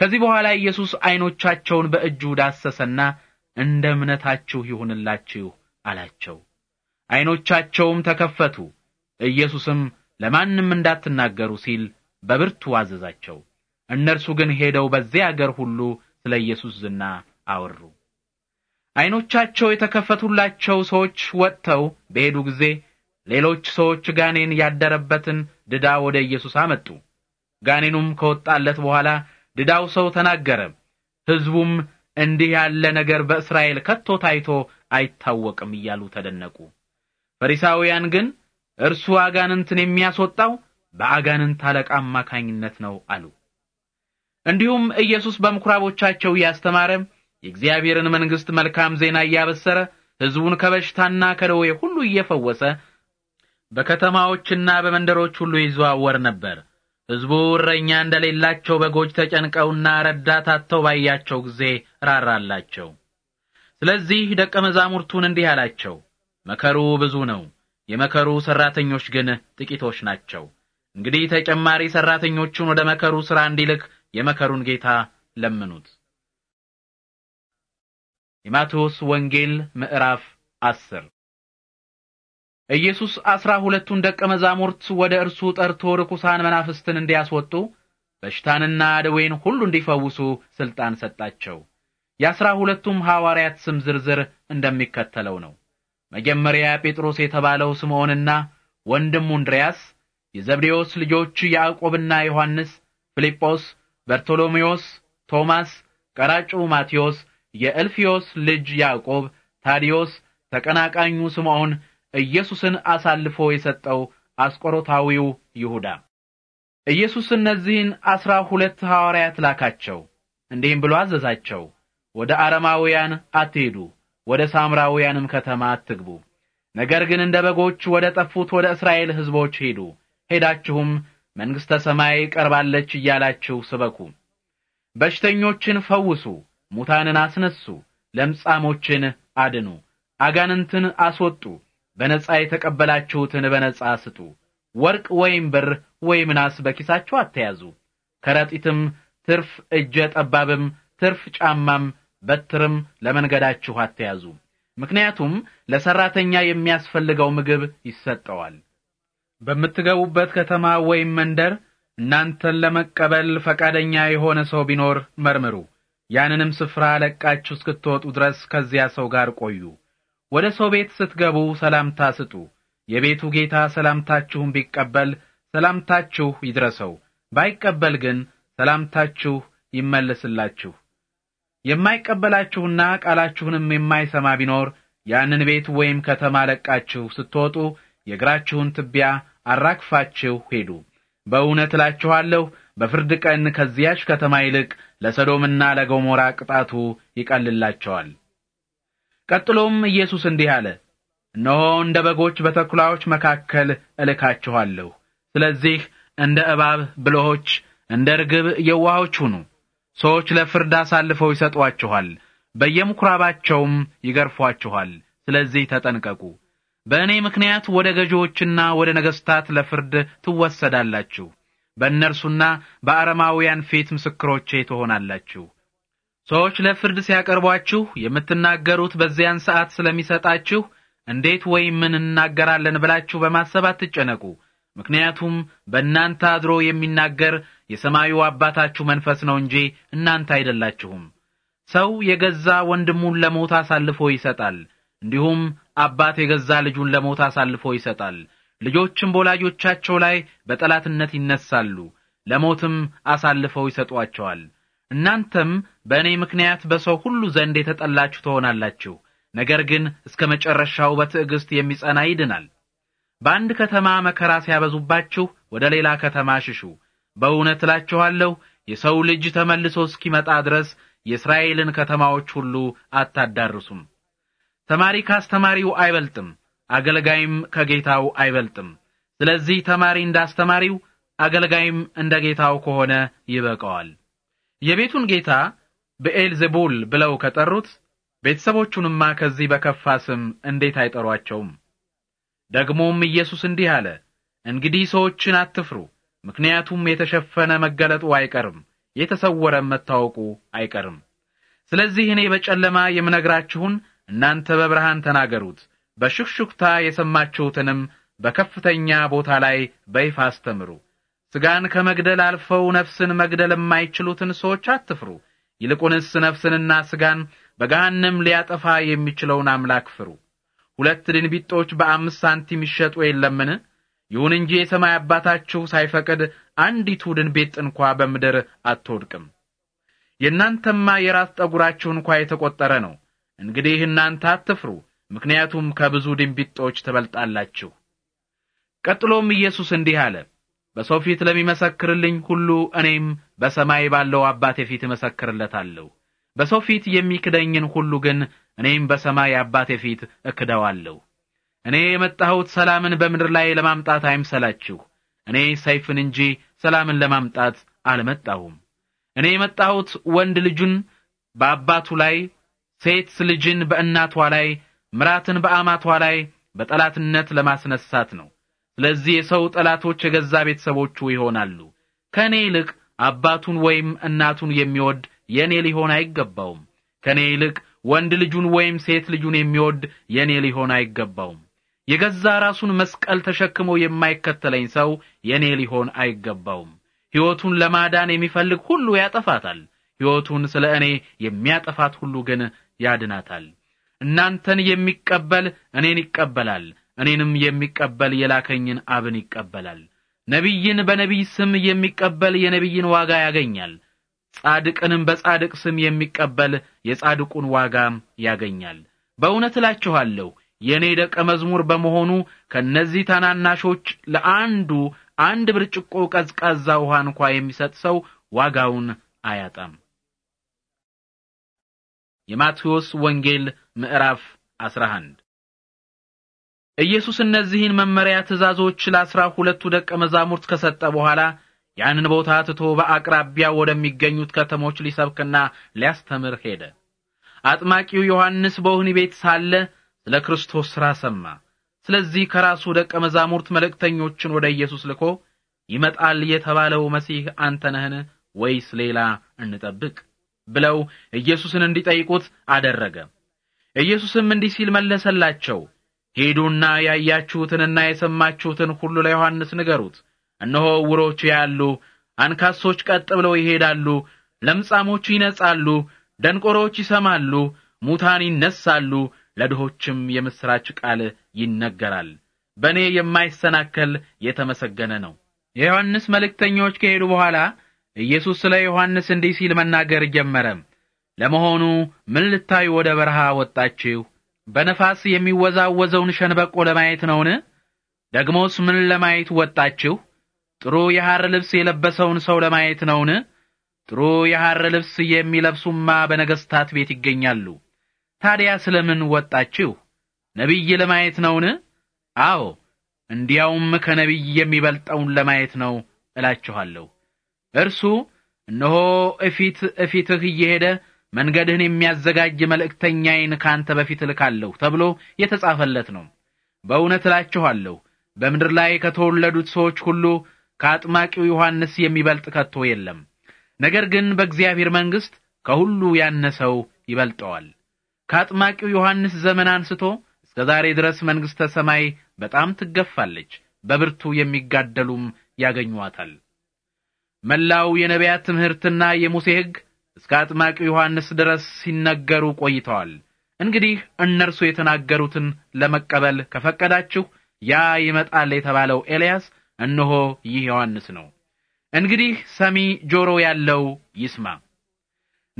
ከዚህ በኋላ ኢየሱስ አይኖቻቸውን በእጁ ዳሰሰና እንደ እምነታችሁ ይሁንላችሁ አላቸው። አይኖቻቸውም ተከፈቱ። ኢየሱስም ለማንም እንዳትናገሩ ሲል በብርቱ አዘዛቸው። እነርሱ ግን ሄደው በዚያ አገር ሁሉ ስለ ኢየሱስ ዝና አወሩ። አይኖቻቸው የተከፈቱላቸው ሰዎች ወጥተው በሄዱ ጊዜ ሌሎች ሰዎች ጋኔን ያደረበትን ድዳ ወደ ኢየሱስ አመጡ። ጋኔኑም ከወጣለት በኋላ ድዳው ሰው ተናገረ። ሕዝቡም እንዲህ ያለ ነገር በእስራኤል ከቶ ታይቶ አይታወቅም እያሉ ተደነቁ። ፈሪሳውያን ግን እርሱ አጋንንትን የሚያስወጣው በአጋንንት አለቃ አማካኝነት ነው አሉ። እንዲሁም ኢየሱስ በምኩራቦቻቸው እያስተማረ የእግዚአብሔርን መንግሥት መልካም ዜና እያበሰረ ሕዝቡን ከበሽታና ከደዌ ሁሉ እየፈወሰ በከተማዎችና በመንደሮች ሁሉ ይዘዋወር ነበር። ሕዝቡ እረኛ እንደሌላቸው በጎች ተጨንቀውና ረዳት አጥተው ባያቸው ጊዜ ራራላቸው። ስለዚህ ደቀ መዛሙርቱን እንዲህ አላቸው፣ መከሩ ብዙ ነው የመከሩ ሠራተኞች ግን ጥቂቶች ናቸው። እንግዲህ ተጨማሪ ሠራተኞቹን ወደ መከሩ ሥራ እንዲልክ የመከሩን ጌታ ለምኑት። የማቴዎስ ወንጌል ምዕራፍ አስር ኢየሱስ አስራ ሁለቱን ደቀ መዛሙርት ወደ እርሱ ጠርቶ ርኩሳን መናፍስትን እንዲያስወጡ በሽታንና ደዌን ሁሉ እንዲፈውሱ ሥልጣን ሰጣቸው። የአስራ ሁለቱም ሐዋርያት ስም ዝርዝር እንደሚከተለው ነው። መጀመሪያ ጴጥሮስ የተባለው ስምዖንና ወንድሙ እንድርያስ፣ የዘብዴዎስ ልጆች ያዕቆብና ዮሐንስ፣ ፊልጶስ፣ በርቶሎሜዎስ፣ ቶማስ፣ ቀራጩ ማቴዎስ፣ የእልፊዮስ ልጅ ያዕቆብ፣ ታዲዮስ፣ ተቀናቃኙ ስምዖን፣ ኢየሱስን አሳልፎ የሰጠው አስቆሮታዊው ይሁዳ። ኢየሱስ እነዚህን አስራ ሁለት ሐዋርያት ላካቸው። እንዲህም ብሎ አዘዛቸው፣ ወደ አረማውያን አትሄዱ ወደ ሳምራውያንም ከተማ አትግቡ። ነገር ግን እንደ በጎች ወደ ጠፉት ወደ እስራኤል ሕዝቦች ሂዱ። ሄዳችሁም መንግሥተ ሰማይ ቀርባለች እያላችሁ ስበኩ። በሽተኞችን ፈውሱ፣ ሙታንን አስነሱ፣ ለምጻሞችን አድኑ፣ አጋንንትን አስወጡ፣ በነጻ የተቀበላችሁትን በነጻ ስጡ። ወርቅ ወይም ብር ወይም ናስ በኪሳችሁ አትያዙ። ከረጢትም ትርፍ እጀ ጠባብም ትርፍ ጫማም በትርም ለመንገዳችሁ አትያዙ። ምክንያቱም ለሰራተኛ የሚያስፈልገው ምግብ ይሰጠዋል። በምትገቡበት ከተማ ወይም መንደር እናንተን ለመቀበል ፈቃደኛ የሆነ ሰው ቢኖር መርምሩ። ያንንም ስፍራ ለቃችሁ እስክትወጡ ድረስ ከዚያ ሰው ጋር ቆዩ። ወደ ሰው ቤት ስትገቡ ሰላምታ ስጡ። የቤቱ ጌታ ሰላምታችሁን ቢቀበል ሰላምታችሁ ይድረሰው፣ ባይቀበል ግን ሰላምታችሁ ይመለስላችሁ። የማይቀበላችሁና ቃላችሁንም የማይሰማ ቢኖር ያንን ቤት ወይም ከተማ ለቃችሁ ስትወጡ የእግራችሁን ትቢያ አራግፋችሁ ሄዱ። በእውነት እላችኋለሁ በፍርድ ቀን ከዚያች ከተማ ይልቅ ለሰዶምና ለገሞራ ቅጣቱ ይቀልላቸዋል። ቀጥሎም ኢየሱስ እንዲህ አለ፣ እነሆ እንደ በጎች በተኩላዎች መካከል እልካችኋለሁ። ስለዚህ እንደ እባብ ብልሆች፣ እንደ ርግብ የዋሆች ሁኑ። ሰዎች ለፍርድ አሳልፈው ይሰጧችኋል፣ በየምኵራባቸውም ይገርፏችኋል። ስለዚህ ተጠንቀቁ። በእኔ ምክንያት ወደ ገዢዎችና ወደ ነገሥታት ለፍርድ ትወሰዳላችሁ፣ በእነርሱና በአረማውያን ፊት ምስክሮቼ ትሆናላችሁ። ሰዎች ለፍርድ ሲያቀርቧችሁ የምትናገሩት በዚያን ሰዓት ስለሚሰጣችሁ እንዴት ወይም ምን እናገራለን ብላችሁ በማሰብ አትጨነቁ። ምክንያቱም በእናንተ አድሮ የሚናገር የሰማዩ አባታችሁ መንፈስ ነው እንጂ እናንተ አይደላችሁም። ሰው የገዛ ወንድሙን ለሞት አሳልፎ ይሰጣል፣ እንዲሁም አባት የገዛ ልጁን ለሞት አሳልፎ ይሰጣል። ልጆችም በወላጆቻቸው ላይ በጠላትነት ይነሳሉ፣ ለሞትም አሳልፈው ይሰጧቸዋል። እናንተም በእኔ ምክንያት በሰው ሁሉ ዘንድ የተጠላችሁ ትሆናላችሁ። ነገር ግን እስከ መጨረሻው በትዕግሥት የሚጸና ይድናል። በአንድ ከተማ መከራ ሲያበዙባችሁ ወደ ሌላ ከተማ ሽሹ። በእውነት እላችኋለሁ የሰው ልጅ ተመልሶ እስኪመጣ ድረስ የእስራኤልን ከተማዎች ሁሉ አታዳርሱም። ተማሪ ካስተማሪው አይበልጥም፣ አገልጋይም ከጌታው አይበልጥም። ስለዚህ ተማሪ እንዳስተማሪው አገልጋይም እንደ ጌታው ከሆነ ይበቃዋል። የቤቱን ጌታ ብኤልዜቡል ብለው ከጠሩት ቤተሰቦቹንማ ከዚህ በከፋ ስም እንዴት አይጠሯቸውም? ደግሞም ኢየሱስ እንዲህ አለ፣ እንግዲህ ሰዎችን አትፍሩ፣ ምክንያቱም የተሸፈነ መገለጡ አይቀርም፣ የተሰወረም መታወቁ አይቀርም። ስለዚህ እኔ በጨለማ የምነግራችሁን እናንተ በብርሃን ተናገሩት፣ በሽክሽክታ የሰማችሁትንም በከፍተኛ ቦታ ላይ በይፋ አስተምሩ። ሥጋን ከመግደል አልፈው ነፍስን መግደል የማይችሉትን ሰዎች አትፍሩ፣ ይልቁንስ ነፍስንና ሥጋን በገሃነም ሊያጠፋ የሚችለውን አምላክ ፍሩ። ሁለት ድንቢጦች በአምስት ሳንቲም ይሸጡ የለምን? ይሁን እንጂ የሰማይ አባታችሁ ሳይፈቅድ አንዲቱ ድንቢጥ እንኳ በምድር አትወድቅም። የእናንተማ የራስ ጠጉራችሁ እንኳ የተቆጠረ ነው። እንግዲህ እናንተ አትፍሩ፣ ምክንያቱም ከብዙ ድንቢጦች ትበልጣላችሁ። ቀጥሎም ኢየሱስ እንዲህ አለ፣ በሰው ፊት ለሚመሰክርልኝ ሁሉ እኔም በሰማይ ባለው አባቴ ፊት እመሰክርለታለሁ። በሰው ፊት የሚክደኝን ሁሉ ግን እኔም በሰማይ አባቴ ፊት እክደዋለሁ። እኔ የመጣሁት ሰላምን በምድር ላይ ለማምጣት አይምሰላችሁ። እኔ ሰይፍን እንጂ ሰላምን ለማምጣት አልመጣሁም። እኔ የመጣሁት ወንድ ልጁን በአባቱ ላይ፣ ሴት ልጅን በእናቷ ላይ፣ ምራትን በአማቷ ላይ በጠላትነት ለማስነሳት ነው። ስለዚህ የሰው ጠላቶች የገዛ ቤተሰቦቹ ይሆናሉ። ከእኔ ይልቅ አባቱን ወይም እናቱን የሚወድ የእኔ ሊሆን አይገባውም። ከእኔ ይልቅ ወንድ ልጁን ወይም ሴት ልጁን የሚወድ የእኔ ሊሆን አይገባውም። የገዛ ራሱን መስቀል ተሸክሞ የማይከተለኝ ሰው የእኔ ሊሆን አይገባውም። ሕይወቱን ለማዳን የሚፈልግ ሁሉ ያጠፋታል። ሕይወቱን ስለ እኔ የሚያጠፋት ሁሉ ግን ያድናታል። እናንተን የሚቀበል እኔን ይቀበላል፣ እኔንም የሚቀበል የላከኝን አብን ይቀበላል። ነቢይን በነቢይ ስም የሚቀበል የነቢይን ዋጋ ያገኛል። ጻድቅንም በጻድቅ ስም የሚቀበል የጻድቁን ዋጋም ያገኛል። በእውነት እላችኋለሁ የእኔ ደቀ መዝሙር በመሆኑ ከእነዚህ ታናናሾች ለአንዱ አንድ ብርጭቆ ቀዝቃዛ ውሃ እንኳ የሚሰጥ ሰው ዋጋውን አያጣም። የማቴዎስ ወንጌል ምዕራፍ 11 ኢየሱስ እነዚህን መመሪያ ትእዛዞች ለአስራ ሁለቱ ደቀ መዛሙርት ከሰጠ በኋላ ያንን ቦታ ትቶ በአቅራቢያ ወደሚገኙት ከተሞች ሊሰብክና ሊያስተምር ሄደ። አጥማቂው ዮሐንስ በወህኒ ቤት ሳለ ስለ ክርስቶስ ሥራ ሰማ። ስለዚህ ከራሱ ደቀ መዛሙርት መልእክተኞችን ወደ ኢየሱስ ልኮ ይመጣል የተባለው መሲህ አንተ ነህን ወይስ ሌላ እንጠብቅ? ብለው ኢየሱስን እንዲጠይቁት አደረገ። ኢየሱስም እንዲህ ሲል መለሰላቸው፣ ሂዱና ያያችሁትንና የሰማችሁትን ሁሉ ለዮሐንስ ንገሩት እነሆ ዕውሮቹ ያሉ፣ አንካሶች ቀጥ ብለው ይሄዳሉ፣ ለምጻሞቹ ይነጻሉ፣ ደንቆሮዎች ይሰማሉ፣ ሙታን ይነሳሉ፣ ለድሆችም የምሥራች ቃል ይነገራል። በእኔ የማይሰናከል የተመሰገነ ነው። የዮሐንስ መልእክተኞች ከሄዱ በኋላ ኢየሱስ ስለ ዮሐንስ እንዲህ ሲል መናገር ጀመረ። ለመሆኑ ምን ልታዩ ወደ በረሃ ወጣችሁ? በነፋስ የሚወዛወዘውን ሸንበቆ ለማየት ነውን? ደግሞስ ምን ለማየት ወጣችሁ? ጥሩ የሐር ልብስ የለበሰውን ሰው ለማየት ነውን? ጥሩ የሐር ልብስ የሚለብሱማ በነገሥታት ቤት ይገኛሉ። ታዲያ ስለምን ወጣችሁ? ነቢይ ለማየት ነውን? አዎ፣ እንዲያውም ከነቢይ የሚበልጠውን ለማየት ነው እላችኋለሁ። እርሱ እነሆ እፊት እፊትህ እየሄደ መንገድህን የሚያዘጋጅ መልእክተኛዬን ካንተ በፊት እልካለሁ ተብሎ የተጻፈለት ነው። በእውነት እላችኋለሁ በምድር ላይ ከተወለዱት ሰዎች ሁሉ ከአጥማቂው ዮሐንስ የሚበልጥ ከቶ የለም። ነገር ግን በእግዚአብሔር መንግሥት ከሁሉ ያነሰው ይበልጠዋል። ከአጥማቂው ዮሐንስ ዘመን አንስቶ እስከ ዛሬ ድረስ መንግሥተ ሰማይ በጣም ትገፋለች፣ በብርቱ የሚጋደሉም ያገኟታል። መላው የነቢያት ትምህርትና የሙሴ ሕግ እስከ አጥማቂው ዮሐንስ ድረስ ሲነገሩ ቆይተዋል። እንግዲህ እነርሱ የተናገሩትን ለመቀበል ከፈቀዳችሁ ያ ይመጣል የተባለው ኤልያስ እነሆ ይህ ዮሐንስ ነው። እንግዲህ ሰሚ ጆሮ ያለው ይስማ።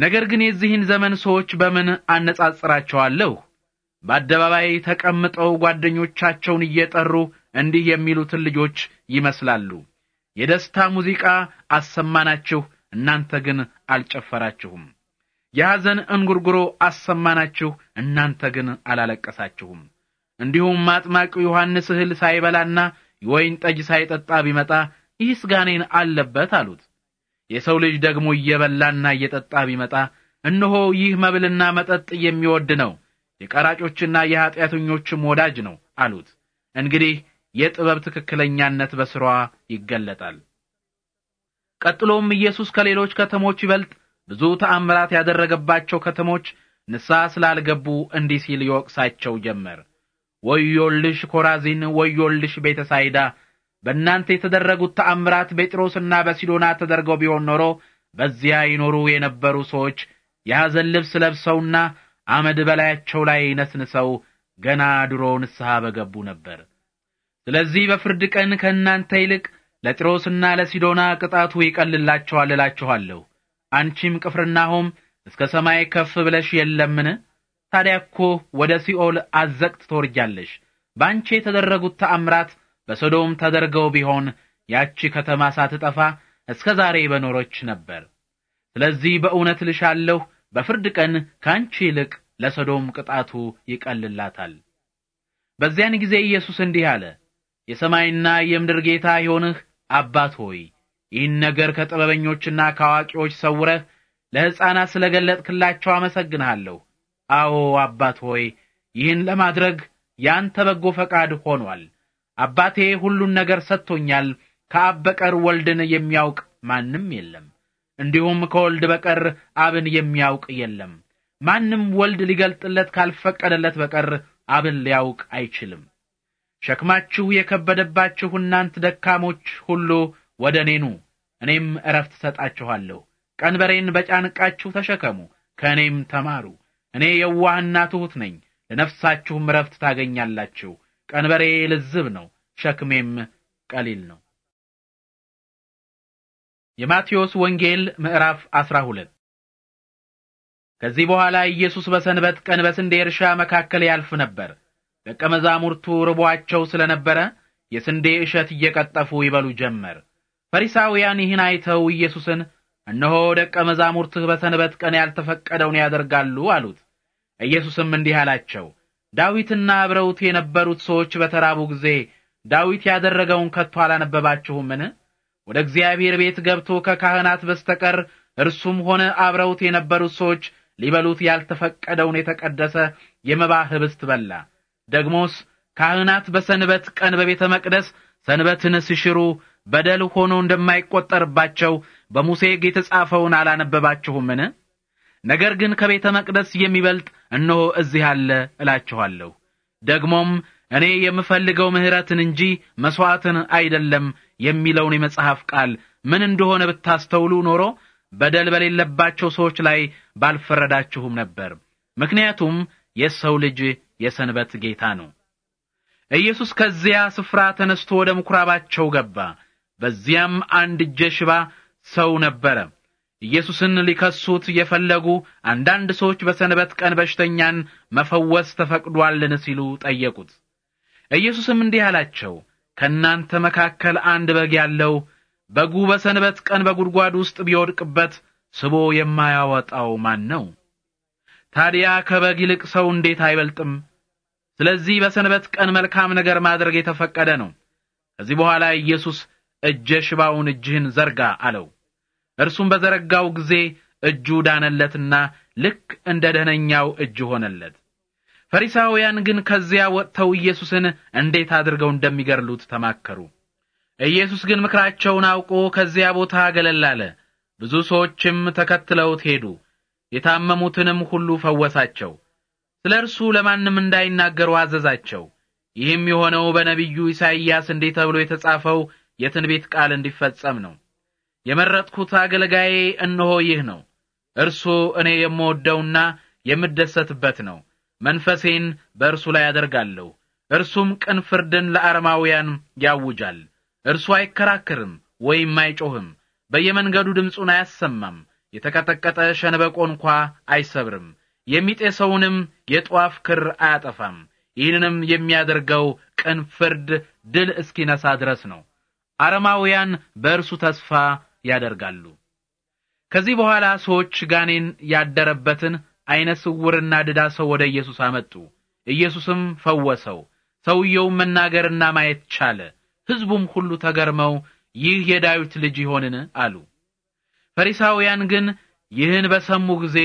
ነገር ግን የዚህን ዘመን ሰዎች በምን አነጻጽራቸዋለሁ? በአደባባይ ተቀምጠው ጓደኞቻቸውን እየጠሩ እንዲህ የሚሉትን ልጆች ይመስላሉ። የደስታ ሙዚቃ አሰማናችሁ፣ እናንተ ግን አልጨፈራችሁም። የሐዘን እንጉርጉሮ አሰማናችሁ፣ እናንተ ግን አላለቀሳችሁም። እንዲሁም ማጥማቂው ዮሐንስ እህል ሳይበላና ወይን ጠጅ ሳይጠጣ ቢመጣ ይህስ ጋኔን አለበት አሉት። የሰው ልጅ ደግሞ እየበላና እየጠጣ ቢመጣ እነሆ ይህ መብልና መጠጥ የሚወድ ነው፣ የቀራጮችና የኀጢአተኞችም ወዳጅ ነው አሉት። እንግዲህ የጥበብ ትክክለኛነት በሥሯ ይገለጣል። ቀጥሎም ኢየሱስ ከሌሎች ከተሞች ይበልጥ ብዙ ተአምራት ያደረገባቸው ከተሞች ንስሐ ስላልገቡ እንዲህ ሲል ይወቅሳቸው ጀመር። ወዮልሽ ኮራዚን፣ ወዮልሽ ቤተ ሳይዳ! በእናንተ የተደረጉት ተአምራት በጴጥሮስና በሲዶና ተደርገው ቢሆን ኖሮ በዚያ ይኖሩ የነበሩ ሰዎች የሐዘን ልብስ ለብሰውና አመድ በላያቸው ላይ ነስንሰው ገና ድሮ ንስሐ በገቡ ነበር። ስለዚህ በፍርድ ቀን ከእናንተ ይልቅ ለጢሮስና ለሲዶና ቅጣቱ ይቀልላቸዋል እላችኋለሁ። አንቺም ቅፍርናሆም እስከ ሰማይ ከፍ ብለሽ የለምን? ታዲያ እኮ ወደ ሲኦል አዘቅት ትወርጃለሽ። ባንቺ የተደረጉት ተአምራት በሶዶም ተደርገው ቢሆን ያቺ ከተማ ሳትጠፋ እስከ ዛሬ በኖሮች ነበር። ስለዚህ በእውነት ልሻለሁ፣ በፍርድ ቀን ከአንቺ ይልቅ ለሶዶም ቅጣቱ ይቀልላታል። በዚያን ጊዜ ኢየሱስ እንዲህ አለ፣ የሰማይና የምድር ጌታ የሆንህ አባት ሆይ ይህን ነገር ከጥበበኞችና ከአዋቂዎች ሰውረህ ለሕፃናት ስለገለጥክላቸው አመሰግንሃለሁ። አዎ አባት ሆይ ይህን ለማድረግ ያንተ በጎ ፈቃድ ሆኗል። አባቴ ሁሉን ነገር ሰጥቶኛል። ከአብ በቀር ወልድን የሚያውቅ ማንም የለም፣ እንዲሁም ከወልድ በቀር አብን የሚያውቅ የለም። ማንም ወልድ ሊገልጥለት ካልፈቀደለት በቀር አብን ሊያውቅ አይችልም። ሸክማችሁ የከበደባችሁ እናንት ደካሞች ሁሉ ወደ እኔ ኑ፣ እኔም እረፍት እሰጣችኋለሁ። ቀንበሬን በጫንቃችሁ ተሸከሙ፣ ከእኔም ተማሩ እኔ የዋህና ትሑት ነኝ፣ ለነፍሳችሁም ምረፍት ታገኛላችሁ። ቀንበሬ ልዝብ ነው፣ ሸክሜም ቀሊል ነው። የማቴዎስ ወንጌል ምዕራፍ 12 ከዚህ በኋላ ኢየሱስ በሰንበት ቀን በስንዴ እርሻ መካከል ያልፍ ነበር። ደቀ መዛሙርቱ ርቧቸው ስለነበረ የስንዴ እሸት እየቀጠፉ ይበሉ ጀመር። ፈሪሳውያን ይህን አይተው ኢየሱስን እነሆ ደቀ መዛሙርትህ በሰንበት ቀን ያልተፈቀደውን ያደርጋሉ አሉት። ኢየሱስም እንዲህ አላቸው፣ ዳዊትና አብረውት የነበሩት ሰዎች በተራቡ ጊዜ ዳዊት ያደረገውን ከቶ አላነበባችሁምን? ወደ እግዚአብሔር ቤት ገብቶ ከካህናት በስተቀር እርሱም ሆነ አብረውት የነበሩት ሰዎች ሊበሉት ያልተፈቀደውን የተቀደሰ የመባ ህብስት በላ። ደግሞስ ካህናት በሰንበት ቀን በቤተ መቅደስ ሰንበትን ሲሽሩ በደል ሆኖ እንደማይቆጠርባቸው በሙሴ ሕግ የተጻፈውን አላነበባችሁምን? ነገር ግን ከቤተ መቅደስ የሚበልጥ እነሆ እዚህ አለ እላችኋለሁ። ደግሞም እኔ የምፈልገው ምሕረትን እንጂ መሥዋዕትን አይደለም የሚለውን የመጽሐፍ ቃል ምን እንደሆነ ብታስተውሉ ኖሮ በደል በሌለባቸው ሰዎች ላይ ባልፈረዳችሁም ነበር። ምክንያቱም የሰው ልጅ የሰንበት ጌታ ነው። ኢየሱስ ከዚያ ስፍራ ተነስቶ ወደ ምኵራባቸው ገባ። በዚያም አንድ እጀ ሽባ ሰው ነበረ። ኢየሱስን ሊከሱት የፈለጉ አንዳንድ ሰዎች በሰንበት ቀን በሽተኛን መፈወስ ተፈቅዷልን ሲሉ ጠየቁት። ኢየሱስም እንዲህ አላቸው፣ ከእናንተ መካከል አንድ በግ ያለው በጉ በሰንበት ቀን በጉድጓድ ውስጥ ቢወድቅበት ስቦ የማያወጣው ማን ነው? ታዲያ ከበግ ይልቅ ሰው እንዴት አይበልጥም? ስለዚህ በሰንበት ቀን መልካም ነገር ማድረግ የተፈቀደ ነው። ከዚህ በኋላ ኢየሱስ እጀ ሽባውን እጅህን ዘርጋ አለው። እርሱም በዘረጋው ጊዜ እጁ ዳነለትና ልክ እንደ ደህነኛው እጅ ሆነለት። ፈሪሳውያን ግን ከዚያ ወጥተው ኢየሱስን እንዴት አድርገው እንደሚገድሉት ተማከሩ። ኢየሱስ ግን ምክራቸውን አውቆ ከዚያ ቦታ ገለል አለ። ብዙ ሰዎችም ተከትለውት ሄዱ። የታመሙትንም ሁሉ ፈወሳቸው። ስለ እርሱ ለማንም እንዳይናገሩ አዘዛቸው። ይህም የሆነው በነቢዩ ኢሳይያስ እንዲህ ተብሎ የተጻፈው የትንቢት ቃል እንዲፈጸም ነው። የመረጥኩት አገልጋዬ እነሆ ይህ ነው፣ እርሱ እኔ የምወደውና የምደሰትበት ነው። መንፈሴን በእርሱ ላይ አደርጋለሁ። እርሱም ቅን ፍርድን ለአረማውያን ያውጃል። እርሱ አይከራከርም ወይም አይጮህም፣ በየመንገዱ ድምፁን አያሰማም። የተቀጠቀጠ ሸንበቆ እንኳ አይሰብርም፣ የሚጤሰውንም የጧፍ ክር አያጠፋም። ይህንንም የሚያደርገው ቅን ፍርድ ድል እስኪነሳ ድረስ ነው። አረማውያን በእርሱ ተስፋ ያደርጋሉ። ከዚህ በኋላ ሰዎች ጋኔን ያደረበትን አይነ ስውርና ድዳ ሰው ወደ ኢየሱስ አመጡ። ኢየሱስም ፈወሰው። ሰውየውም መናገርና ማየት ቻለ። ሕዝቡም ሁሉ ተገርመው ይህ የዳዊት ልጅ ይሆንን አሉ። ፈሪሳውያን ግን ይህን በሰሙ ጊዜ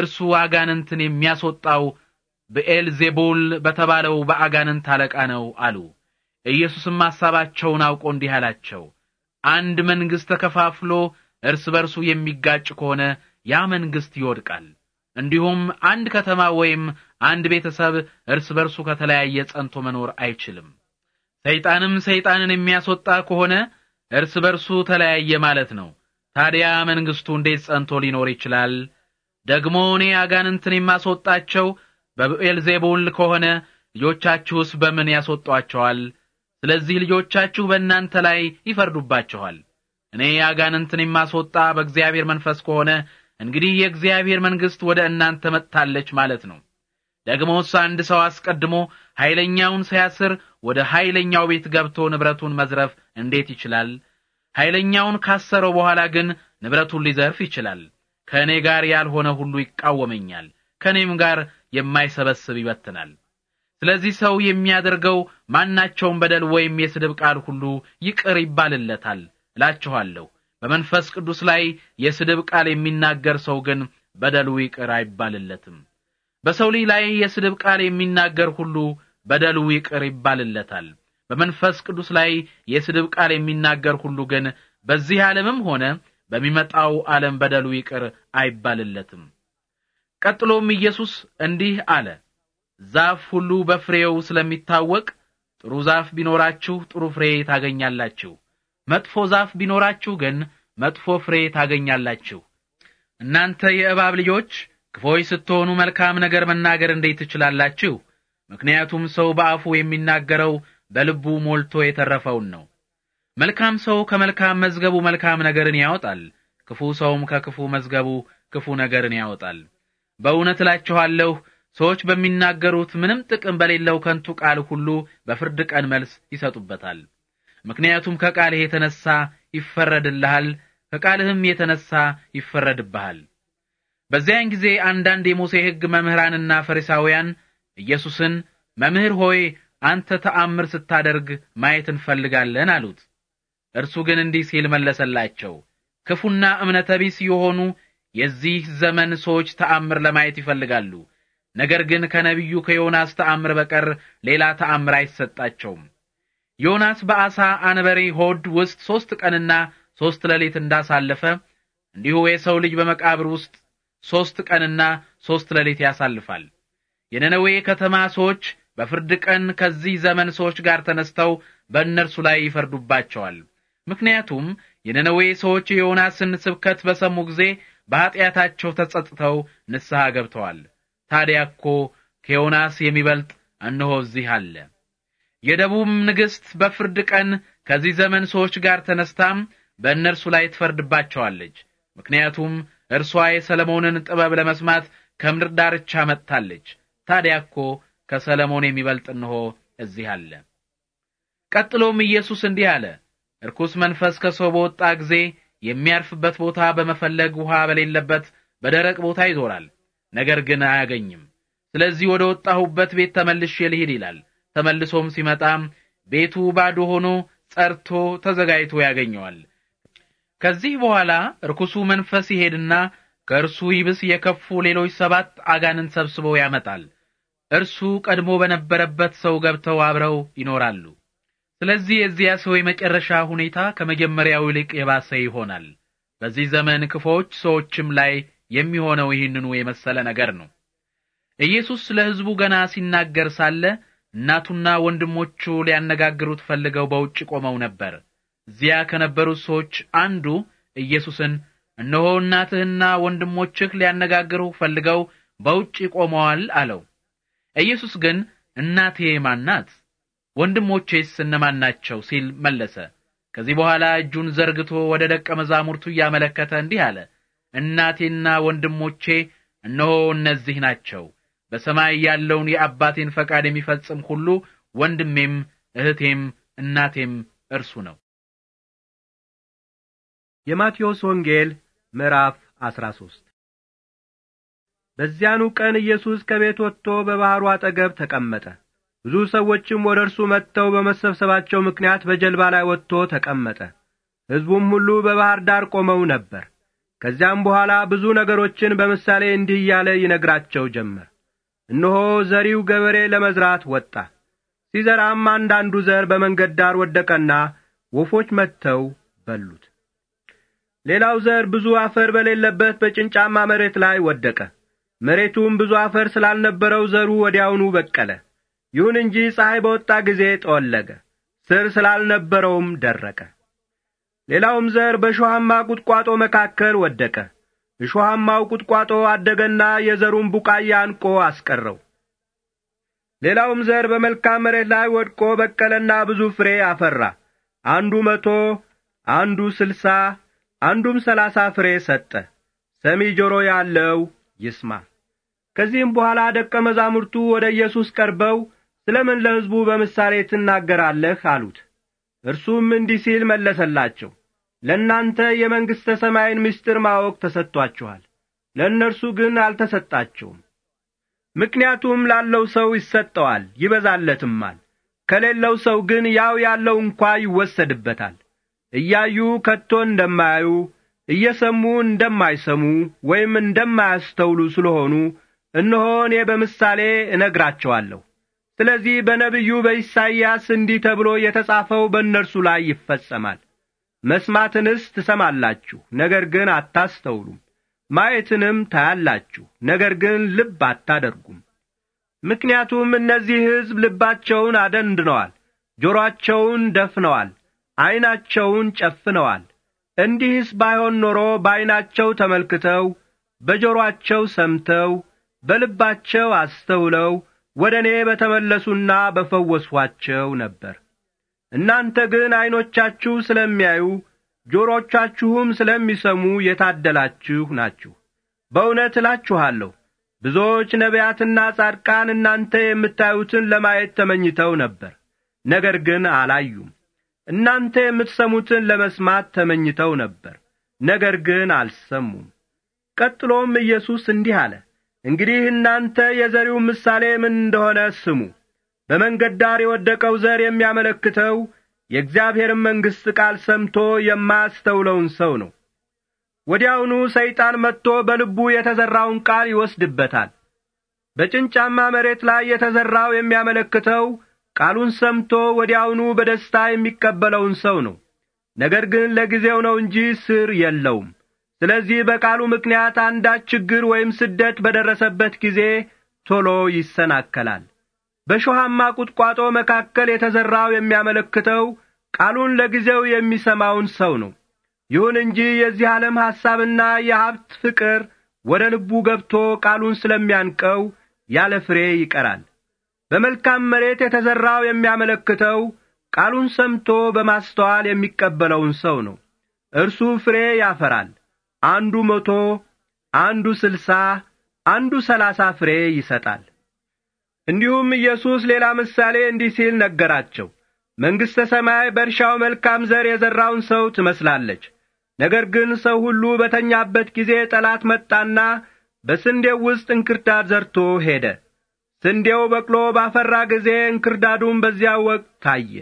እርሱ አጋንንትን የሚያስወጣው ብኤልዜቡል በተባለው በአጋንንት አለቃ ነው አሉ። ኢየሱስም ሐሳባቸውን አውቆ እንዲህ አላቸው፣ አንድ መንግሥት ተከፋፍሎ እርስ በርሱ የሚጋጭ ከሆነ ያ መንግሥት ይወድቃል። እንዲሁም አንድ ከተማ ወይም አንድ ቤተሰብ እርስ በርሱ ከተለያየ ጸንቶ መኖር አይችልም። ሰይጣንም ሰይጣንን የሚያስወጣ ከሆነ እርስ በርሱ ተለያየ ማለት ነው። ታዲያ መንግሥቱ እንዴት ጸንቶ ሊኖር ይችላል? ደግሞ እኔ አጋንንትን የማስወጣቸው በብኤልዜቡል ከሆነ ልጆቻችሁስ በምን ያስወጧቸዋል? ስለዚህ ልጆቻችሁ በእናንተ ላይ ይፈርዱባችኋል። እኔ አጋንንትን የማስወጣ በእግዚአብሔር መንፈስ ከሆነ እንግዲህ የእግዚአብሔር መንግሥት ወደ እናንተ መጥታለች ማለት ነው። ደግሞስ አንድ ሰው አስቀድሞ ኃይለኛውን ሲያስር ወደ ኃይለኛው ቤት ገብቶ ንብረቱን መዝረፍ እንዴት ይችላል? ኃይለኛውን ካሰረው በኋላ ግን ንብረቱን ሊዘርፍ ይችላል። ከእኔ ጋር ያልሆነ ሁሉ ይቃወመኛል፣ ከእኔም ጋር የማይሰበስብ ይበትናል። ስለዚህ ሰው የሚያደርገው ማናቸውም በደል ወይም የስድብ ቃል ሁሉ ይቅር ይባልለታል እላችኋለሁ። በመንፈስ ቅዱስ ላይ የስድብ ቃል የሚናገር ሰው ግን በደሉ ይቅር አይባልለትም። በሰው ልጅ ላይ የስድብ ቃል የሚናገር ሁሉ በደሉ ይቅር ይባልለታል። በመንፈስ ቅዱስ ላይ የስድብ ቃል የሚናገር ሁሉ ግን በዚህ ዓለምም ሆነ በሚመጣው ዓለም በደሉ ይቅር አይባልለትም። ቀጥሎም ኢየሱስ እንዲህ አለ፣ ዛፍ ሁሉ በፍሬው ስለሚታወቅ ጥሩ ዛፍ ቢኖራችሁ ጥሩ ፍሬ ታገኛላችሁ፣ መጥፎ ዛፍ ቢኖራችሁ ግን መጥፎ ፍሬ ታገኛላችሁ። እናንተ የእባብ ልጆች ክፎች ስትሆኑ መልካም ነገር መናገር እንዴት ትችላላችሁ? ምክንያቱም ሰው በአፉ የሚናገረው በልቡ ሞልቶ የተረፈውን ነው። መልካም ሰው ከመልካም መዝገቡ መልካም ነገርን ያወጣል፣ ክፉ ሰውም ከክፉ መዝገቡ ክፉ ነገርን ያወጣል። በእውነት እላችኋለሁ ሰዎች በሚናገሩት ምንም ጥቅም በሌለው ከንቱ ቃል ሁሉ በፍርድ ቀን መልስ ይሰጡበታል። ምክንያቱም ከቃልህ የተነሳ ይፈረድልሃል፣ ከቃልህም የተነሳ ይፈረድብሃል። በዚያን ጊዜ አንዳንድ የሙሴ ሕግ መምህራንና ፈሪሳውያን ኢየሱስን መምህር ሆይ አንተ ተአምር ስታደርግ ማየት እንፈልጋለን አሉት። እርሱ ግን እንዲህ ሲል መለሰላቸው፣ ክፉና እምነተ ቢስ የሆኑ የዚህ ዘመን ሰዎች ተአምር ለማየት ይፈልጋሉ ነገር ግን ከነቢዩ ከዮናስ ተአምር በቀር ሌላ ተአምር አይሰጣቸውም። ዮናስ በአሳ አንበሪ ሆድ ውስጥ ሦስት ቀንና ሦስት ሌሊት እንዳሳለፈ እንዲሁ የሰው ልጅ በመቃብር ውስጥ ሦስት ቀንና ሦስት ሌሊት ያሳልፋል። የነነዌ ከተማ ሰዎች በፍርድ ቀን ከዚህ ዘመን ሰዎች ጋር ተነስተው በእነርሱ ላይ ይፈርዱባቸዋል። ምክንያቱም የነነዌ ሰዎች የዮናስን ስብከት በሰሙ ጊዜ በኀጢአታቸው ተጸጥተው ንስሐ ገብተዋል። ታዲያ እኮ ከዮናስ የሚበልጥ እነሆ እዚህ አለ። የደቡብ ንግሥት በፍርድ ቀን ከዚህ ዘመን ሰዎች ጋር ተነስታም በእነርሱ ላይ ትፈርድባቸዋለች። ምክንያቱም እርሷ የሰለሞንን ጥበብ ለመስማት ከምድር ዳርቻ መጥታለች። ታዲያ እኮ ከሰለሞን የሚበልጥ እንሆ እዚህ አለ። ቀጥሎም ኢየሱስ እንዲህ አለ። እርኩስ መንፈስ ከሰው በወጣ ጊዜ የሚያርፍበት ቦታ በመፈለግ ውሃ በሌለበት በደረቅ ቦታ ይዞራል። ነገር ግን አያገኝም። ስለዚህ ወደ ወጣሁበት ቤት ተመልሼ ልሂድ ይላል። ተመልሶም ሲመጣም ቤቱ ባዶ ሆኖ ጸርቶ ተዘጋጅቶ ያገኘዋል። ከዚህ በኋላ ርኩሱ መንፈስ ይሄድና ከእርሱ ይብስ የከፉ ሌሎች ሰባት አጋንን ሰብስቦ ያመጣል። እርሱ ቀድሞ በነበረበት ሰው ገብተው አብረው ይኖራሉ። ስለዚህ የዚያ ሰው የመጨረሻ ሁኔታ ከመጀመሪያው ይልቅ የባሰ ይሆናል። በዚህ ዘመን ክፉዎች ሰዎችም ላይ የሚሆነው ይህንኑ የመሰለ ነገር ነው። ኢየሱስ ለሕዝቡ ገና ሲናገር ሳለ እናቱና ወንድሞቹ ሊያነጋግሩት ፈልገው በውጭ ቆመው ነበር። እዚያ ከነበሩት ሰዎች አንዱ ኢየሱስን እነሆ እናትህና ወንድሞችህ ሊያነጋግሩ ፈልገው በውጭ ቆመዋል አለው። ኢየሱስ ግን እናቴ ማናት? ወንድሞቼስ እነማን ናቸው? ሲል መለሰ። ከዚህ በኋላ እጁን ዘርግቶ ወደ ደቀ መዛሙርቱ እያመለከተ እንዲህ አለ፣ እናቴና ወንድሞቼ እነሆ እነዚህ ናቸው። በሰማይ ያለውን የአባቴን ፈቃድ የሚፈጽም ሁሉ ወንድሜም፣ እህቴም፣ እናቴም እርሱ ነው። የማቴዎስ ወንጌል ምዕራፍ አስራ ሶስት በዚያኑ ቀን ኢየሱስ ከቤት ወጥቶ በባሕሩ አጠገብ ተቀመጠ። ብዙ ሰዎችም ወደ እርሱ መጥተው በመሰብሰባቸው ምክንያት በጀልባ ላይ ወጥቶ ተቀመጠ። ሕዝቡም ሁሉ በባሕር ዳር ቆመው ነበር። ከዚያም በኋላ ብዙ ነገሮችን በምሳሌ እንዲህ እያለ ይነግራቸው ጀመር። እነሆ ዘሪው ገበሬ ለመዝራት ወጣ። ሲዘራም አንዳንዱ ዘር በመንገድ ዳር ወደቀና ወፎች መጥተው በሉት። ሌላው ዘር ብዙ አፈር በሌለበት በጭንጫማ መሬት ላይ ወደቀ። መሬቱም ብዙ አፈር ስላልነበረው ዘሩ ወዲያውኑ በቀለ። ይሁን እንጂ ፀሐይ በወጣ ጊዜ ጠወለገ፣ ስር ስላልነበረውም ደረቀ። ሌላውም ዘር በእሾሃማ ቁጥቋጦ መካከል ወደቀ። እሾሃማው ቁጥቋጦ አደገና የዘሩን ቡቃያ አንቆ አስቀረው። ሌላውም ዘር በመልካም መሬት ላይ ወድቆ በቀለና ብዙ ፍሬ አፈራ። አንዱ መቶ አንዱ ስልሳ አንዱም ሰላሳ ፍሬ ሰጠ። ሰሚ ጆሮ ያለው ይስማ። ከዚህም በኋላ ደቀ መዛሙርቱ ወደ ኢየሱስ ቀርበው ስለምን ለሕዝቡ በምሳሌ ትናገራለህ አሉት። እርሱም እንዲህ ሲል መለሰላቸው ለእናንተ የመንግሥተ ሰማይን ምስጢር ማወቅ ተሰጥቶአችኋል፣ ለእነርሱ ግን አልተሰጣቸውም። ምክንያቱም ላለው ሰው ይሰጠዋል ይበዛለትማል፣ ከሌለው ሰው ግን ያው ያለው እንኳ ይወሰድበታል። እያዩ ከቶ እንደማያዩ እየሰሙ እንደማይሰሙ ወይም እንደማያስተውሉ ስለሆኑ እነሆ እኔ በምሳሌ እነግራቸዋለሁ። ስለዚህ በነቢዩ በኢሳይያስ እንዲህ ተብሎ የተጻፈው በእነርሱ ላይ ይፈጸማል። መስማትንስ ትሰማላችሁ፣ ነገር ግን አታስተውሉም። ማየትንም ታያላችሁ፣ ነገር ግን ልብ አታደርጉም። ምክንያቱም እነዚህ ሕዝብ ልባቸውን አደንድነዋል፣ ጆሮአቸውን ደፍነዋል፣ ዐይናቸውን ጨፍነዋል። እንዲህስ ባይሆን ኖሮ በዐይናቸው ተመልክተው፣ በጆሮአቸው ሰምተው፣ በልባቸው አስተውለው ወደ እኔ በተመለሱና በፈወስኋቸው ነበር። እናንተ ግን ዐይኖቻችሁ ስለሚያዩ ጆሮቻችሁም ስለሚሰሙ የታደላችሁ ናችሁ። በእውነት እላችኋለሁ ብዙዎች ነቢያትና ጻድቃን እናንተ የምታዩትን ለማየት ተመኝተው ነበር፣ ነገር ግን አላዩም። እናንተ የምትሰሙትን ለመስማት ተመኝተው ነበር፣ ነገር ግን አልሰሙም። ቀጥሎም ኢየሱስ እንዲህ አለ፣ እንግዲህ እናንተ የዘሪው ምሳሌ ምን እንደሆነ ስሙ። በመንገድ ዳር የወደቀው ዘር የሚያመለክተው የእግዚአብሔርን መንግሥት ቃል ሰምቶ የማያስተውለውን ሰው ነው። ወዲያውኑ ሰይጣን መጥቶ በልቡ የተዘራውን ቃል ይወስድበታል። በጭንጫማ መሬት ላይ የተዘራው የሚያመለክተው ቃሉን ሰምቶ ወዲያውኑ በደስታ የሚቀበለውን ሰው ነው። ነገር ግን ለጊዜው ነው እንጂ ስር የለውም። ስለዚህ በቃሉ ምክንያት አንዳች ችግር ወይም ስደት በደረሰበት ጊዜ ቶሎ ይሰናከላል። በሾሃማ ቁጥቋጦ መካከል የተዘራው የሚያመለክተው ቃሉን ለጊዜው የሚሰማውን ሰው ነው። ይሁን እንጂ የዚህ ዓለም ሐሳብና የሀብት ፍቅር ወደ ልቡ ገብቶ ቃሉን ስለሚያንቀው ያለ ፍሬ ይቀራል። በመልካም መሬት የተዘራው የሚያመለክተው ቃሉን ሰምቶ በማስተዋል የሚቀበለውን ሰው ነው። እርሱ ፍሬ ያፈራል። አንዱ መቶ አንዱ ስልሳ አንዱ ሰላሳ ፍሬ ይሰጣል። እንዲሁም ኢየሱስ ሌላ ምሳሌ እንዲህ ሲል ነገራቸው። መንግሥተ ሰማይ በእርሻው መልካም ዘር የዘራውን ሰው ትመስላለች። ነገር ግን ሰው ሁሉ በተኛበት ጊዜ ጠላት መጣና በስንዴው ውስጥ እንክርዳድ ዘርቶ ሄደ። ስንዴው በቅሎ ባፈራ ጊዜ እንክርዳዱም በዚያው ወቅት ታየ።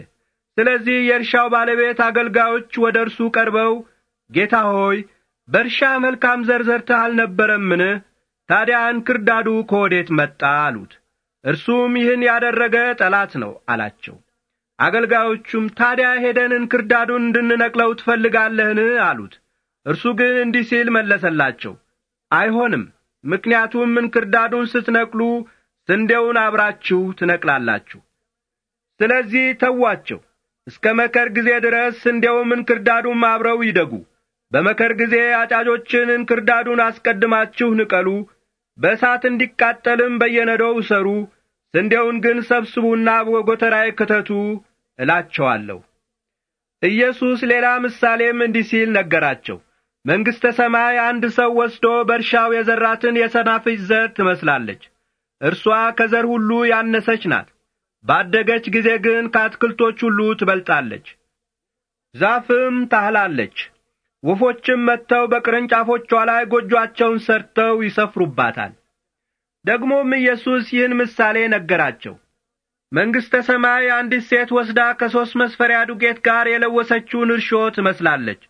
ስለዚህ የእርሻው ባለቤት አገልጋዮች ወደ እርሱ ቀርበው ጌታ ሆይ በእርሻ መልካም ዘር ዘርተህ አልነበረምን? ታዲያ እንክርዳዱ ከወዴት መጣ አሉት። እርሱም ይህን ያደረገ ጠላት ነው አላቸው። አገልጋዮቹም ታዲያ ሄደን እንክርዳዱን እንድንነቅለው ትፈልጋለህን? አሉት። እርሱ ግን እንዲህ ሲል መለሰላቸው። አይሆንም፣ ምክንያቱም እንክርዳዱን ስትነቅሉ ስንዴውን አብራችሁ ትነቅላላችሁ። ስለዚህ ተዋቸው፣ እስከ መከር ጊዜ ድረስ ስንዴውም እንክርዳዱም አብረው ይደጉ። በመከር ጊዜ አጫጆችን እንክርዳዱን አስቀድማችሁ ንቀሉ፣ በእሳት እንዲቃጠልም በየነዶው እሰሩ፣ ስንዴውን ግን ሰብስቡና በጎተራዬ ክተቱ እላቸዋለሁ። ኢየሱስ ሌላ ምሳሌም እንዲህ ሲል ነገራቸው። መንግሥተ ሰማይ አንድ ሰው ወስዶ በእርሻው የዘራትን የሰናፍጭ ዘር ትመስላለች። እርሷ ከዘር ሁሉ ያነሰች ናት። ባደገች ጊዜ ግን ከአትክልቶች ሁሉ ትበልጣለች፣ ዛፍም ታህላለች፣ ወፎችም መጥተው በቅርንጫፎቿ ላይ ጎጆአቸውን ሰርተው ይሰፍሩባታል። ደግሞም ኢየሱስ ይህን ምሳሌ ነገራቸው። መንግሥተ ሰማይ አንዲት ሴት ወስዳ ከሦስት መስፈሪያ ዱቄት ጋር የለወሰችውን እርሾ ትመስላለች።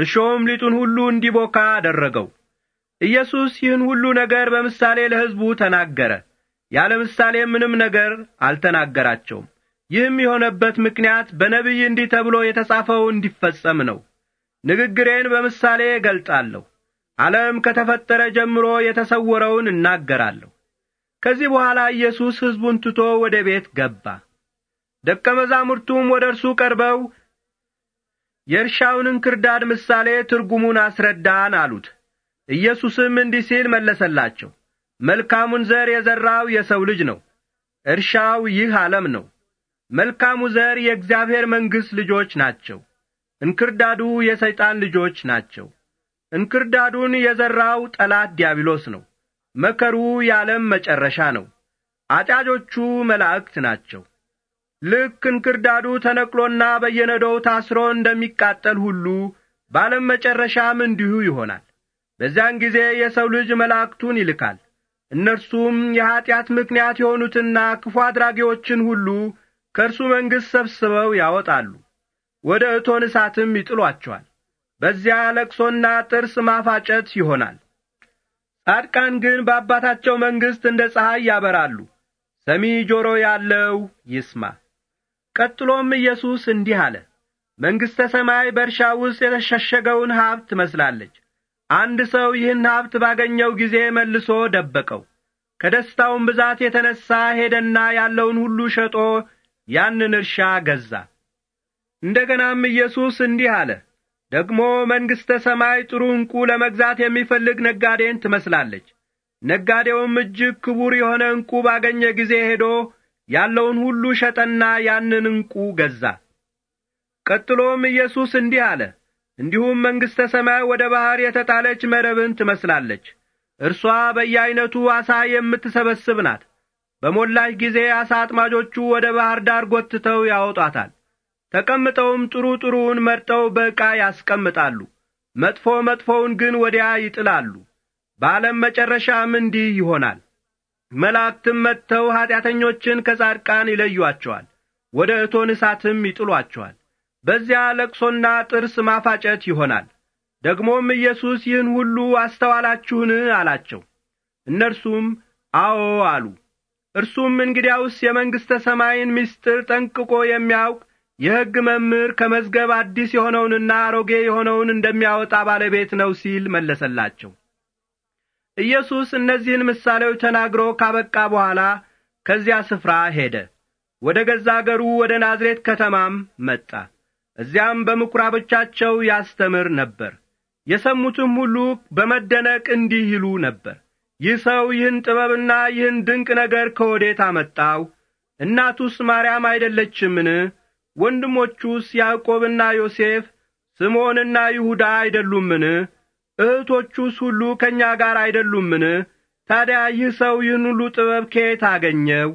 እርሾውም ሊጡን ሁሉ እንዲቦካ አደረገው። ኢየሱስ ይህን ሁሉ ነገር በምሳሌ ለሕዝቡ ተናገረ። ያለ ምሳሌ ምንም ነገር አልተናገራቸውም። ይህም የሆነበት ምክንያት በነቢይ እንዲህ ተብሎ የተጻፈው እንዲፈጸም ነው። ንግግሬን በምሳሌ እገልጣለሁ። ዓለም ከተፈጠረ ጀምሮ የተሰወረውን እናገራለሁ። ከዚህ በኋላ ኢየሱስ ሕዝቡን ትቶ ወደ ቤት ገባ። ደቀ መዛሙርቱም ወደ እርሱ ቀርበው የእርሻውን እንክርዳድ ምሳሌ ትርጉሙን አስረዳን አሉት። ኢየሱስም እንዲህ ሲል መለሰላቸው። መልካሙን ዘር የዘራው የሰው ልጅ ነው። እርሻው ይህ ዓለም ነው። መልካሙ ዘር የእግዚአብሔር መንግሥት ልጆች ናቸው። እንክርዳዱ የሰይጣን ልጆች ናቸው። እንክርዳዱን የዘራው ጠላት ዲያብሎስ ነው። መከሩ የዓለም መጨረሻ ነው። አጫጆቹ መላእክት ናቸው። ልክ እንክርዳዱ ተነቅሎና በየነዶው ታስሮ እንደሚቃጠል ሁሉ በዓለም መጨረሻም እንዲሁ ይሆናል። በዚያን ጊዜ የሰው ልጅ መላእክቱን ይልካል። እነርሱም የኀጢአት ምክንያት የሆኑትና ክፉ አድራጊዎችን ሁሉ ከእርሱ መንግሥት ሰብስበው ያወጣሉ። ወደ እቶን እሳትም ይጥሏቸዋል። በዚያ ለቅሶና ጥርስ ማፋጨት ይሆናል። ጻድቃን ግን በአባታቸው መንግሥት እንደ ፀሐይ ያበራሉ። ሰሚ ጆሮ ያለው ይስማ። ቀጥሎም ኢየሱስ እንዲህ አለ። መንግሥተ ሰማይ በእርሻ ውስጥ የተሸሸገውን ሀብት ትመስላለች። አንድ ሰው ይህን ሀብት ባገኘው ጊዜ መልሶ ደበቀው። ከደስታውም ብዛት የተነሣ ሄደና ያለውን ሁሉ ሸጦ ያንን እርሻ ገዛ። እንደገናም ኢየሱስ እንዲህ አለ፣ ደግሞ መንግሥተ ሰማይ ጥሩ ዕንቁ ለመግዛት የሚፈልግ ነጋዴን ትመስላለች። ነጋዴውም እጅግ ክቡር የሆነ ዕንቁ ባገኘ ጊዜ ሄዶ ያለውን ሁሉ ሸጠና ያንን ዕንቁ ገዛ። ቀጥሎም ኢየሱስ እንዲህ አለ፣ እንዲሁም መንግሥተ ሰማይ ወደ ባሕር የተጣለች መረብን ትመስላለች። እርሷ በየዐይነቱ ዓሣ የምትሰበስብ ናት። በሞላች ጊዜ ዓሣ አጥማጆቹ ወደ ባሕር ዳር ጐትተው ያወጧታል። ተቀምጠውም ጥሩ ጥሩውን መርጠው በዕቃ ያስቀምጣሉ፣ መጥፎ መጥፎውን ግን ወዲያ ይጥላሉ። በዓለም መጨረሻም እንዲህ ይሆናል። መላእክትም መጥተው ኀጢአተኞችን ከጻድቃን ይለዩአቸዋል፣ ወደ እቶን እሳትም ይጥሏቸዋል። በዚያ ለቅሶና ጥርስ ማፋጨት ይሆናል። ደግሞም ኢየሱስ ይህን ሁሉ አስተዋላችሁን? አላቸው። እነርሱም አዎ አሉ። እርሱም እንግዲያውስ የመንግሥተ ሰማይን ምስጢር ጠንቅቆ የሚያውቅ የሕግ መምህር ከመዝገብ አዲስ የሆነውንና አሮጌ የሆነውን እንደሚያወጣ ባለቤት ነው ሲል መለሰላቸው። ኢየሱስ እነዚህን ምሳሌዎች ተናግሮ ካበቃ በኋላ ከዚያ ስፍራ ሄደ። ወደ ገዛ አገሩ ወደ ናዝሬት ከተማም መጣ። እዚያም በምኵራቦቻቸው ያስተምር ነበር። የሰሙትም ሁሉ በመደነቅ እንዲህ ይሉ ነበር፣ ይህ ሰው ይህን ጥበብና ይህን ድንቅ ነገር ከወዴት አመጣው? እናቱስ ማርያም አይደለችምን? ወንድሞቹስ ያዕቆብና ዮሴፍ ስምዖንና ይሁዳ አይደሉምን? እህቶቹስ ሁሉ ከእኛ ጋር አይደሉምን? ታዲያ ይህ ሰው ይህን ሁሉ ጥበብ ከየት አገኘው?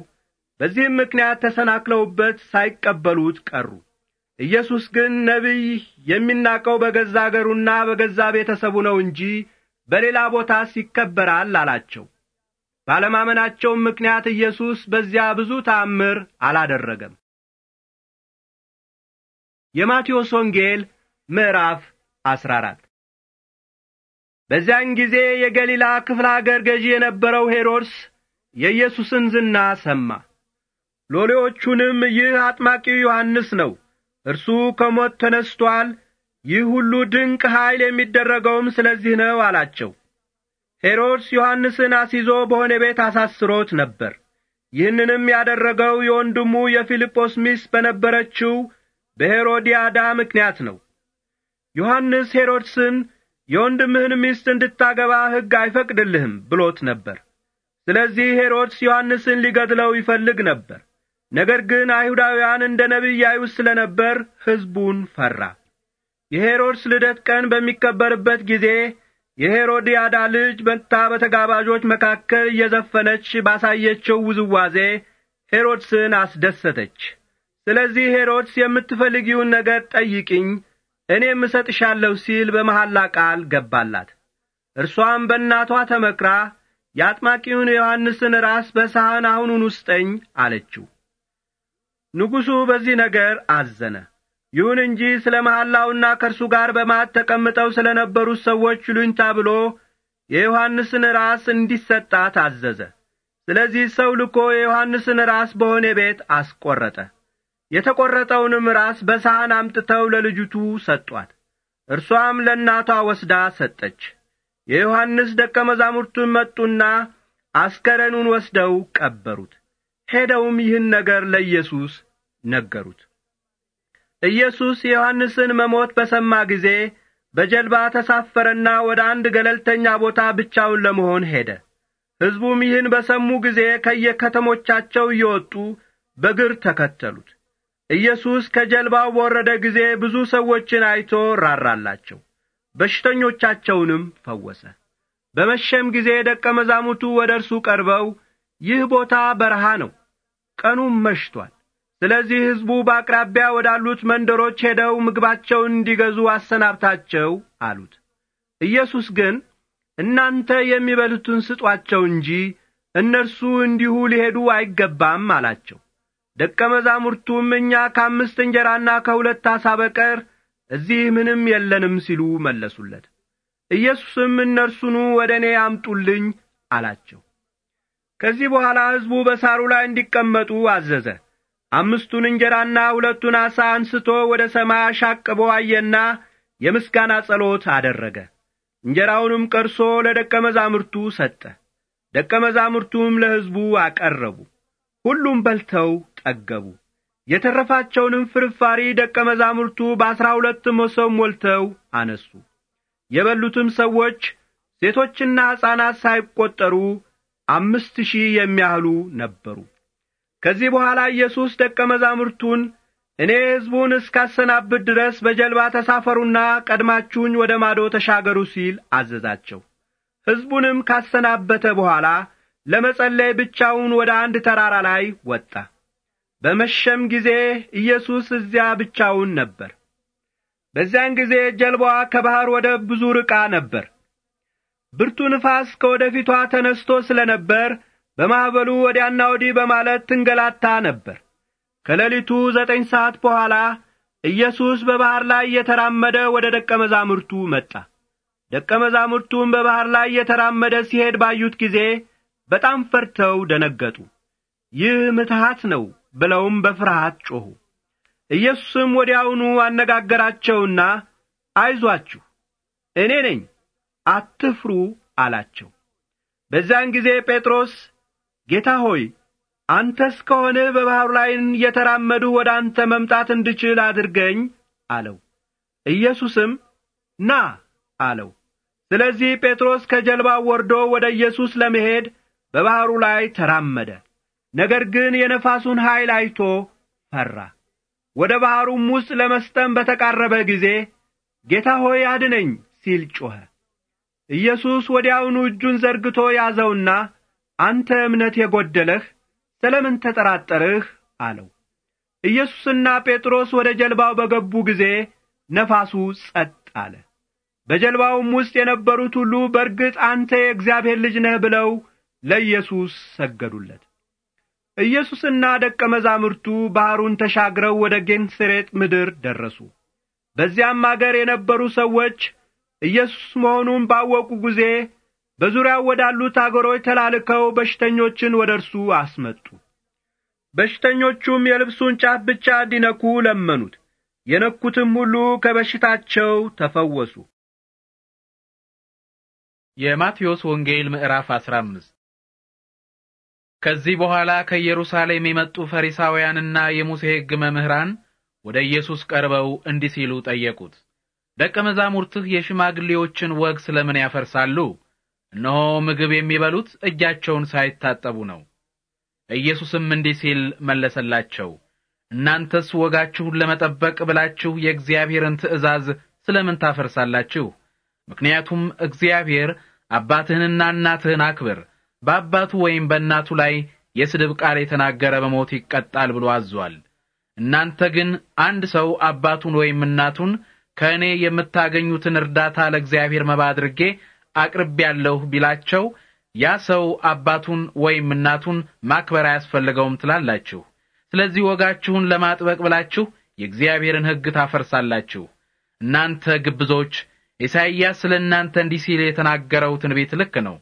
በዚህም ምክንያት ተሰናክለውበት ሳይቀበሉት ቀሩ። ኢየሱስ ግን ነቢይ የሚናቀው በገዛ አገሩና በገዛ ቤተሰቡ ነው እንጂ በሌላ ቦታስ ይከበራል አላቸው። ባለማመናቸውም ምክንያት ኢየሱስ በዚያ ብዙ ተአምር አላደረገም። የማቴዎስ ወንጌል ምዕራፍ 14 በዚያን ጊዜ የገሊላ ክፍለ አገር ገዢ የነበረው ሄሮድስ የኢየሱስን ዝና ሰማ። ሎሌዎቹንም ይህ አጥማቂው ዮሐንስ ነው፣ እርሱ ከሞት ተነስቶአል፣ ይህ ሁሉ ድንቅ ኃይል የሚደረገውም ስለዚህ ነው አላቸው። ሄሮድስ ዮሐንስን አስይዞ በሆነ ቤት አሳስሮት ነበር። ይህንንም ያደረገው የወንድሙ የፊልጶስ ሚስት በነበረችው በሄሮዲያዳ ምክንያት ነው። ዮሐንስ ሄሮድስን የወንድምህን ሚስት እንድታገባ ሕግ አይፈቅድልህም ብሎት ነበር። ስለዚህ ሄሮድስ ዮሐንስን ሊገድለው ይፈልግ ነበር። ነገር ግን አይሁዳውያን እንደ ነቢይ ያዩት ስለ ነበር ሕዝቡን ፈራ። የሄሮድስ ልደት ቀን በሚከበርበት ጊዜ የሄሮድያዳ ልጅ መጥታ በተጋባዦች መካከል እየዘፈነች ባሳየችው ውዝዋዜ ሄሮድስን አስደሰተች። ስለዚህ ሄሮድስ የምትፈልጊውን ነገር ጠይቅኝ፣ እኔም እሰጥሻለሁ ሲል በመሐላ ቃል ገባላት። እርሷም በእናቷ ተመክራ የአጥማቂውን ዮሐንስን ራስ በሳህን አሁኑን ውስጠኝ አለችው። ንጉሡ በዚህ ነገር አዘነ። ይሁን እንጂ ስለ መሐላውና ከእርሱ ጋር በማት ተቀምጠው ስለ ነበሩት ሰዎች ሉኝታ ብሎ የዮሐንስን ራስ እንዲሰጣት አዘዘ። ስለዚህ ሰው ልኮ የዮሐንስን ራስ በሆነ ቤት አስቈረጠ። የተቈረጠውንም ራስ በሳህን አምጥተው ለልጅቱ ሰጧት። እርሷም ለእናቷ ወስዳ ሰጠች። የዮሐንስ ደቀ መዛሙርቱን መጡና አስከሬኑን ወስደው ቀበሩት። ሄደውም ይህን ነገር ለኢየሱስ ነገሩት። ኢየሱስ የዮሐንስን መሞት በሰማ ጊዜ በጀልባ ተሳፈረና ወደ አንድ ገለልተኛ ቦታ ብቻውን ለመሆን ሄደ። ሕዝቡም ይህን በሰሙ ጊዜ ከየከተሞቻቸው እየወጡ በግር ተከተሉት። ኢየሱስ ከጀልባው በወረደ ጊዜ ብዙ ሰዎችን አይቶ ራራላቸው፣ በሽተኞቻቸውንም ፈወሰ። በመሸም ጊዜ ደቀ መዛሙርቱ ወደ እርሱ ቀርበው ይህ ቦታ በረሃ ነው፣ ቀኑም መሽቷል። ስለዚህ ሕዝቡ በአቅራቢያ ወዳሉት መንደሮች ሄደው ምግባቸውን እንዲገዙ አሰናብታቸው አሉት። ኢየሱስ ግን እናንተ የሚበሉትን ስጧቸው እንጂ እነርሱ እንዲሁ ሊሄዱ አይገባም አላቸው። ደቀ መዛሙርቱም እኛ ከአምስት እንጀራና ከሁለት ዓሣ በቀር እዚህ ምንም የለንም ሲሉ መለሱለት። ኢየሱስም እነርሱኑ ወደ እኔ አምጡልኝ አላቸው። ከዚህ በኋላ ሕዝቡ በሳሩ ላይ እንዲቀመጡ አዘዘ። አምስቱን እንጀራና ሁለቱን ዓሣ አንስቶ ወደ ሰማይ አሻቅቦ አየና የምስጋና ጸሎት አደረገ። እንጀራውንም ቀርሶ ለደቀ መዛሙርቱ ሰጠ። ደቀ መዛሙርቱም ለሕዝቡ አቀረቡ። ሁሉም በልተው ጠገቡ። የተረፋቸውንም ፍርፋሪ ደቀ መዛሙርቱ በአሥራ ሁለት መሶብ ሞልተው አነሱ። የበሉትም ሰዎች ሴቶችና ሕፃናት ሳይቈጠሩ አምስት ሺህ የሚያህሉ ነበሩ። ከዚህ በኋላ ኢየሱስ ደቀ መዛሙርቱን እኔ ሕዝቡን እስካሰናብት ድረስ በጀልባ ተሳፈሩና ቀድማችሁኝ ወደ ማዶ ተሻገሩ ሲል አዘዛቸው። ሕዝቡንም ካሰናበተ በኋላ ለመጸለይ ብቻውን ወደ አንድ ተራራ ላይ ወጣ። በመሸም ጊዜ ኢየሱስ እዚያ ብቻውን ነበር። በዚያን ጊዜ ጀልባዋ ከባሕር ወደ ብዙ ርቃ ነበር። ብርቱ ንፋስ ከወደፊቷ ተነስቶ ስለ ነበር በማኅበሉ ወዲያና ወዲህ በማለት ትንገላታ ነበር። ከሌሊቱ ዘጠኝ ሰዓት በኋላ ኢየሱስ በባሕር ላይ እየተራመደ ወደ ደቀ መዛሙርቱ መጣ። ደቀ መዛሙርቱም በባሕር ላይ እየተራመደ ሲሄድ ባዩት ጊዜ በጣም ፈርተው ደነገጡ። ይህ ምትሃት ነው ብለውም በፍርሃት ጮኹ። ኢየሱስም ወዲያውኑ አነጋገራቸውና አይዟችሁ፣ እኔ ነኝ፣ አትፍሩ አላቸው። በዚያን ጊዜ ጴጥሮስ ጌታ ሆይ አንተስ ከሆንህ በባሕሩ ላይ እየተራመዱ ወደ አንተ መምጣት እንድችል አድርገኝ አለው። ኢየሱስም ና አለው። ስለዚህ ጴጥሮስ ከጀልባው ወርዶ ወደ ኢየሱስ ለመሄድ በባሕሩ ላይ ተራመደ። ነገር ግን የነፋሱን ኃይል አይቶ ፈራ። ወደ ባሕሩም ውስጥ ለመስጠም በተቃረበ ጊዜ ጌታ ሆይ አድነኝ ሲል ጮኸ። ኢየሱስ ወዲያውኑ እጁን ዘርግቶ ያዘውና አንተ እምነት የጐደለህ ስለ ምን ተጠራጠርህ አለው። ኢየሱስና ጴጥሮስ ወደ ጀልባው በገቡ ጊዜ ነፋሱ ጸጥ አለ። በጀልባውም ውስጥ የነበሩት ሁሉ በርግጥ አንተ የእግዚአብሔር ልጅ ነህ ብለው ለኢየሱስ ሰገዱለት። ኢየሱስና ደቀ መዛሙርቱ ባሕሩን ተሻግረው ወደ ጌንሴሬጥ ምድር ደረሱ። በዚያም አገር የነበሩ ሰዎች ኢየሱስ መሆኑን ባወቁ ጊዜ በዙሪያው ወዳሉት አገሮች ተላልከው በሽተኞችን ወደ እርሱ አስመጡ። በሽተኞቹም የልብሱን ጫፍ ብቻ እንዲነኩ ለመኑት። የነኩትም ሁሉ ከበሽታቸው ተፈወሱ። የማቴዎስ ወንጌል ምዕራፍ አስራ አምስት ከዚህ በኋላ ከኢየሩሳሌም የመጡ ፈሪሳውያንና የሙሴ ሕግ መምህራን ወደ ኢየሱስ ቀርበው እንዲህ ሲሉ ጠየቁት። ደቀ መዛሙርትህ የሽማግሌዎችን ወግ ስለምን ያፈርሳሉ? እነሆ ምግብ የሚበሉት እጃቸውን ሳይታጠቡ ነው። ኢየሱስም እንዲህ ሲል መለሰላቸው። እናንተስ ወጋችሁን ለመጠበቅ ብላችሁ የእግዚአብሔርን ትእዛዝ ስለምን ታፈርሳላችሁ? ምክንያቱም እግዚአብሔር አባትህንና እናትህን አክብር በአባቱ ወይም በእናቱ ላይ የስድብ ቃል የተናገረ በሞት ይቀጣል ብሎ አዟል። እናንተ ግን አንድ ሰው አባቱን ወይም እናቱን ከእኔ የምታገኙትን እርዳታ ለእግዚአብሔር መባ አድርጌ አቅርቤያለሁ ቢላቸው ያ ሰው አባቱን ወይም እናቱን ማክበር አያስፈልገውም ትላላችሁ። ስለዚህ ወጋችሁን ለማጥበቅ ብላችሁ የእግዚአብሔርን ሕግ ታፈርሳላችሁ። እናንተ ግብዞች! ኢሳይያስ ስለ እናንተ እንዲህ ሲል የተናገረው ትንቢት ልክ ነው።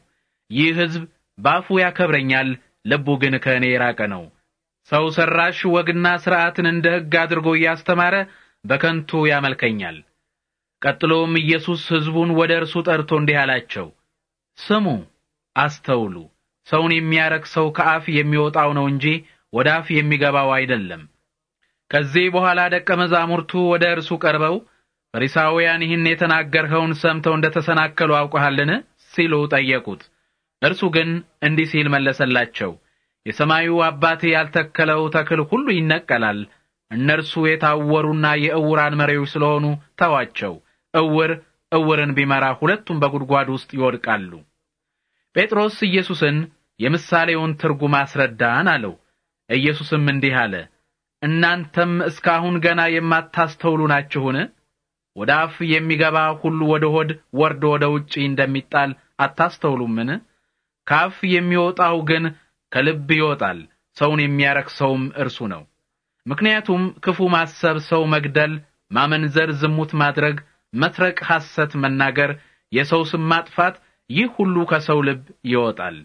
ይህ ሕዝብ በአፉ ያከብረኛል፣ ልቡ ግን ከእኔ የራቀ ነው። ሰው ሰራሽ ወግና ሥርዓትን እንደ ሕግ አድርጎ እያስተማረ በከንቱ ያመልከኛል። ቀጥሎም ኢየሱስ ሕዝቡን ወደ እርሱ ጠርቶ እንዲህ አላቸው፣ ስሙ፣ አስተውሉ። ሰውን የሚያረክሰው ከአፍ የሚወጣው ነው እንጂ ወደ አፍ የሚገባው አይደለም። ከዚህ በኋላ ደቀ መዛሙርቱ ወደ እርሱ ቀርበው ፈሪሳውያን ይህን የተናገርኸውን ሰምተው እንደ ተሰናከሉ አውቀሃልን? ሲሉ ጠየቁት። እርሱ ግን እንዲህ ሲል መለሰላቸው፣ የሰማዩ አባቴ ያልተከለው ተክል ሁሉ ይነቀላል። እነርሱ የታወሩና የእውራን መሪዎች ስለሆኑ ተዋቸው። እውር እውርን ቢመራ ሁለቱም በጉድጓድ ውስጥ ይወድቃሉ። ጴጥሮስ ኢየሱስን የምሳሌውን ትርጉም አስረዳን አለው። ኢየሱስም እንዲህ አለ፣ እናንተም እስካሁን ገና የማታስተውሉ ናችሁን? ወደ አፍ የሚገባ ሁሉ ወደ ሆድ ወርዶ ወደ ውጪ እንደሚጣል አታስተውሉምን? ከአፍ የሚወጣው ግን ከልብ ይወጣል፣ ሰውን የሚያረክሰውም እርሱ ነው። ምክንያቱም ክፉ ማሰብ፣ ሰው መግደል፣ ማመንዘር፣ ዝሙት ማድረግ፣ መስረቅ፣ ሐሰት መናገር፣ የሰው ስም ማጥፋት፣ ይህ ሁሉ ከሰው ልብ ይወጣል።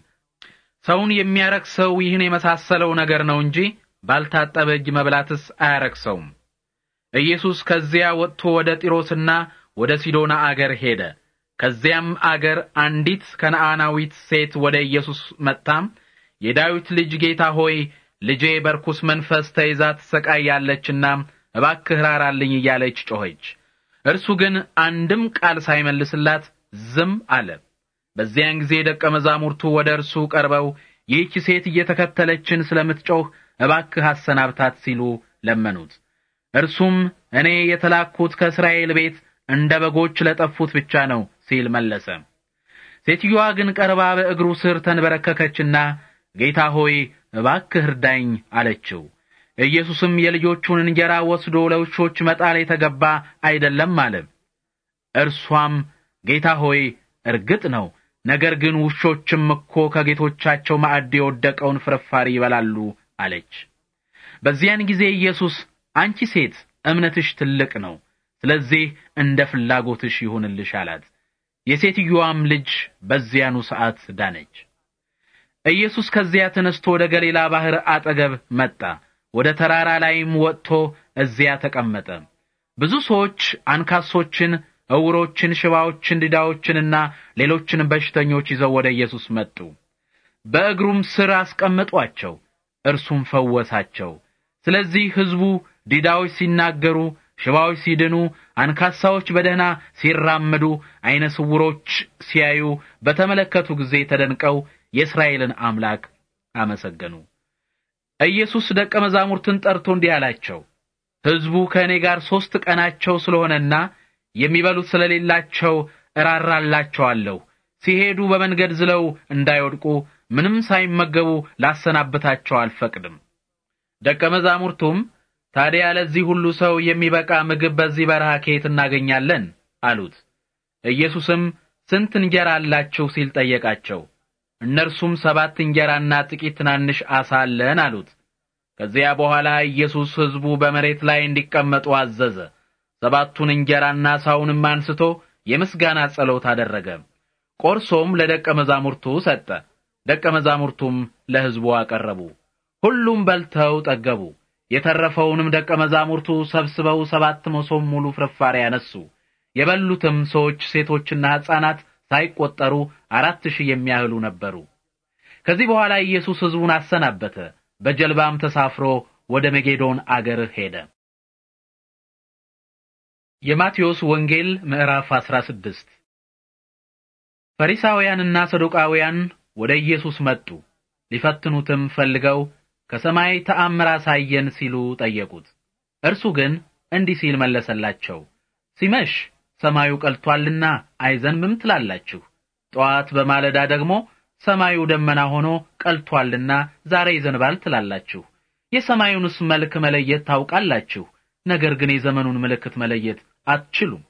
ሰውን የሚያረክሰው ይህን የመሳሰለው ነገር ነው እንጂ ባልታጠበ እጅ መብላትስ አያረክሰውም። ኢየሱስ ከዚያ ወጥቶ ወደ ጢሮስና ወደ ሲዶና አገር ሄደ። ከዚያም አገር አንዲት ከነአናዊት ሴት ወደ ኢየሱስ መጥታም የዳዊት ልጅ ጌታ ሆይ ልጄ በርኩስ መንፈስ ተይዛ ትሰቃያለችና እባክህ ራራልኝ እያለች ጮኸች። እርሱ ግን አንድም ቃል ሳይመልስላት ዝም አለ። በዚያን ጊዜ ደቀ መዛሙርቱ ወደ እርሱ ቀርበው ይህች ሴት እየተከተለችን ስለምትጮህ እባክህ አሰናብታት ሲሉ ለመኑት። እርሱም እኔ የተላኩት ከእስራኤል ቤት እንደ በጎች ለጠፉት ብቻ ነው ሲል መለሰ። ሴትዮዋ ግን ቀርባ በእግሩ ስር ተንበረከከችና ጌታ ሆይ እባክህ እርዳኝ አለችው። ኢየሱስም የልጆቹን እንጀራ ወስዶ ለውሾች መጣል የተገባ አይደለም አለ። እርሷም ጌታ ሆይ እርግጥ ነው፣ ነገር ግን ውሾችም እኮ ከጌቶቻቸው ማዕድ የወደቀውን ፍርፋሪ ይበላሉ አለች። በዚያን ጊዜ ኢየሱስ አንቺ ሴት እምነትሽ ትልቅ ነው፣ ስለዚህ እንደ ፍላጎትሽ ይሁንልሽ አላት። የሴትዮዋም ልጅ በዚያኑ ሰዓት ዳነች። ኢየሱስ ከዚያ ተነስቶ ወደ ገሊላ ባህር አጠገብ መጣ። ወደ ተራራ ላይም ወጥቶ እዚያ ተቀመጠ። ብዙ ሰዎች አንካሶችን፣ እውሮችን፣ ሽባዎችን፣ ድዳዎችንና ሌሎችን በሽተኞች ይዘው ወደ ኢየሱስ መጡ። በእግሩም ስር አስቀመጧቸው፣ እርሱም ፈወሳቸው። ስለዚህ ሕዝቡ ዲዳዎች ሲናገሩ ሽባዎች ሲድኑ፣ አንካሳዎች በደህና ሲራመዱ፣ አይነ ስውሮች ሲያዩ በተመለከቱ ጊዜ ተደንቀው የእስራኤልን አምላክ አመሰገኑ። ኢየሱስ ደቀ መዛሙርትን ጠርቶ እንዲህ አላቸው፣ ሕዝቡ ከእኔ ጋር ሦስት ቀናቸው ስለሆነና የሚበሉት ስለሌላቸው እራራላቸዋለሁ። ሲሄዱ በመንገድ ዝለው እንዳይወድቁ ምንም ሳይመገቡ ላሰናብታቸው አልፈቅድም። ደቀ መዛሙርቱም ታዲያ ለዚህ ሁሉ ሰው የሚበቃ ምግብ በዚህ በረሃ ከየት እናገኛለን? አሉት። ኢየሱስም ስንት እንጀራ አላችሁ ሲል ጠየቃቸው። እነርሱም ሰባት እንጀራና ጥቂት ትናንሽ አሳ አለን አሉት። ከዚያ በኋላ ኢየሱስ ሕዝቡ በመሬት ላይ እንዲቀመጡ አዘዘ። ሰባቱን እንጀራና አሳውንም አንስቶ የምስጋና ጸሎት አደረገ። ቆርሶም ለደቀ መዛሙርቱ ሰጠ። ደቀ መዛሙርቱም ለሕዝቡ አቀረቡ። ሁሉም በልተው ጠገቡ። የተረፈውንም ደቀ መዛሙርቱ ሰብስበው ሰባት መሶብ ሙሉ ፍርፋሪ ያነሱ። የበሉትም ሰዎች ሴቶችና ሕፃናት ሳይቆጠሩ አራት ሺህ የሚያህሉ ነበሩ። ከዚህ በኋላ ኢየሱስ ሕዝቡን አሰናበተ። በጀልባም ተሳፍሮ ወደ መጌዶን አገር ሄደ። የማቴዎስ ወንጌል ምዕራፍ 16 ፈሪሳውያንና ሰዱቃውያን ወደ ኢየሱስ መጡ። ሊፈትኑትም ፈልገው ከሰማይ ተአምር አሳየን ሲሉ ጠየቁት። እርሱ ግን እንዲህ ሲል መለሰላቸው፣ ሲመሽ ሰማዩ ቀልቷልና አይዘንብም ትላላችሁ፣ ጠዋት በማለዳ ደግሞ ሰማዩ ደመና ሆኖ ቀልቷልና ዛሬ ይዘንባል ትላላችሁ። የሰማዩንስ መልክ መለየት ታውቃላችሁ፣ ነገር ግን የዘመኑን ምልክት መለየት አትችሉም።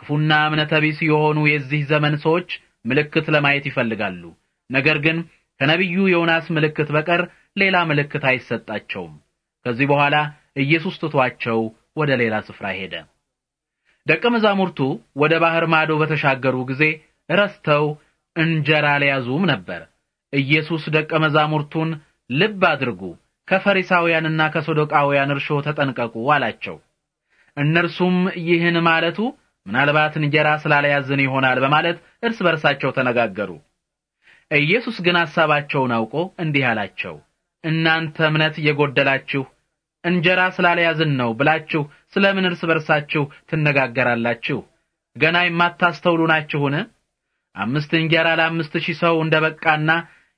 ክፉና እምነተቢስ የሆኑ የዚህ ዘመን ሰዎች ምልክት ለማየት ይፈልጋሉ። ነገር ግን ከነቢዩ ዮናስ ምልክት በቀር ሌላ ምልክት አይሰጣቸውም። ከዚህ በኋላ ኢየሱስ ትቷቸው ወደ ሌላ ስፍራ ሄደ። ደቀ መዛሙርቱ ወደ ባህር ማዶ በተሻገሩ ጊዜ ረስተው እንጀራ ሊያዙም ነበር። ኢየሱስ ደቀ መዛሙርቱን ልብ አድርጉ፣ ከፈሪሳውያንና ከሰዶቃውያን እርሾ ተጠንቀቁ አላቸው። እነርሱም ይህን ማለቱ ምናልባት እንጀራ ስላልያዝን ይሆናል በማለት እርስ በርሳቸው ተነጋገሩ። ኢየሱስ ግን ሐሳባቸውን አውቆ እንዲህ አላቸው፣ እናንተ እምነት እየጎደላችሁ እንጀራ ስላልያዝን ነው ብላችሁ ስለምን እርስ በርሳችሁ ትነጋገራላችሁ? ገና የማታስተውሉ ናችሁን? አምስት እንጀራ ለአምስት ሺህ ሰው እንደበቃና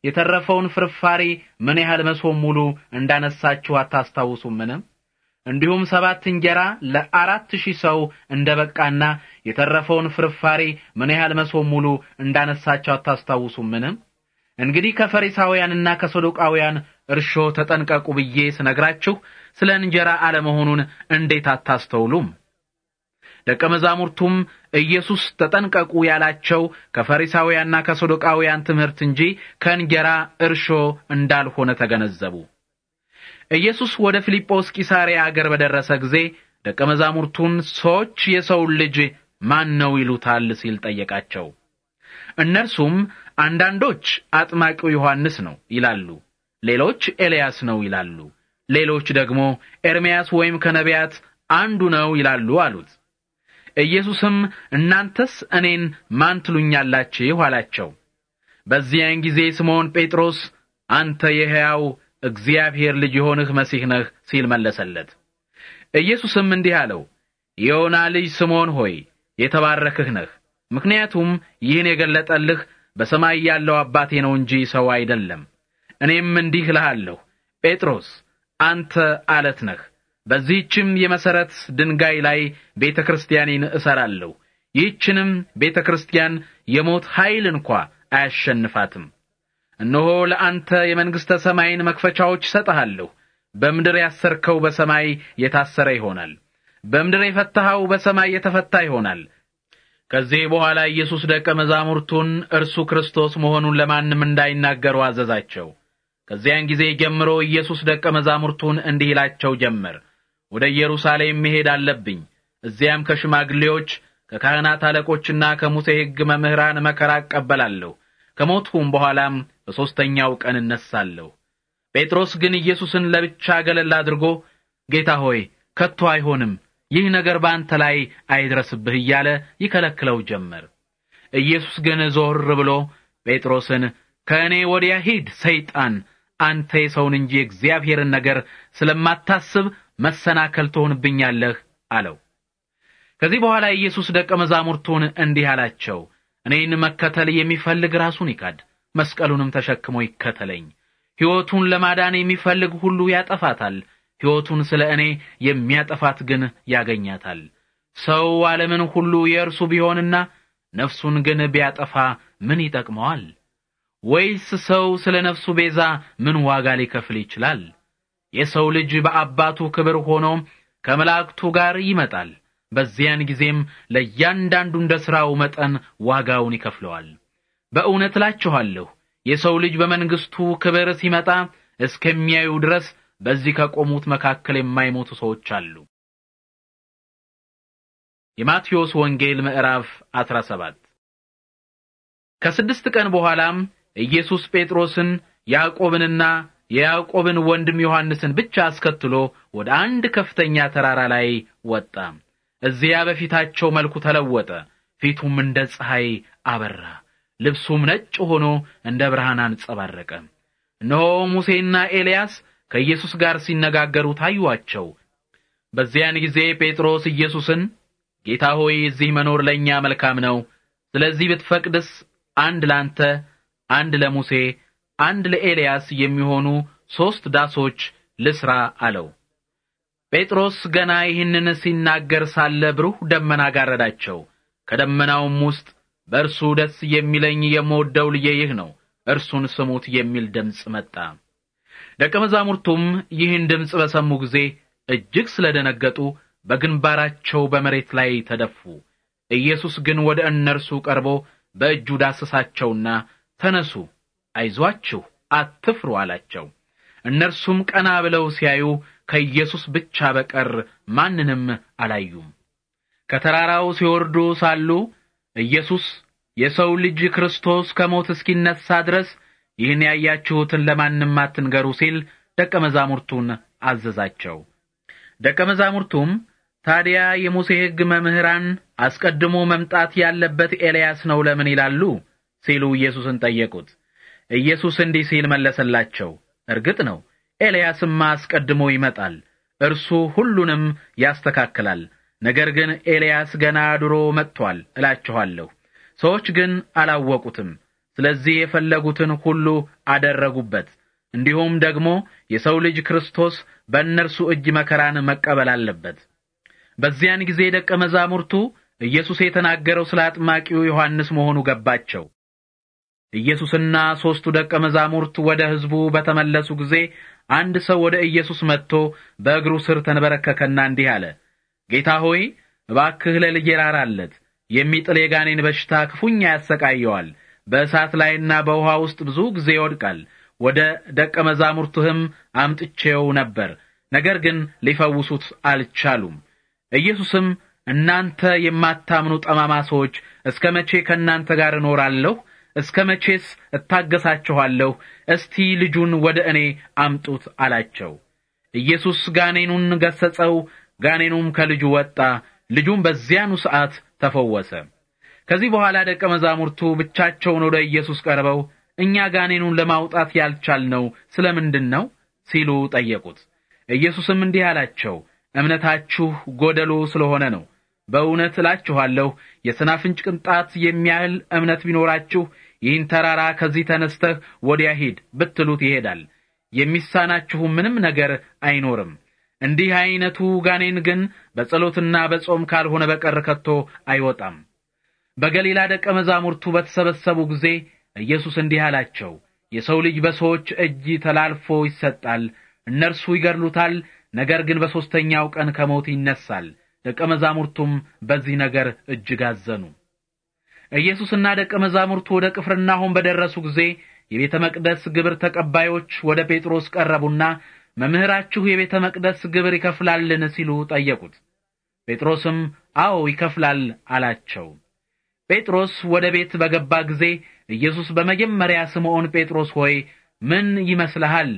የተረፈውን ፍርፋሪ ምን ያህል መሶብ ሙሉ እንዳነሳችሁ አታስታውሱምን? እንዲሁም ሰባት እንጀራ ለአራት ሺህ ሰው እንደ በቃና የተረፈውን ፍርፋሪ ምን ያህል መሶብ ሙሉ እንዳነሳቸው አታስታውሱምን? እንግዲህ ከፈሪሳውያንና ከሰዱቃውያን እርሾ ተጠንቀቁ ብዬ ስነግራችሁ ስለ እንጀራ አለመሆኑን እንዴት አታስተውሉም? ደቀ መዛሙርቱም ኢየሱስ ተጠንቀቁ ያላቸው ከፈሪሳውያንና ከሰዶቃውያን ትምህርት እንጂ ከእንጀራ እርሾ እንዳልሆነ ተገነዘቡ። ኢየሱስ ወደ ፊልጶስ ቂሳርያ አገር በደረሰ ጊዜ ደቀ መዛሙርቱን ሰዎች የሰውን ልጅ ማን ነው ይሉታል ሲል ጠየቃቸው። እነርሱም አንዳንዶች አጥማቂው ዮሐንስ ነው ይላሉ፣ ሌሎች ኤልያስ ነው ይላሉ፣ ሌሎች ደግሞ ኤርምያስ ወይም ከነቢያት አንዱ ነው ይላሉ አሉት። ኢየሱስም እናንተስ እኔን ማን ትሉኛላችሁ አላቸው። በዚያን ጊዜ ስምዖን ጴጥሮስ አንተ የሕያው እግዚአብሔር ልጅ የሆንህ መሲህ ነህ ሲል መለሰለት። ኢየሱስም እንዲህ አለው፣ የዮና ልጅ ስምዖን ሆይ የተባረክህ ነህ፣ ምክንያቱም ይህን የገለጠልህ በሰማይ ያለው አባቴ ነው እንጂ ሰው አይደለም። እኔም እንዲህ እልሃለሁ ጴጥሮስ አንተ አለት ነህ፣ በዚህችም የመሰረት ድንጋይ ላይ ቤተ ክርስቲያኔን እሰራለሁ፣ ይህችንም ቤተ ክርስቲያን የሞት ኃይል እንኳ አያሸንፋትም። እነሆ ለአንተ የመንግሥተ ሰማይን መክፈቻዎች እሰጥሃለሁ። በምድር ያሰርከው በሰማይ የታሰረ ይሆናል፣ በምድር የፈታኸው በሰማይ የተፈታ ይሆናል። ከዚህ በኋላ ኢየሱስ ደቀ መዛሙርቱን እርሱ ክርስቶስ መሆኑን ለማንም እንዳይናገሩ አዘዛቸው። ከዚያን ጊዜ ጀምሮ ኢየሱስ ደቀ መዛሙርቱን እንዲህ ይላቸው ጀመር። ወደ ኢየሩሳሌም መሄድ አለብኝ፣ እዚያም ከሽማግሌዎች ከካህናት አለቆችና ከሙሴ ሕግ መምህራን መከራ እቀበላለሁ፣ ከሞትሁም በኋላም በሦስተኛው ቀን እነሳለሁ። ጴጥሮስ ግን ኢየሱስን ለብቻ ገለል አድርጎ ጌታ ሆይ ከቶ አይሆንም፣ ይህ ነገር በአንተ ላይ አይድረስብህ እያለ ይከለክለው ጀመር። ኢየሱስ ግን ዞር ብሎ ጴጥሮስን ከእኔ ወዲያ ሂድ ሰይጣን አንተ የሰውን እንጂ የእግዚአብሔርን ነገር ስለማታስብ መሰናከል ትሆንብኛለህ አለው። ከዚህ በኋላ ኢየሱስ ደቀ መዛሙርቱን እንዲህ አላቸው፣ እኔን መከተል የሚፈልግ ራሱን ይካድ፣ መስቀሉንም ተሸክሞ ይከተለኝ። ሕይወቱን ለማዳን የሚፈልግ ሁሉ ያጠፋታል፣ ሕይወቱን ስለ እኔ የሚያጠፋት ግን ያገኛታል። ሰው ዓለምን ሁሉ የእርሱ ቢሆንና ነፍሱን ግን ቢያጠፋ ምን ይጠቅመዋል? ወይስ ሰው ስለ ነፍሱ ቤዛ ምን ዋጋ ሊከፍል ይችላል? የሰው ልጅ በአባቱ ክብር ሆኖ ከመላእክቱ ጋር ይመጣል። በዚያን ጊዜም ለእያንዳንዱ እንደ ሥራው መጠን ዋጋውን ይከፍለዋል። በእውነት እላችኋለሁ የሰው ልጅ በመንግስቱ ክብር ሲመጣ እስከሚያዩ ድረስ በዚህ ከቆሙት መካከል የማይሞቱ ሰዎች አሉ። የማቴዎስ ወንጌል ምዕራፍ 17 ከስድስት ቀን በኋላም ኢየሱስ ጴጥሮስን ያዕቆብንና የያዕቆብን ወንድም ዮሐንስን ብቻ አስከትሎ ወደ አንድ ከፍተኛ ተራራ ላይ ወጣ። እዚያ በፊታቸው መልኩ ተለወጠ። ፊቱም እንደ ፀሐይ አበራ፣ ልብሱም ነጭ ሆኖ እንደ ብርሃን አንጸባረቀ። እነሆ ሙሴና ኤልያስ ከኢየሱስ ጋር ሲነጋገሩ ታዩአቸው። በዚያን ጊዜ ጴጥሮስ ኢየሱስን ጌታ ሆይ፣ እዚህ መኖር ለእኛ መልካም ነው። ስለዚህ ብትፈቅድስ አንድ ላንተ አንድ ለሙሴ አንድ ለኤልያስ የሚሆኑ ሶስት ዳሶች ልስራ አለው። ጴጥሮስ ገና ይህንን ሲናገር ሳለ ብሩህ ደመና ጋረዳቸው። ከደመናውም ውስጥ በእርሱ ደስ የሚለኝ የምወደው ልጄ ይህ ነው፣ እርሱን ስሙት የሚል ድምፅ መጣ። ደቀ መዛሙርቱም ይህን ድምፅ በሰሙ ጊዜ እጅግ ስለደነገጡ በግንባራቸው በመሬት ላይ ተደፉ። ኢየሱስ ግን ወደ እነርሱ ቀርቦ በእጁ ዳሰሳቸውና ተነሱ፣ አይዟችሁ፣ አትፍሩ አላቸው። እነርሱም ቀና ብለው ሲያዩ ከኢየሱስ ብቻ በቀር ማንንም አላዩም። ከተራራው ሲወርዱ ሳሉ ኢየሱስ የሰው ልጅ ክርስቶስ ከሞት እስኪነሳ ድረስ ይህን ያያችሁትን ለማንም አትንገሩ ሲል ደቀ መዛሙርቱን አዘዛቸው። ደቀ መዛሙርቱም ታዲያ የሙሴ ሕግ መምህራን አስቀድሞ መምጣት ያለበት ኤልያስ ነው ለምን ይላሉ? ሲሉ ኢየሱስን ጠየቁት። ኢየሱስ እንዲህ ሲል መለሰላቸው፣ እርግጥ ነው ኤልያስማ አስቀድሞ ይመጣል፣ እርሱ ሁሉንም ያስተካክላል። ነገር ግን ኤልያስ ገና ድሮ መጥቷል እላችኋለሁ። ሰዎች ግን አላወቁትም። ስለዚህ የፈለጉትን ሁሉ አደረጉበት። እንዲሁም ደግሞ የሰው ልጅ ክርስቶስ በእነርሱ እጅ መከራን መቀበል አለበት። በዚያን ጊዜ ደቀ መዛሙርቱ ኢየሱስ የተናገረው ስለ አጥማቂው ዮሐንስ መሆኑ ገባቸው። ኢየሱስና ሦስቱ ደቀ መዛሙርት ወደ ሕዝቡ በተመለሱ ጊዜ አንድ ሰው ወደ ኢየሱስ መጥቶ በእግሩ ስር ተንበረከከና እንዲህ አለ፣ ጌታ ሆይ እባክህ ለልጄ ራራለት። የሚጥል የጋኔን በሽታ ክፉኛ ያሰቃየዋል። በእሳት ላይና በውሃ ውስጥ ብዙ ጊዜ ይወድቃል። ወደ ደቀ መዛሙርትህም አምጥቼው ነበር፣ ነገር ግን ሊፈውሱት አልቻሉም። ኢየሱስም እናንተ የማታምኑ ጠማማ ሰዎች እስከ መቼ ከእናንተ ጋር እኖራለሁ? እስከ መቼስ እታገሳችኋለሁ? እስቲ ልጁን ወደ እኔ አምጡት አላቸው። ኢየሱስ ጋኔኑን ገሰጸው፣ ጋኔኑም ከልጁ ወጣ። ልጁም በዚያኑ ሰዓት ተፈወሰ። ከዚህ በኋላ ደቀ መዛሙርቱ ብቻቸውን ወደ ኢየሱስ ቀርበው እኛ ጋኔኑን ለማውጣት ያልቻልነው ምንድን ነው ሲሉ ጠየቁት። ኢየሱስም እንዲህ አላቸው፣ እምነታችሁ ጎደሎ ስለሆነ ነው። በእውነት እላችኋለሁ የሰናፍንጭ ቅንጣት የሚያህል እምነት ቢኖራችሁ ይህን ተራራ ከዚህ ተነስተህ ወዲያ ሂድ ብትሉት ይሄዳል። የሚሳናችሁ ምንም ነገር አይኖርም። እንዲህ አይነቱ ጋኔን ግን በጸሎትና በጾም ካልሆነ በቀር ከቶ አይወጣም። በገሊላ ደቀ መዛሙርቱ በተሰበሰቡ ጊዜ ኢየሱስ እንዲህ አላቸው፣ የሰው ልጅ በሰዎች እጅ ተላልፎ ይሰጣል። እነርሱ ይገድሉታል፣ ነገር ግን በሦስተኛው ቀን ከሞት ይነሣል። ደቀ መዛሙርቱም በዚህ ነገር እጅግ አዘኑ። ኢየሱስና ደቀ መዛሙርቱ ወደ ቅፍርናሆም በደረሱ ጊዜ የቤተ መቅደስ ግብር ተቀባዮች ወደ ጴጥሮስ ቀረቡና መምህራችሁ የቤተ መቅደስ ግብር ይከፍላልን ሲሉ ጠየቁት። ጴጥሮስም አዎ ይከፍላል አላቸው። ጴጥሮስ ወደ ቤት በገባ ጊዜ ኢየሱስ በመጀመሪያ ስምዖን ጴጥሮስ ሆይ ምን ይመስልሃል?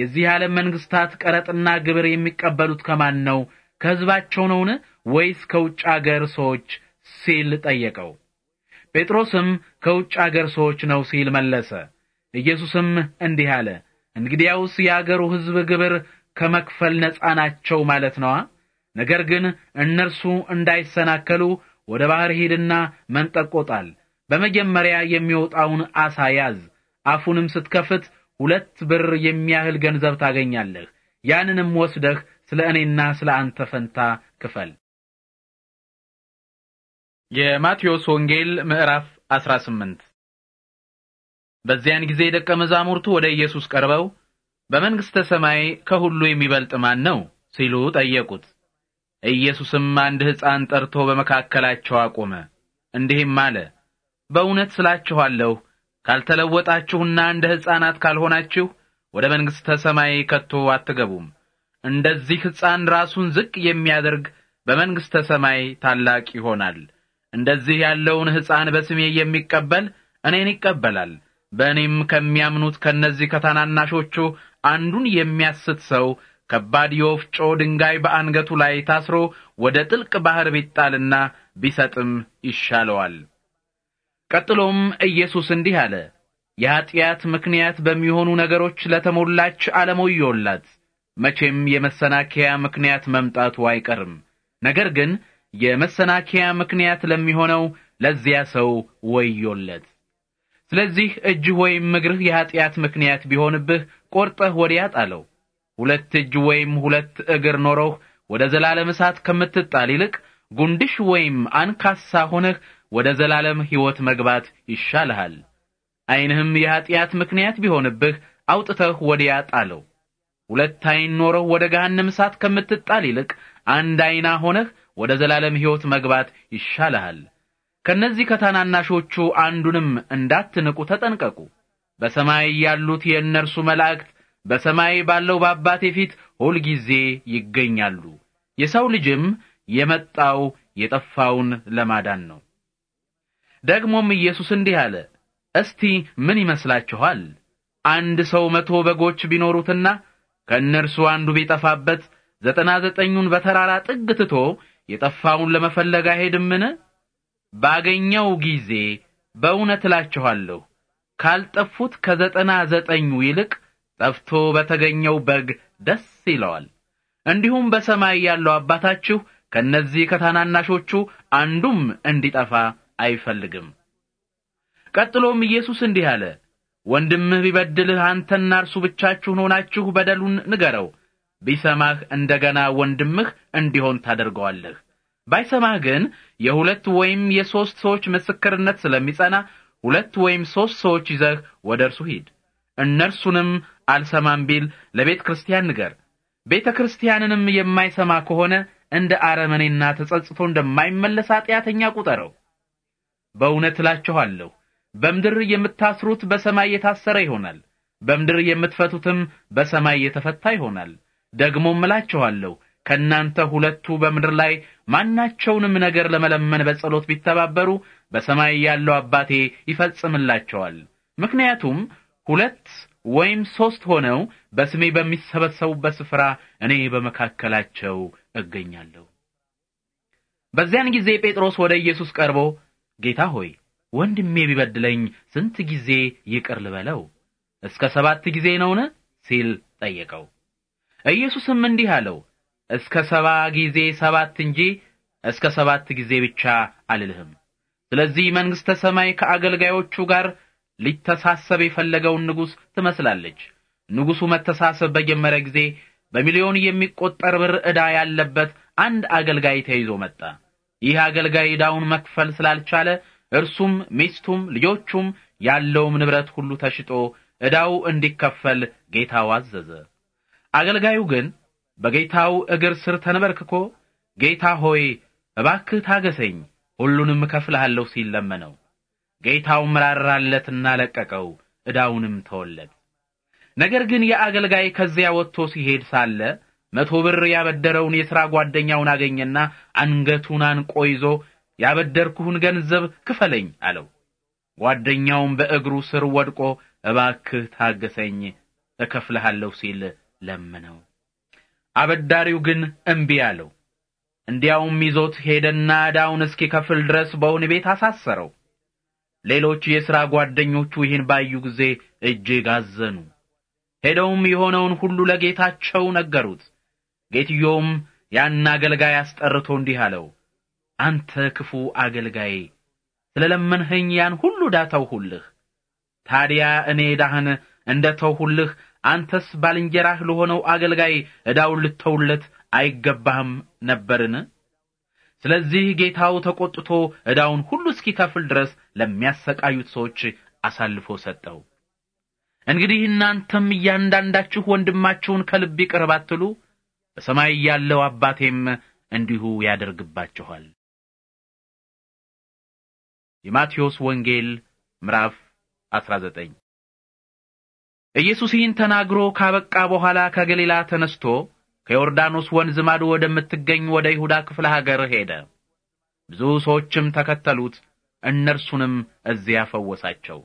የዚህ ዓለም መንግስታት ቀረጥና ግብር የሚቀበሉት ከማን ነው? ከሕዝባቸው ነውን? ወይስ ከውጭ አገር ሰዎች ሲል ጠየቀው። ጴጥሮስም ከውጭ አገር ሰዎች ነው ሲል መለሰ። ኢየሱስም እንዲህ አለ፣ እንግዲያውስ የአገሩ ሕዝብ ግብር ከመክፈል ነጻ ናቸው ማለት ነዋ። ነገር ግን እነርሱ እንዳይሰናከሉ ወደ ባህር ሂድና መንጠቆ ጣል። በመጀመሪያ የሚወጣውን አሳ ያዝ። አፉንም ስትከፍት ሁለት ብር የሚያህል ገንዘብ ታገኛለህ። ያንንም ወስደህ ስለ እኔና ስለ አንተ ፈንታ ክፈል። የማቴዎስ ወንጌል ምዕራፍ 18 በዚያን ጊዜ ደቀ መዛሙርቱ ወደ ኢየሱስ ቀርበው በመንግስተ ሰማይ ከሁሉ የሚበልጥ ማን ነው ሲሉ ጠየቁት። ኢየሱስም አንድ ሕፃን ጠርቶ በመካከላቸው አቆመ፣ እንዲህም አለ። በእውነት ስላችኋለሁ ካልተለወጣችሁና እንደ ሕፃናት ካልሆናችሁ ወደ መንግስተ ሰማይ ከቶ አትገቡም። እንደዚህ ሕፃን ራሱን ዝቅ የሚያደርግ በመንግስተ ሰማይ ታላቅ ይሆናል። እንደዚህ ያለውን ሕፃን በስሜ የሚቀበል እኔን ይቀበላል፣ በእኔም ከሚያምኑት ከእነዚህ ከታናናሾቹ አንዱን የሚያስት ሰው ከባድ የወፍጮ ድንጋይ በአንገቱ ላይ ታስሮ ወደ ጥልቅ ባሕር ቢጣልና ቢሰጥም ይሻለዋል። ቀጥሎም ኢየሱስ እንዲህ አለ። የኀጢአት ምክንያት በሚሆኑ ነገሮች ለተሞላች ዓለም ወዮላት። መቼም የመሰናከያ ምክንያት መምጣቱ አይቀርም። ነገር ግን የመሰናከያ ምክንያት ለሚሆነው ለዚያ ሰው ወዮለት። ስለዚህ እጅህ ወይም እግርህ የኀጢአት ምክንያት ቢሆንብህ ቆርጠህ ወዲያ ጣለው። ሁለት እጅ ወይም ሁለት እግር ኖሮህ ወደ ዘላለም እሳት ከምትጣል ይልቅ ጉንድሽ ወይም አንካሳ ሆነህ ወደ ዘላለም ሕይወት መግባት ይሻልሃል። አይንህም የኀጢአት ምክንያት ቢሆንብህ አውጥተህ ወዲያ ጣለው። ሁለት አይን ኖሮህ ወደ ገሃነም እሳት ከምትጣል ይልቅ አንድ ዓይና ሆነህ ወደ ዘላለም ሕይወት መግባት ይሻልሃል። ከነዚህ ከታናናሾቹ አንዱንም እንዳትንቁ ተጠንቀቁ። በሰማይ ያሉት የእነርሱ መላእክት በሰማይ ባለው በአባቴ ፊት ሁልጊዜ ይገኛሉ። የሰው ልጅም የመጣው የጠፋውን ለማዳን ነው። ደግሞም ኢየሱስ እንዲህ አለ፣ እስቲ ምን ይመስላችኋል? አንድ ሰው መቶ በጎች ቢኖሩትና ከእነርሱ አንዱ ቢጠፋበት ዘጠና ዘጠኙን በተራራ ጥግ ትቶ የጠፋውን ለመፈለግ አይሄድምን? ባገኘው ጊዜ በእውነት እላችኋለሁ ካልጠፉት ከዘጠና ዘጠኙ ይልቅ ጠፍቶ በተገኘው በግ ደስ ይለዋል። እንዲሁም በሰማይ ያለው አባታችሁ ከእነዚህ ከታናናሾቹ አንዱም እንዲጠፋ አይፈልግም። ቀጥሎም ኢየሱስ እንዲህ አለ፣ ወንድምህ ቢበድልህ አንተና እርሱ ብቻችሁን ሆናችሁ በደሉን ንገረው። ቢሰማህ እንደገና ወንድምህ እንዲሆን ታደርገዋለህ። ባይሰማህ ግን የሁለት ወይም የሶስት ሰዎች ምስክርነት ስለሚጸና ሁለት ወይም ሶስት ሰዎች ይዘህ ወደ እርሱ ሂድ። እነርሱንም አልሰማም ቢል ለቤተ ክርስቲያን ንገር። ቤተ ክርስቲያንንም የማይሰማ ከሆነ እንደ አረመኔና ተጸጽቶ እንደማይመለስ ኃጢአተኛ ቁጠረው። በእውነት እላችኋለሁ በምድር የምታስሩት በሰማይ የታሰረ ይሆናል፣ በምድር የምትፈቱትም በሰማይ የተፈታ ይሆናል። ደግሞም እላችኋለሁ ከእናንተ ሁለቱ በምድር ላይ ማናቸውንም ነገር ለመለመን በጸሎት ቢተባበሩ በሰማይ ያለው አባቴ ይፈጽምላቸዋል። ምክንያቱም ሁለት ወይም ሶስት ሆነው በስሜ በሚሰበሰቡበት ስፍራ እኔ በመካከላቸው እገኛለሁ። በዚያን ጊዜ ጴጥሮስ ወደ ኢየሱስ ቀርቦ ጌታ ሆይ ወንድሜ ቢበድለኝ ስንት ጊዜ ይቅር ልበለው? እስከ ሰባት ጊዜ ነውን? ሲል ጠየቀው። ኢየሱስም እንዲህ አለው፣ እስከ ሰባ ጊዜ ሰባት እንጂ እስከ ሰባት ጊዜ ብቻ አልልህም። ስለዚህ መንግሥተ ሰማይ ከአገልጋዮቹ ጋር ሊተሳሰብ የፈለገውን ንጉሥ ትመስላለች። ንጉሡ መተሳሰብ በጀመረ ጊዜ በሚሊዮን የሚቆጠር ብር ዕዳ ያለበት አንድ አገልጋይ ተይዞ መጣ። ይህ አገልጋይ ዕዳውን መክፈል ስላልቻለ እርሱም ሚስቱም ልጆቹም ያለውም ንብረት ሁሉ ተሽጦ ዕዳው እንዲከፈል ጌታው አዘዘ። አገልጋዩ ግን በጌታው እግር ስር ተንበርክኮ ጌታ ሆይ እባክህ ታገሰኝ፣ ሁሉንም እከፍልሃለሁ ሲል ለመነው። ጌታው ራራለትና ለቀቀው፣ ዕዳውንም ተወለት። ነገር ግን የአገልጋይ ከዚያ ወጥቶ ሲሄድ ሳለ መቶ ብር ያበደረውን የሥራ ጓደኛውን አገኘና አንገቱን አንቆ ይዞ ያበደርኩህን ገንዘብ ክፈለኝ አለው። ጓደኛውም በእግሩ ስር ወድቆ እባክህ ታገሰኝ እከፍልሃለሁ ሲል ለምነው። አበዳሪው ግን እምቢ አለው። እንዲያውም ይዞት ሄደና ዕዳውን እስኪከፍል ድረስ በወህኒ ቤት አሳሰረው። ሌሎች የሥራ ጓደኞቹ ይህን ባዩ ጊዜ እጅግ አዘኑ። ሄደውም የሆነውን ሁሉ ለጌታቸው ነገሩት። ጌትዮውም ያን አገልጋይ አስጠርቶ እንዲህ አለው፣ አንተ ክፉ አገልጋይ፣ ስለ ለመንኸኝ ያን ሁሉ ዕዳ ተውሁልህ። ታዲያ እኔ ዕዳህን እንደ ተውሁልህ አንተስ ባልንጀራህ ለሆነው አገልጋይ ዕዳውን ልተውለት አይገባህም ነበርን? ስለዚህ ጌታው ተቆጥቶ ዕዳውን ሁሉ እስኪከፍል ድረስ ለሚያሰቃዩት ሰዎች አሳልፎ ሰጠው። እንግዲህ እናንተም እያንዳንዳችሁ ወንድማችሁን ከልብ ይቅር ባትሉ በሰማይ ያለው አባቴም እንዲሁ ያደርግባችኋል። የማቴዎስ ወንጌል ምዕራፍ 19 ኢየሱስ ይህን ተናግሮ ካበቃ በኋላ ከገሊላ ተነስቶ ከዮርዳኖስ ወንዝ ማዶ ወደምትገኝ ወደ ይሁዳ ክፍለ ሀገር ሄደ። ብዙ ሰዎችም ተከተሉት፣ እነርሱንም እዚያ ፈወሳቸው።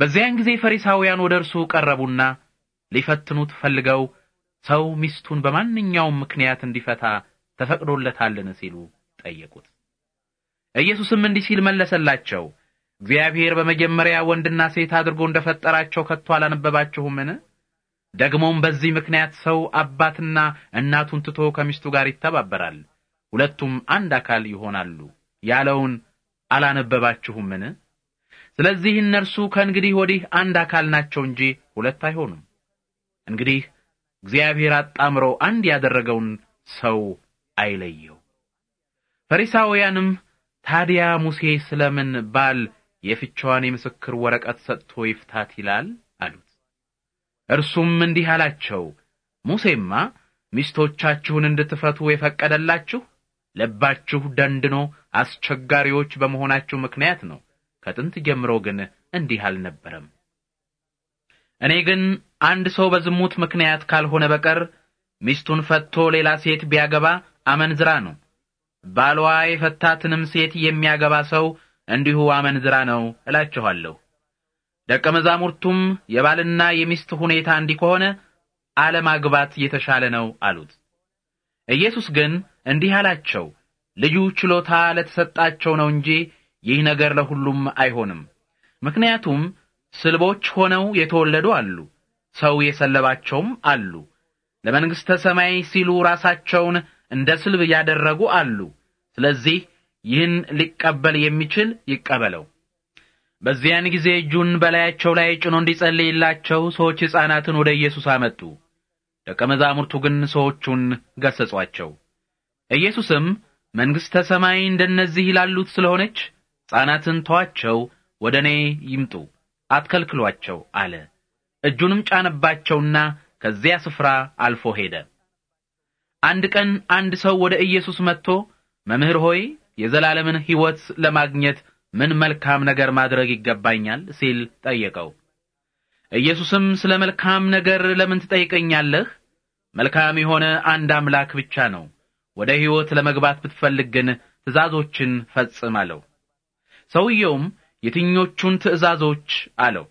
በዚያን ጊዜ ፈሪሳውያን ወደ እርሱ ቀረቡና ሊፈትኑት ፈልገው ሰው ሚስቱን በማንኛውም ምክንያት እንዲፈታ ተፈቅዶለታልን ሲሉ ጠየቁት። ኢየሱስም እንዲህ ሲል መለሰላቸው፣ እግዚአብሔር በመጀመሪያ ወንድና ሴት አድርጎ እንደፈጠራቸው ከቶ አላነበባችሁምን? ደግሞም በዚህ ምክንያት ሰው አባትና እናቱን ትቶ ከሚስቱ ጋር ይተባበራል፣ ሁለቱም አንድ አካል ይሆናሉ ያለውን አላነበባችሁምን? ስለዚህ እነርሱ ከእንግዲህ ወዲህ አንድ አካል ናቸው እንጂ ሁለት አይሆኑም። እንግዲህ እግዚአብሔር አጣምሮ አንድ ያደረገውን ሰው አይለየው። ፈሪሳውያንም ታዲያ ሙሴ ስለምን ባል የፍቻዋን የምስክር ወረቀት ሰጥቶ ይፍታት ይላል አሉት። እርሱም እንዲህ አላቸው፣ ሙሴማ ሚስቶቻችሁን እንድትፈቱ የፈቀደላችሁ ልባችሁ ደንድኖ አስቸጋሪዎች በመሆናችሁ ምክንያት ነው። ከጥንት ጀምሮ ግን እንዲህ አልነበረም። እኔ ግን አንድ ሰው በዝሙት ምክንያት ካልሆነ በቀር ሚስቱን ፈቶ ሌላ ሴት ቢያገባ አመንዝራ ነው። ባሏ የፈታትንም ሴት የሚያገባ ሰው እንዲሁ አመንዝራ ነው እላችኋለሁ። ደቀ መዛሙርቱም የባልና የሚስት ሁኔታ እንዲህ ከሆነ አለማግባት የተሻለ ነው አሉት። ኢየሱስ ግን እንዲህ አላቸው፣ ልዩ ችሎታ ለተሰጣቸው ነው እንጂ ይህ ነገር ለሁሉም አይሆንም። ምክንያቱም ስልቦች ሆነው የተወለዱ አሉ፣ ሰው የሰለባቸውም አሉ። ለመንግሥተ ሰማይ ሲሉ ራሳቸውን እንደ ስልብ ያደረጉ አሉ። ስለዚህ ይህን ሊቀበል የሚችል ይቀበለው። በዚያን ጊዜ እጁን በላያቸው ላይ ጭኖ እንዲጸልይላቸው ሰዎች ሕፃናትን ወደ ኢየሱስ አመጡ። ደቀ መዛሙርቱ ግን ሰዎቹን ገሰጿቸው። ኢየሱስም መንግሥተ ሰማይ እንደነዚህ ይላሉት ስለሆነች ሕፃናትን ተዋቸው፣ ወደ እኔ ይምጡ፣ አትከልክሏቸው አለ። እጁንም ጫነባቸውና ከዚያ ስፍራ አልፎ ሄደ። አንድ ቀን አንድ ሰው ወደ ኢየሱስ መጥቶ መምህር ሆይ የዘላለምን ሕይወት ለማግኘት ምን መልካም ነገር ማድረግ ይገባኛል ሲል ጠየቀው። ኢየሱስም ስለ መልካም ነገር ለምን ትጠይቀኛለህ? መልካም የሆነ አንድ አምላክ ብቻ ነው። ወደ ሕይወት ለመግባት ብትፈልግ ግን ትእዛዞችን ፈጽም አለው። ሰውየውም የትኞቹን ትእዛዞች አለው።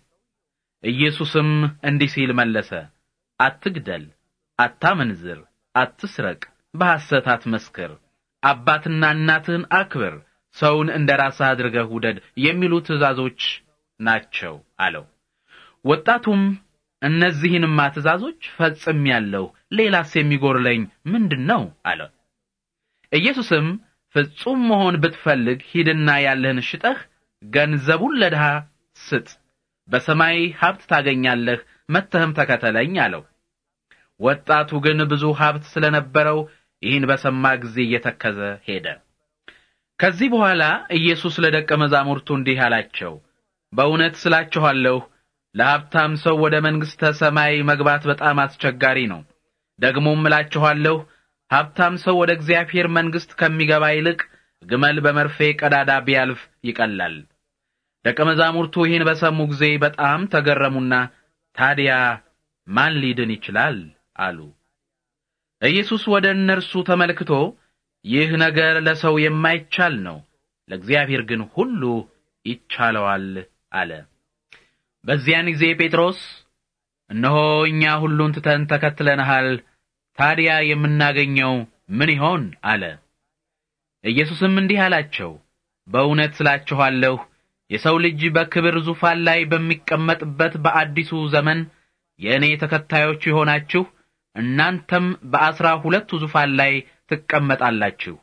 ኢየሱስም እንዲህ ሲል መለሰ። አትግደል፣ አታመንዝር፣ አትስረቅ፣ በሐሰት አትመስክር አባትና እናትህን አክብር፣ ሰውን እንደ ራስህ አድርገህ ውደድ የሚሉ ትእዛዞች ናቸው አለው። ወጣቱም እነዚህንማ ትእዛዞች ያለው ሌላስ የሚጎርለኝ ምንድን ነው አለ። ኢየሱስም ፍጹም መሆን ብትፈልግ ሂድና ያለህን ሽጠህ ገንዘቡን ለድሃ ስጥ፣ በሰማይ ሀብት ታገኛለህ፣ መተህም ተከተለኝ አለው። ወጣቱ ግን ብዙ ሀብት ስለነበረው ይህን በሰማ ጊዜ እየተከዘ ሄደ። ከዚህ በኋላ ኢየሱስ ለደቀ መዛሙርቱ እንዲህ አላቸው፣ በእውነት ስላችኋለሁ ለሀብታም ሰው ወደ መንግሥተ ሰማይ መግባት በጣም አስቸጋሪ ነው። ደግሞም እላችኋለሁ ሀብታም ሰው ወደ እግዚአብሔር መንግሥት ከሚገባ ይልቅ ግመል በመርፌ ቀዳዳ ቢያልፍ ይቀላል። ደቀ መዛሙርቱ ይህን በሰሙ ጊዜ በጣም ተገረሙና ታዲያ ማን ሊድን ይችላል አሉ። ኢየሱስ ወደ እነርሱ ተመልክቶ ይህ ነገር ለሰው የማይቻል ነው፣ ለእግዚአብሔር ግን ሁሉ ይቻለዋል አለ። በዚያን ጊዜ ጴጥሮስ እነሆ እኛ ሁሉን ትተን ተከትለንሃል፣ ታዲያ የምናገኘው ምን ይሆን አለ። ኢየሱስም እንዲህ አላቸው፣ በእውነት ስላችኋለሁ የሰው ልጅ በክብር ዙፋን ላይ በሚቀመጥበት በአዲሱ ዘመን የእኔ ተከታዮች የሆናችሁ እናንተም በአስራ ሁለቱ ዙፋን ላይ ትቀመጣላችሁ፣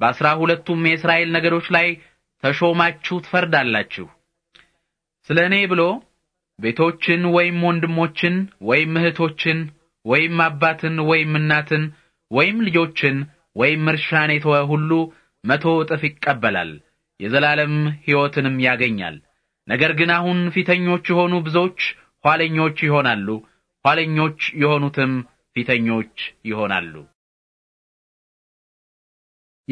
በአስራ ሁለቱም የእስራኤል ነገዶች ላይ ተሾማችሁ ትፈርዳላችሁ። ስለ እኔ ብሎ ቤቶችን ወይም ወንድሞችን ወይም እህቶችን ወይም አባትን ወይም እናትን ወይም ልጆችን ወይም እርሻን የተወ ሁሉ መቶ እጥፍ ይቀበላል፣ የዘላለም ሕይወትንም ያገኛል። ነገር ግን አሁን ፊተኞች የሆኑ ብዙዎች ኋለኞች ይሆናሉ፣ ኋለኞች የሆኑትም ፊተኞች ይሆናሉ።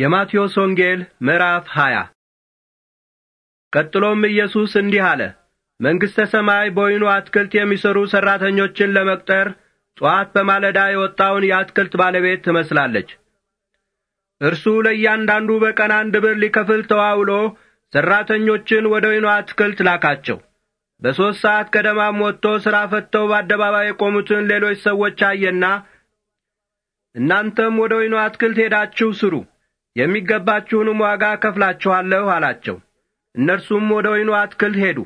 የማቴዎስ ወንጌል ምዕራፍ 20 ቀጥሎም ኢየሱስ እንዲህ አለ። መንግሥተ ሰማይ በወይኑ አትክልት የሚሰሩ ሠራተኞችን ለመቅጠር ጧት በማለዳ የወጣውን የአትክልት ባለቤት ትመስላለች። እርሱ ለእያንዳንዱ በቀን አንድ ብር ሊከፍል ተዋውሎ ሠራተኞችን ወደ ወይኑ አትክልት ላካቸው። በሦስት ሰዓት ገደማም ወጥቶ ሥራ ፈትተው በአደባባይ የቆሙትን ሌሎች ሰዎች አየና እናንተም ወደ ወይኑ አትክልት ሄዳችሁ ስሩ፣ የሚገባችሁንም ዋጋ ከፍላችኋለሁ አላቸው። እነርሱም ወደ ወይኑ አትክልት ሄዱ።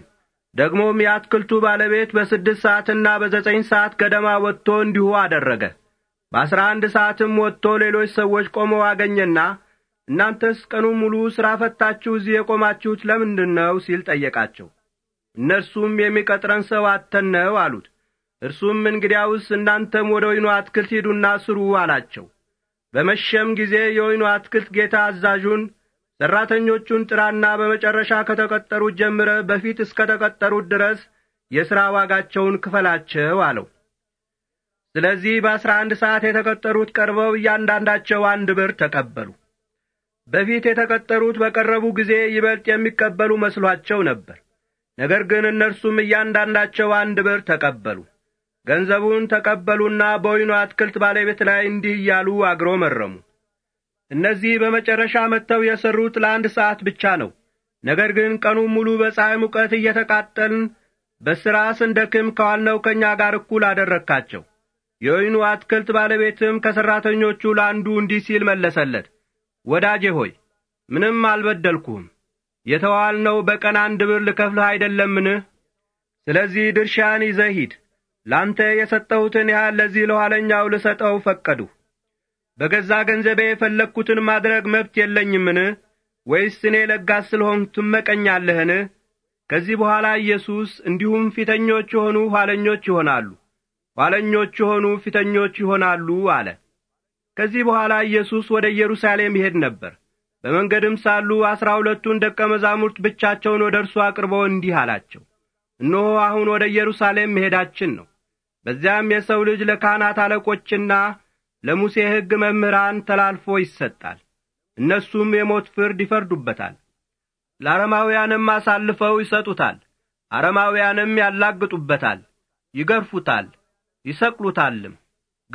ደግሞም የአትክልቱ ባለቤት በስድስት ሰዓትና በዘጠኝ ሰዓት ገደማ ወጥቶ እንዲሁ አደረገ። በአስራ አንድ ሰዓትም ወጥቶ ሌሎች ሰዎች ቆመው አገኘና እናንተስ ቀኑን ሙሉ ሥራ ፈታችሁ እዚህ የቆማችሁት ለምንድን ነው ሲል ጠየቃቸው። እነርሱም የሚቀጥረን ሰው አተን ነው አሉት። እርሱም እንግዲያውስ እናንተም ወደ ወይኑ አትክልት ሂዱና ስሩ አላቸው። በመሸም ጊዜ የወይኑ አትክልት ጌታ አዛዡን ሠራተኞቹን ጥራና በመጨረሻ ከተቀጠሩት ጀምረ በፊት እስከ ተቀጠሩት ድረስ የሥራ ዋጋቸውን ክፈላቸው አለው። ስለዚህ በአሥራ አንድ ሰዓት የተቀጠሩት ቀርበው እያንዳንዳቸው አንድ ብር ተቀበሉ። በፊት የተቀጠሩት በቀረቡ ጊዜ ይበልጥ የሚቀበሉ መስሏቸው ነበር። ነገር ግን እነርሱም እያንዳንዳቸው አንድ ብር ተቀበሉ። ገንዘቡን ተቀበሉና በወይኑ አትክልት ባለቤት ላይ እንዲህ እያሉ አግሮ መረሙ። እነዚህ በመጨረሻ መጥተው የሠሩት ለአንድ ሰዓት ብቻ ነው። ነገር ግን ቀኑን ሙሉ በፀሐይ ሙቀት እየተቃጠልን በሥራ ስንደክም ከዋልነው ከእኛ ጋር እኩል አደረግካቸው። የወይኑ አትክልት ባለቤትም ከሠራተኞቹ ለአንዱ እንዲህ ሲል መለሰለት፣ ወዳጄ ሆይ ምንም አልበደልኩህም የተዋልነው በቀን አንድ ብር ልከፍልህ አይደለምን? ስለዚህ ድርሻን ይዘህ ሂድ። ላንተ የሰጠሁትን ያህል ለዚህ ለኋለኛው ልሰጠው ፈቀዱ። በገዛ ገንዘቤ የፈለኩትን ማድረግ መብት የለኝምን? ወይስ እኔ ለጋስ ስለሆንኩ ትመቀኛለህን? ከዚህ በኋላ ኢየሱስ እንዲሁም ፊተኞች የሆኑ ኋለኞች ይሆናሉ፣ ኋለኞች የሆኑ ፊተኞች ይሆናሉ አለ። ከዚህ በኋላ ኢየሱስ ወደ ኢየሩሳሌም ይሄድ ነበር። በመንገድም ሳሉ አሥራ ሁለቱን ደቀ መዛሙርት ብቻቸውን ወደ እርሱ አቅርበው እንዲህ አላቸው እነሆ አሁን ወደ ኢየሩሳሌም መሄዳችን ነው በዚያም የሰው ልጅ ለካህናት አለቆችና ለሙሴ ሕግ መምህራን ተላልፎ ይሰጣል እነሱም የሞት ፍርድ ይፈርዱበታል ለአረማውያንም አሳልፈው ይሰጡታል አረማውያንም ያላግጡበታል ይገርፉታል ይሰቅሉታልም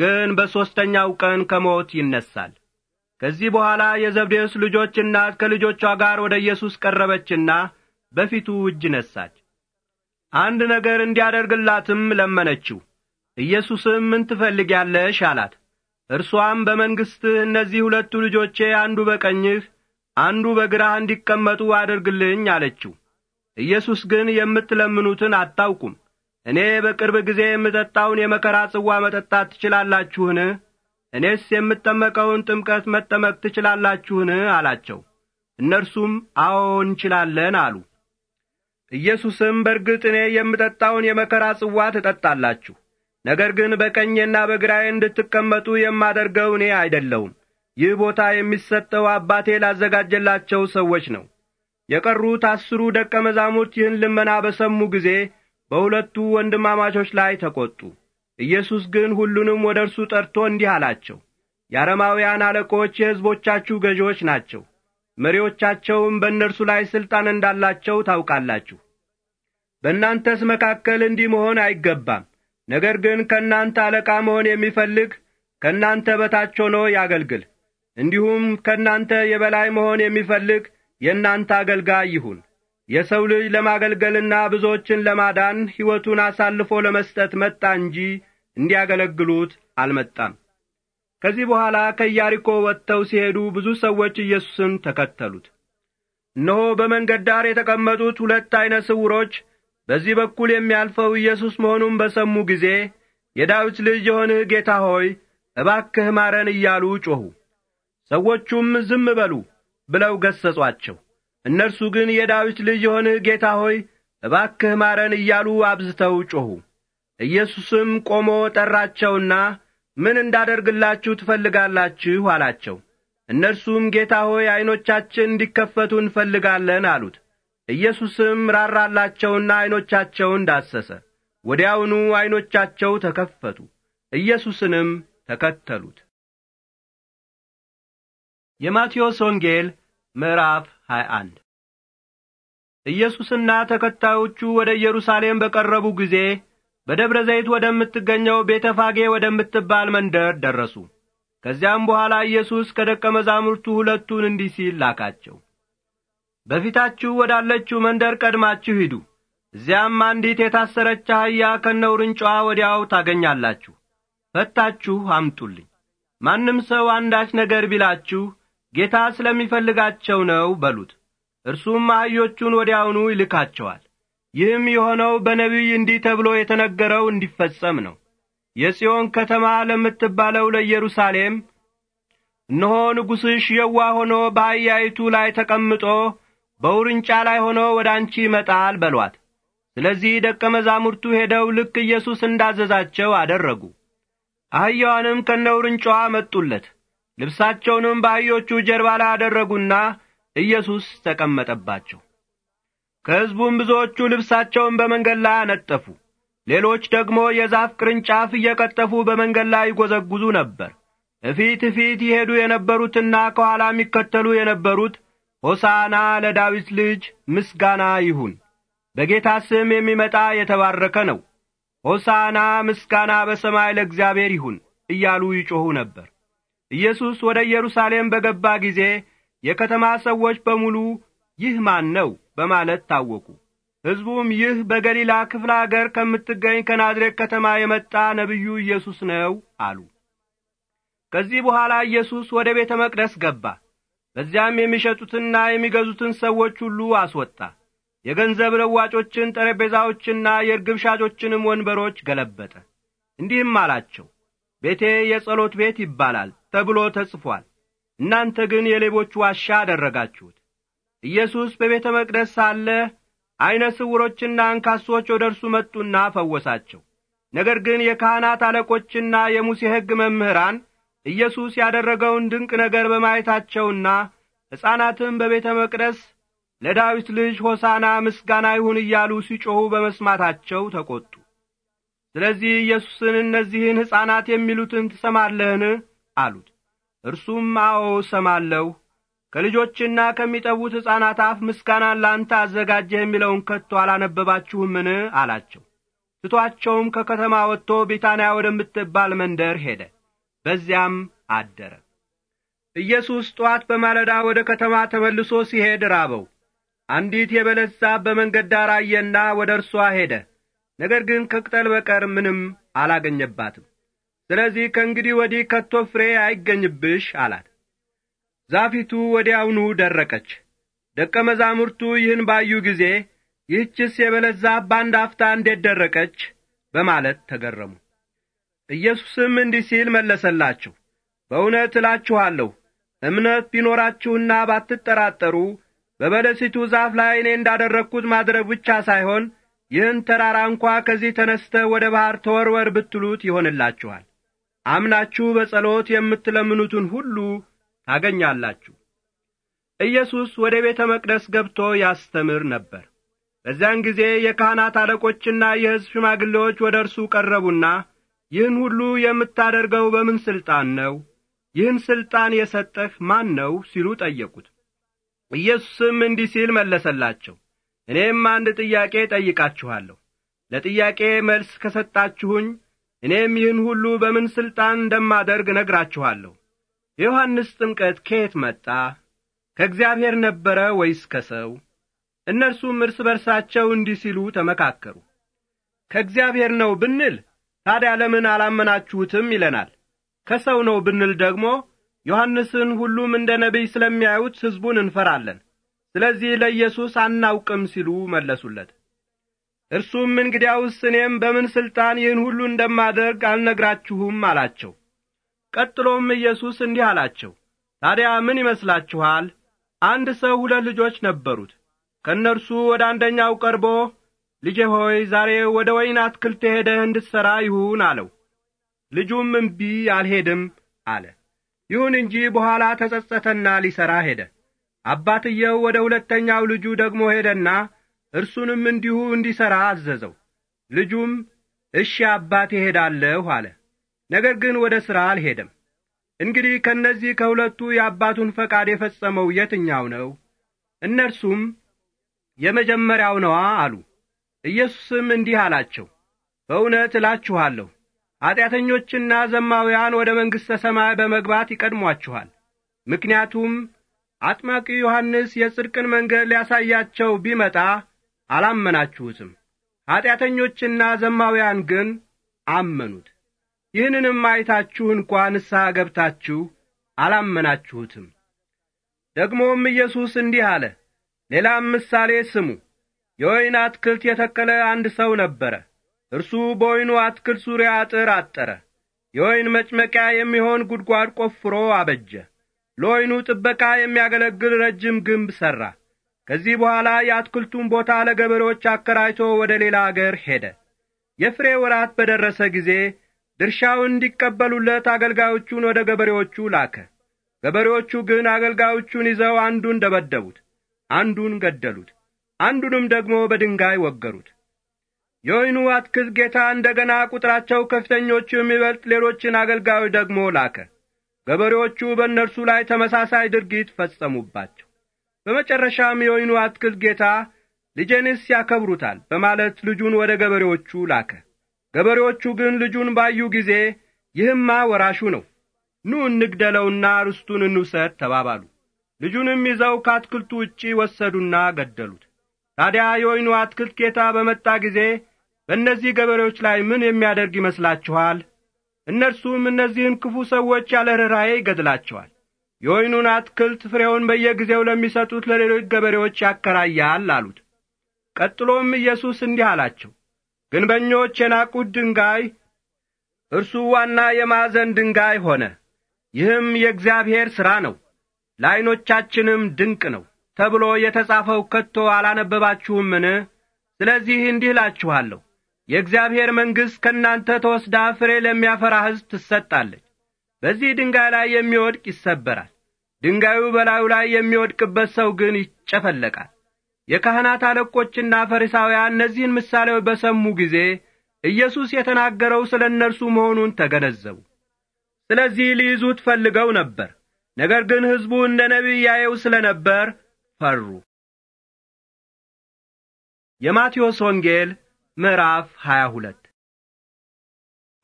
ግን በሦስተኛው ቀን ከሞት ይነሣል ከዚህ በኋላ የዘብዴዎስ ልጆች እናት ከልጆቿ ጋር ወደ ኢየሱስ ቀረበችና በፊቱ እጅ ነሳች። አንድ ነገር እንዲያደርግላትም ለመነችው። ኢየሱስም ምን ትፈልጊያለሽ አላት። እርሷም በመንግሥትህ እነዚህ ሁለቱ ልጆቼ አንዱ በቀኝህ አንዱ በግራህ እንዲቀመጡ አድርግልኝ አለችው። ኢየሱስ ግን የምትለምኑትን አታውቁም፣ እኔ በቅርብ ጊዜ የምጠጣውን የመከራ ጽዋ መጠጣት ትችላላችሁን እኔስ የምጠመቀውን ጥምቀት መጠመቅ ትችላላችሁን? አላቸው። እነርሱም አዎ እንችላለን አሉ። ኢየሱስም በርግጥ እኔ የምጠጣውን የመከራ ጽዋ ትጠጣላችሁ፣ ነገር ግን በቀኜና በግራዬ እንድትቀመጡ የማደርገው እኔ አይደለውም። ይህ ቦታ የሚሰጠው አባቴ ላዘጋጀላቸው ሰዎች ነው። የቀሩት አስሩ ደቀ መዛሙርት ይህን ልመና በሰሙ ጊዜ በሁለቱ ወንድማማቾች ላይ ተቈጡ። ኢየሱስ ግን ሁሉንም ወደ እርሱ ጠርቶ እንዲህ አላቸው የአረማውያን አለቆች የሕዝቦቻችሁ ገዢዎች ናቸው መሪዎቻቸውም በእነርሱ ላይ ሥልጣን እንዳላቸው ታውቃላችሁ በእናንተስ መካከል እንዲህ መሆን አይገባም ነገር ግን ከእናንተ አለቃ መሆን የሚፈልግ ከእናንተ በታች ሆኖ ያገልግል እንዲሁም ከእናንተ የበላይ መሆን የሚፈልግ የእናንተ አገልጋይ ይሁን የሰው ልጅ ለማገልገልና ብዙዎችን ለማዳን ሕይወቱን አሳልፎ ለመስጠት መጣ እንጂ እንዲያገለግሉት አልመጣም። ከዚህ በኋላ ከኢያሪኮ ወጥተው ሲሄዱ ብዙ ሰዎች ኢየሱስን ተከተሉት። እነሆ በመንገድ ዳር የተቀመጡት ሁለት ዐይነ ስውሮች በዚህ በኩል የሚያልፈው ኢየሱስ መሆኑን በሰሙ ጊዜ የዳዊት ልጅ የሆንህ ጌታ ሆይ እባክህ ማረን እያሉ ጮኹ። ሰዎቹም ዝም በሉ ብለው ገሰጿቸው። እነርሱ ግን የዳዊት ልጅ የሆንህ ጌታ ሆይ እባክህ ማረን እያሉ አብዝተው ጮኹ። ኢየሱስም ቆሞ ጠራቸውና ምን እንዳደርግላችሁ ትፈልጋላችሁ አላቸው። እነርሱም ጌታ ሆይ ዐይኖቻችን እንዲከፈቱ እንፈልጋለን አሉት። ኢየሱስም ራራላቸውና ዐይኖቻቸውን ዳሰሰ። ወዲያውኑ ዐይኖቻቸው ተከፈቱ፣ ኢየሱስንም ተከተሉት። የማቴዎስ ወንጌል ምዕራፍ 21 ኢየሱስና ተከታዮቹ ወደ ኢየሩሳሌም በቀረቡ ጊዜ በደብረ ዘይት ወደምትገኘው ቤተፋጌ ወደምትባል መንደር ደረሱ። ከዚያም በኋላ ኢየሱስ ከደቀ መዛሙርቱ ሁለቱን እንዲህ ሲል ላካቸው። በፊታችሁ ወዳለችው መንደር ቀድማችሁ ሂዱ። እዚያም አንዲት የታሰረች አህያ ከነውርንጫዋ ወዲያው ታገኛላችሁ። ፈታችሁ አምጡልኝ። ማንም ሰው አንዳች ነገር ቢላችሁ ጌታ ስለሚፈልጋቸው ነው በሉት። እርሱም አህዮቹን ወዲያውኑ ይልካቸዋል። ይህም የሆነው በነቢይ እንዲህ ተብሎ የተነገረው እንዲፈጸም ነው። የጽዮን ከተማ ለምትባለው ለኢየሩሳሌም እነሆ ንጉሥሽ የዋ ሆኖ በአህያይቱ ላይ ተቀምጦ በውርንጫ ላይ ሆኖ ወደ አንቺ ይመጣል በሏት። ስለዚህ ደቀ መዛሙርቱ ሄደው ልክ ኢየሱስ እንዳዘዛቸው አደረጉ። አህያዋንም ከነ ውርንጫዋ መጡለት። ልብሳቸውንም በአህዮቹ ጀርባ ላይ አደረጉና ኢየሱስ ተቀመጠባቸው። ከሕዝቡም ብዙዎቹ ልብሳቸውን በመንገድ ላይ አነጠፉ። ሌሎች ደግሞ የዛፍ ቅርንጫፍ እየቀጠፉ በመንገድ ላይ ይጐዘጕዙ ነበር። እፊት እፊት ይሄዱ የነበሩትና ከኋላ የሚከተሉ የነበሩት ሆሳና ለዳዊት ልጅ ምስጋና ይሁን፣ በጌታ ስም የሚመጣ የተባረከ ነው፣ ሆሳና ምስጋና በሰማይ ለእግዚአብሔር ይሁን እያሉ ይጮኹ ነበር። ኢየሱስ ወደ ኢየሩሳሌም በገባ ጊዜ የከተማ ሰዎች በሙሉ ይህ ማን ነው በማለት ታወቁ ሕዝቡም ይህ በገሊላ ክፍለ አገር ከምትገኝ ከናዝሬት ከተማ የመጣ ነቢዩ ኢየሱስ ነው አሉ ከዚህ በኋላ ኢየሱስ ወደ ቤተ መቅደስ ገባ በዚያም የሚሸጡትና የሚገዙትን ሰዎች ሁሉ አስወጣ የገንዘብ ለዋጮችን ጠረጴዛዎችና የርግብ ሻጮችንም ወንበሮች ገለበጠ እንዲህም አላቸው ቤቴ የጸሎት ቤት ይባላል ተብሎ ተጽፏል እናንተ ግን የሌቦች ዋሻ አደረጋችሁት ኢየሱስ በቤተ መቅደስ ሳለ ዐይነ ስውሮችና አንካሶች ወደ እርሱ መጡና ፈወሳቸው። ነገር ግን የካህናት አለቆችና የሙሴ ሕግ መምህራን ኢየሱስ ያደረገውን ድንቅ ነገር በማየታቸውና ሕፃናትም በቤተ መቅደስ ለዳዊት ልጅ ሆሳና ምስጋና ይሁን እያሉ ሲጮኹ በመስማታቸው ተቈጡ። ስለዚህ ኢየሱስን እነዚህን ሕፃናት የሚሉትን ትሰማለህን? አሉት። እርሱም አዎ እሰማለሁ ከልጆችና ከሚጠቡት ሕፃናት አፍ ምስጋናን ላንተ አዘጋጀህ የሚለውን ከቶ አላነበባችሁምን አላቸው ትቶአቸውም ከከተማ ወጥቶ ቢታንያ ወደምትባል መንደር ሄደ በዚያም አደረ ኢየሱስ ጠዋት በማለዳ ወደ ከተማ ተመልሶ ሲሄድ ራበው አንዲት የበለስ ዛፍ በመንገድ ዳር አየና ወደ እርሷ ሄደ ነገር ግን ከቅጠል በቀር ምንም አላገኘባትም ስለዚህ ከእንግዲህ ወዲህ ከቶ ፍሬ አይገኝብሽ አላት ዛፊቱ ወዲያውኑ ደረቀች። ደቀ መዛሙርቱ ይህን ባዩ ጊዜ ይህችስ የበለዛ በአንድ አፍታ እንዴት ደረቀች? በማለት ተገረሙ። ኢየሱስም እንዲህ ሲል መለሰላችሁ፣ በእውነት እላችኋለሁ እምነት ቢኖራችሁና ባትጠራጠሩ በበለሲቱ ዛፍ ላይ እኔ እንዳደረግሁት ማድረግ ብቻ ሳይሆን ይህን ተራራ እንኳ ከዚህ ተነስተ ወደ ባሕር ተወርወር ብትሉት ይሆንላችኋል። አምናችሁ በጸሎት የምትለምኑትን ሁሉ ታገኛላችሁ። ኢየሱስ ወደ ቤተ መቅደስ ገብቶ ያስተምር ነበር። በዚያን ጊዜ የካህናት አለቆችና የሕዝብ ሽማግሌዎች ወደ እርሱ ቀረቡና ይህን ሁሉ የምታደርገው በምን ሥልጣን ነው? ይህን ሥልጣን የሰጠህ ማን ነው? ሲሉ ጠየቁት። ኢየሱስም እንዲህ ሲል መለሰላቸው። እኔም አንድ ጥያቄ ጠይቃችኋለሁ። ለጥያቄ መልስ ከሰጣችሁኝ እኔም ይህን ሁሉ በምን ሥልጣን እንደማደርግ እነግራችኋለሁ። የዮሐንስ ጥምቀት ከየት መጣ? ከእግዚአብሔር ነበረ ወይስ ከሰው? እነርሱም እርስ በርሳቸው እንዲህ ሲሉ ተመካከሩ። ከእግዚአብሔር ነው ብንል ታዲያ ለምን አላመናችሁትም ይለናል። ከሰው ነው ብንል ደግሞ ዮሐንስን ሁሉም እንደ ነቢይ ስለሚያዩት ሕዝቡን እንፈራለን፣ ስለዚህ ለኢየሱስ አናውቅም ሲሉ መለሱለት። እርሱም እንግዲያውስ እኔም በምን ሥልጣን ይህን ሁሉ እንደማደርግ አልነግራችሁም አላቸው። ቀጥሎም ኢየሱስ እንዲህ አላቸው፣ ታዲያ ምን ይመስላችኋል? አንድ ሰው ሁለት ልጆች ነበሩት። ከእነርሱ ወደ አንደኛው ቀርቦ ልጄ ሆይ ዛሬ ወደ ወይን አትክልት ሄደህ እንድትሠራ ይሁን አለው። ልጁም እምቢ አልሄድም አለ። ይሁን እንጂ በኋላ ተጸጸተና ሊሠራ ሄደ። አባትየው ወደ ሁለተኛው ልጁ ደግሞ ሄደና እርሱንም እንዲሁ እንዲሠራ አዘዘው። ልጁም እሺ አባቴ እሄዳለሁ አለ። ነገር ግን ወደ ሥራ አልሄደም። እንግዲህ ከእነዚህ ከሁለቱ የአባቱን ፈቃድ የፈጸመው የትኛው ነው? እነርሱም የመጀመሪያው ነዋ አሉ። ኢየሱስም እንዲህ አላቸው፣ በእውነት እላችኋለሁ ኀጢአተኞችና ዘማውያን ወደ መንግሥተ ሰማይ በመግባት ይቀድሟችኋል። ምክንያቱም አጥማቂ ዮሐንስ የጽድቅን መንገድ ሊያሳያቸው ቢመጣ አላመናችሁትም። ኀጢአተኞችና ዘማውያን ግን አመኑት። ይህንንም አይታችሁ እንኳ ንስሐ ገብታችሁ አላመናችሁትም። ደግሞም ኢየሱስ እንዲህ አለ። ሌላም ምሳሌ ስሙ። የወይን አትክልት የተከለ አንድ ሰው ነበረ። እርሱ በወይኑ አትክልት ዙሪያ አጥር አጠረ። የወይን መጭመቂያ የሚሆን ጉድጓድ ቆፍሮ አበጀ። ለወይኑ ጥበቃ የሚያገለግል ረጅም ግንብ ሠራ። ከዚህ በኋላ የአትክልቱን ቦታ ለገበሬዎች አከራይቶ ወደ ሌላ አገር ሄደ። የፍሬ ወራት በደረሰ ጊዜ ድርሻውን እንዲቀበሉለት አገልጋዮቹን ወደ ገበሬዎቹ ላከ። ገበሬዎቹ ግን አገልጋዮቹን ይዘው አንዱን ደበደቡት፣ አንዱን ገደሉት፣ አንዱንም ደግሞ በድንጋይ ወገሩት። የወይኑ አትክልት ጌታ እንደ ገና ቁጥራቸው ከፍተኞቹ የሚበልጥ ሌሎችን አገልጋዮች ደግሞ ላከ። ገበሬዎቹ በእነርሱ ላይ ተመሳሳይ ድርጊት ፈጸሙባቸው። በመጨረሻም የወይኑ አትክልት ጌታ ልጄንስ ያከብሩታል በማለት ልጁን ወደ ገበሬዎቹ ላከ። ገበሬዎቹ ግን ልጁን ባዩ ጊዜ ይህማ ወራሹ ነው፣ ኑ እንግደለውና ርስቱን እንውሰድ ተባባሉ። ልጁንም ይዘው ከአትክልቱ ውጪ ወሰዱና ገደሉት። ታዲያ የወይኑ አትክልት ጌታ በመጣ ጊዜ በእነዚህ ገበሬዎች ላይ ምን የሚያደርግ ይመስላችኋል? እነርሱም እነዚህን ክፉ ሰዎች ያለ ርኅራዬ ይገድላቸዋል። የወይኑን አትክልት ፍሬውን በየጊዜው ለሚሰጡት ለሌሎች ገበሬዎች ያከራያል አሉት። ቀጥሎም ኢየሱስ እንዲህ አላቸው፣ ግንበኞች የናቁት ድንጋይ እርሱ ዋና የማዕዘን ድንጋይ ሆነ። ይህም የእግዚአብሔር ሥራ ነው፣ ለዐይኖቻችንም ድንቅ ነው ተብሎ የተጻፈው ከቶ አላነበባችሁምን? ስለዚህ እንዲህ እላችኋለሁ፣ የእግዚአብሔር መንግሥት ከእናንተ ተወስዳ ፍሬ ለሚያፈራ ሕዝብ ትሰጣለች። በዚህ ድንጋይ ላይ የሚወድቅ ይሰበራል፣ ድንጋዩ በላዩ ላይ የሚወድቅበት ሰው ግን ይጨፈለቃል። የካህናት አለቆችና ፈሪሳውያን እነዚህን ምሳሌዎች በሰሙ ጊዜ ኢየሱስ የተናገረው ስለ እነርሱ መሆኑን ተገነዘቡ። ስለዚህ ሊይዙት ፈልገው ነበር። ነገር ግን ሕዝቡ እንደ ነቢይ ያየው ስለ ነበር ፈሩ። የማቴዎስ ወንጌል ምዕራፍ 22 ሁለት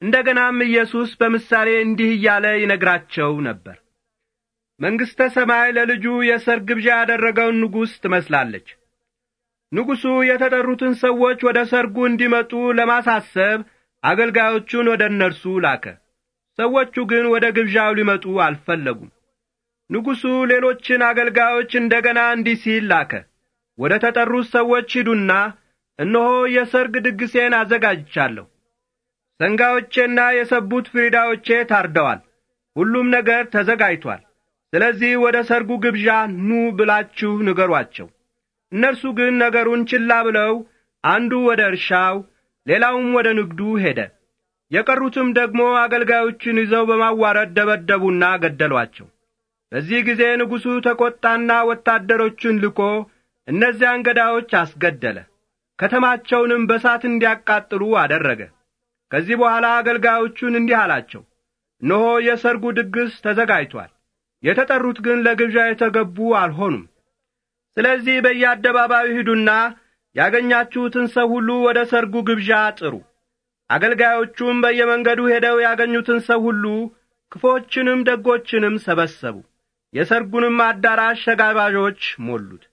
እንደ ገናም ኢየሱስ በምሳሌ እንዲህ እያለ ይነግራቸው ነበር። መንግሥተ ሰማይ ለልጁ የሰርግ ግብዣ ያደረገውን ንጉሥ ትመስላለች። ንጉሡ የተጠሩትን ሰዎች ወደ ሰርጉ እንዲመጡ ለማሳሰብ አገልጋዮቹን ወደ እነርሱ ላከ። ሰዎቹ ግን ወደ ግብዣው ሊመጡ አልፈለጉም። ንጉሡ ሌሎችን አገልጋዮች እንደ ገና እንዲህ ሲል ላከ። ወደ ተጠሩት ሰዎች ሂዱና እነሆ የሰርግ ድግሴን አዘጋጅቻለሁ። ሰንጋዎቼና የሰቡት ፍሪዳዎቼ ታርደዋል። ሁሉም ነገር ተዘጋጅቷል። ስለዚህ ወደ ሰርጉ ግብዣ ኑ ብላችሁ ንገሯቸው። እነርሱ ግን ነገሩን ችላ ብለው አንዱ ወደ እርሻው፣ ሌላውም ወደ ንግዱ ሄደ። የቀሩትም ደግሞ አገልጋዮችን ይዘው በማዋረድ ደበደቡና ገደሏቸው። በዚህ ጊዜ ንጉሡ ተቈጣና ወታደሮችን ልኮ እነዚያን ገዳዮች አስገደለ። ከተማቸውንም በሳት እንዲያቃጥሉ አደረገ። ከዚህ በኋላ አገልጋዮቹን እንዲህ አላቸው፣ እነሆ የሰርጉ ድግስ ተዘጋጅቷል፣ የተጠሩት ግን ለግብዣ የተገቡ አልሆኑም። ስለዚህ በየአደባባዩ ሂዱና ያገኛችሁትን ሰው ሁሉ ወደ ሰርጉ ግብዣ ጥሩ። አገልጋዮቹም በየመንገዱ ሄደው ያገኙትን ሰው ሁሉ ክፎችንም ደጎችንም ሰበሰቡ። የሰርጉንም አዳራሽ ተጋባዦች ሞሉት።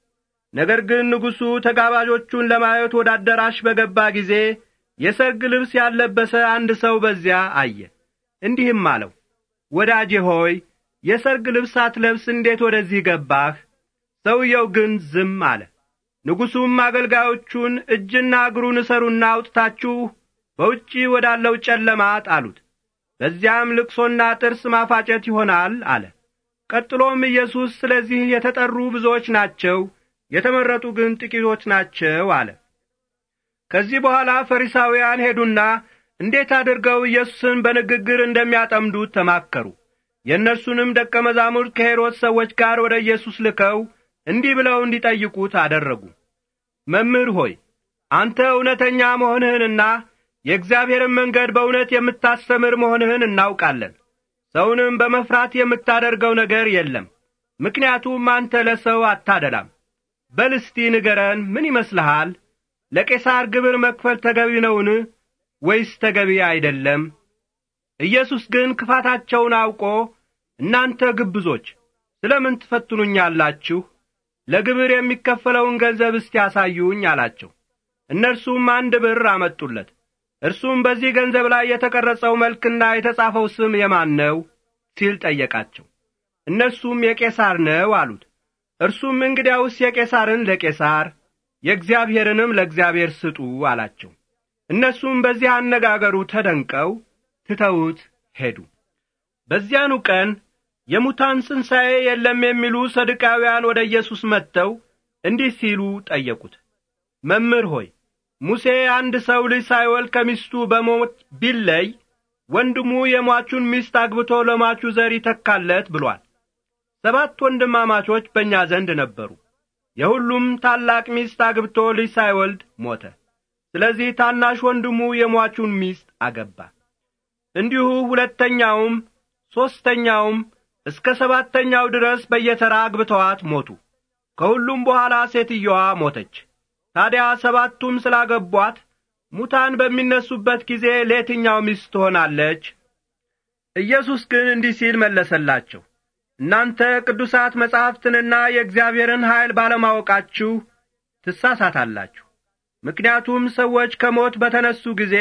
ነገር ግን ንጉሡ ተጋባዦቹን ለማየት ወደ አዳራሽ በገባ ጊዜ የሰርግ ልብስ ያለበሰ አንድ ሰው በዚያ አየ። እንዲህም አለው፣ ወዳጄ ሆይ የሰርግ ልብስ አትለብስ እንዴት ወደዚህ ገባህ? ሰውየው ግን ዝም አለ። ንጉሡም አገልጋዮቹን እጅና እግሩን እሰሩና አውጥታችሁ በውጪ ወዳለው ጨለማ ጣሉት፣ በዚያም ልቅሶና ጥርስ ማፋጨት ይሆናል አለ። ቀጥሎም ኢየሱስ ስለዚህ የተጠሩ ብዙዎች ናቸው፣ የተመረጡ ግን ጥቂቶች ናቸው አለ። ከዚህ በኋላ ፈሪሳውያን ሄዱና እንዴት አድርገው ኢየሱስን በንግግር እንደሚያጠምዱት ተማከሩ። የእነርሱንም ደቀ መዛሙርት ከሄሮድስ ሰዎች ጋር ወደ ኢየሱስ ልከው እንዲህ ብለው እንዲጠይቁት አደረጉ። መምህር ሆይ አንተ እውነተኛ መሆንህንና የእግዚአብሔርን መንገድ በእውነት የምታስተምር መሆንህን እናውቃለን። ሰውንም በመፍራት የምታደርገው ነገር የለም፣ ምክንያቱም አንተ ለሰው አታደላም። በል እስቲ ንገረን፣ ምን ይመስልሃል? ለቄሳር ግብር መክፈል ተገቢ ነውን ወይስ ተገቢ አይደለም? ኢየሱስ ግን ክፋታቸውን አውቆ እናንተ ግብዞች ስለ ምን ትፈትኑኛላችሁ ለግብር የሚከፈለውን ገንዘብ እስቲ አሳዩኝ አላቸው። እነርሱም አንድ ብር አመጡለት። እርሱም በዚህ ገንዘብ ላይ የተቀረጸው መልክና የተጻፈው ስም የማን ነው ሲል ጠየቃቸው። እነርሱም የቄሳር ነው አሉት። እርሱም እንግዲያውስ የቄሳርን ለቄሳር የእግዚአብሔርንም ለእግዚአብሔር ስጡ አላቸው። እነርሱም በዚህ አነጋገሩ ተደንቀው ትተውት ሄዱ። በዚያኑ ቀን የሙታን ትንሣኤ የለም የሚሉ ሰድቃውያን ወደ ኢየሱስ መጥተው እንዲህ ሲሉ ጠየቁት። መምህር ሆይ ሙሴ አንድ ሰው ልጅ ሳይወልድ ከሚስቱ በሞት ቢለይ ወንድሙ የሟቹን ሚስት አግብቶ ለሟቹ ዘር ይተካለት ብሏል። ሰባት ወንድማማቾች በእኛ ዘንድ ነበሩ። የሁሉም ታላቅ ሚስት አግብቶ ልጅ ሳይወልድ ሞተ። ስለዚህ ታናሽ ወንድሙ የሟቹን ሚስት አገባ። እንዲሁ ሁለተኛውም ሦስተኛውም እስከ ሰባተኛው ድረስ በየተራ አግብተዋት ሞቱ። ከሁሉም በኋላ ሴትየዋ ሞተች። ታዲያ ሰባቱም ስላገቧት ሙታን በሚነሱበት ጊዜ ለየትኛው ሚስት ትሆናለች? ኢየሱስ ግን እንዲህ ሲል መለሰላቸው። እናንተ ቅዱሳት መጻሕፍትንና የእግዚአብሔርን ኀይል ባለማወቃችሁ ትሳሳታላችሁ። ምክንያቱም ሰዎች ከሞት በተነሱ ጊዜ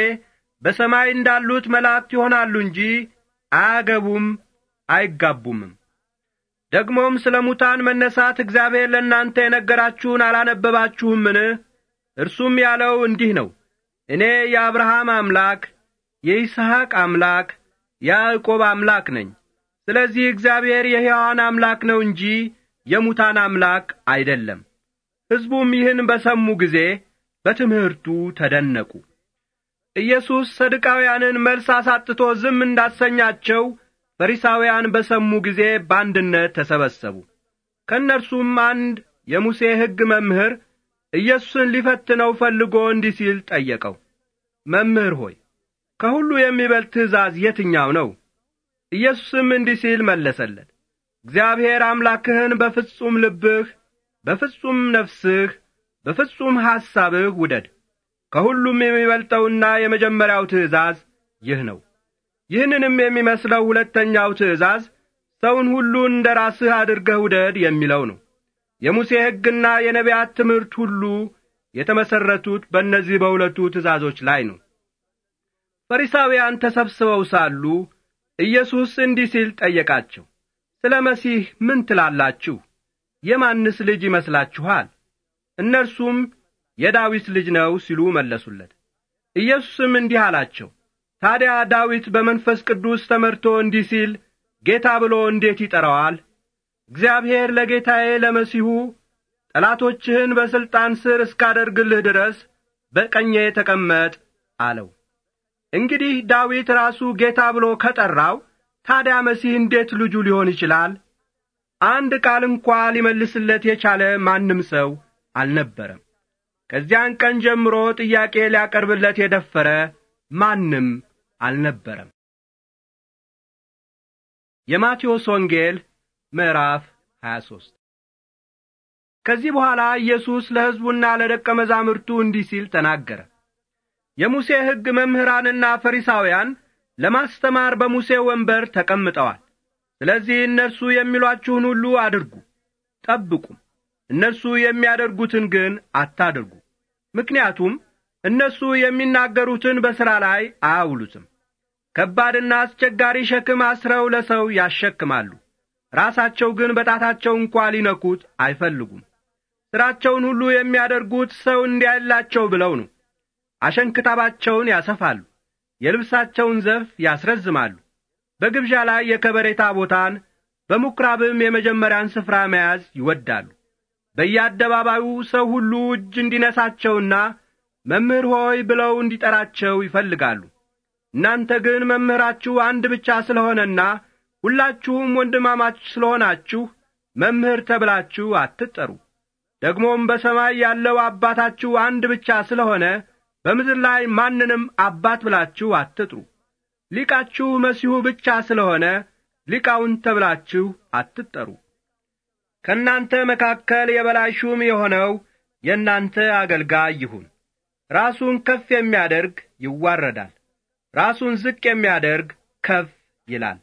በሰማይ እንዳሉት መላእክት ይሆናሉ እንጂ አያገቡም አይጋቡምም። ደግሞም ስለ ሙታን መነሳት እግዚአብሔር ለእናንተ የነገራችሁን አላነበባችሁምን? እርሱም ያለው እንዲህ ነው፣ እኔ የአብርሃም አምላክ የይስሐቅ አምላክ የያዕቆብ አምላክ ነኝ። ስለዚህ እግዚአብሔር የሕያዋን አምላክ ነው እንጂ የሙታን አምላክ አይደለም። ሕዝቡም ይህን በሰሙ ጊዜ በትምህርቱ ተደነቁ። ኢየሱስ ሰድቃውያንን መልስ አሳጥቶ ዝም እንዳሰኛቸው ፈሪሳውያን በሰሙ ጊዜ በአንድነት ተሰበሰቡ። ከእነርሱም አንድ የሙሴ ሕግ መምህር ኢየሱስን ሊፈትነው ፈልጎ እንዲህ ሲል ጠየቀው። መምህር ሆይ ከሁሉ የሚበልጥ ትእዛዝ የትኛው ነው? ኢየሱስም እንዲህ ሲል መለሰለት። እግዚአብሔር አምላክህን በፍጹም ልብህ፣ በፍጹም ነፍስህ፣ በፍጹም ሐሳብህ ውደድ። ከሁሉም የሚበልጠውና የመጀመሪያው ትእዛዝ ይህ ነው። ይህንንም የሚመስለው ሁለተኛው ትእዛዝ ሰውን ሁሉ እንደ ራስህ አድርገህ ውደድ የሚለው ነው። የሙሴ ሕግና የነቢያት ትምህርት ሁሉ የተመሠረቱት በእነዚህ በሁለቱ ትእዛዞች ላይ ነው። ፈሪሳውያን ተሰብስበው ሳሉ ኢየሱስ እንዲህ ሲል ጠየቃቸው። ስለ መሲህ ምን ትላላችሁ? የማንስ ልጅ ይመስላችኋል? እነርሱም የዳዊት ልጅ ነው ሲሉ መለሱለት። ኢየሱስም እንዲህ አላቸው፣ ታዲያ ዳዊት በመንፈስ ቅዱስ ተመርቶ እንዲህ ሲል ጌታ ብሎ እንዴት ይጠራዋል? እግዚአብሔር ለጌታዬ ለመሲሁ ጠላቶችህን በሥልጣን ሥር እስካደርግልህ ድረስ በቀኜ ተቀመጥ አለው። እንግዲህ ዳዊት ራሱ ጌታ ብሎ ከጠራው ታዲያ መሲህ እንዴት ልጁ ሊሆን ይችላል? አንድ ቃል እንኳ ሊመልስለት የቻለ ማንም ሰው አልነበረም። ከዚያን ቀን ጀምሮ ጥያቄ ሊያቀርብለት የደፈረ ማንም አልነበረም። የማቴዎስ ወንጌል ምዕራፍ 23 ከዚህ በኋላ ኢየሱስ ለሕዝቡና ለደቀ መዛሙርቱ እንዲህ ሲል ተናገረ። የሙሴ ሕግ መምህራንና ፈሪሳውያን ለማስተማር በሙሴ ወንበር ተቀምጠዋል። ስለዚህ እነርሱ የሚሏችሁን ሁሉ አድርጉ፣ ጠብቁም። እነርሱ የሚያደርጉትን ግን አታድርጉ፣ ምክንያቱም እነሱ የሚናገሩትን በሥራ ላይ አያውሉትም። ከባድና አስቸጋሪ ሸክም አስረው ለሰው ያሸክማሉ። ራሳቸው ግን በጣታቸው እንኳ ሊነኩት አይፈልጉም። ሥራቸውን ሁሉ የሚያደርጉት ሰው እንዲያላቸው ብለው ነው። አሸንክታባቸውን ያሰፋሉ፣ የልብሳቸውን ዘርፍ ያስረዝማሉ። በግብዣ ላይ የከበሬታ ቦታን በምኵራብም የመጀመሪያን ስፍራ መያዝ ይወዳሉ። በየአደባባዩ ሰው ሁሉ እጅ እንዲነሳቸውና መምህር ሆይ ብለው እንዲጠራቸው ይፈልጋሉ። እናንተ ግን መምህራችሁ አንድ ብቻ ስለሆነና ሁላችሁም ወንድማማች ስለሆናችሁ መምህር ተብላችሁ አትጠሩ። ደግሞም በሰማይ ያለው አባታችሁ አንድ ብቻ ስለሆነ በምድር ላይ ማንንም አባት ብላችሁ አትጥሩ። ሊቃችሁ መሲሁ ብቻ ስለሆነ ሊቃውን ተብላችሁ አትጠሩ። ከእናንተ መካከል የበላይ ሹም የሆነው የእናንተ አገልጋይ ይሁን። ራሱን ከፍ የሚያደርግ ይዋረዳል ራሱን ዝቅ የሚያደርግ ከፍ ይላል።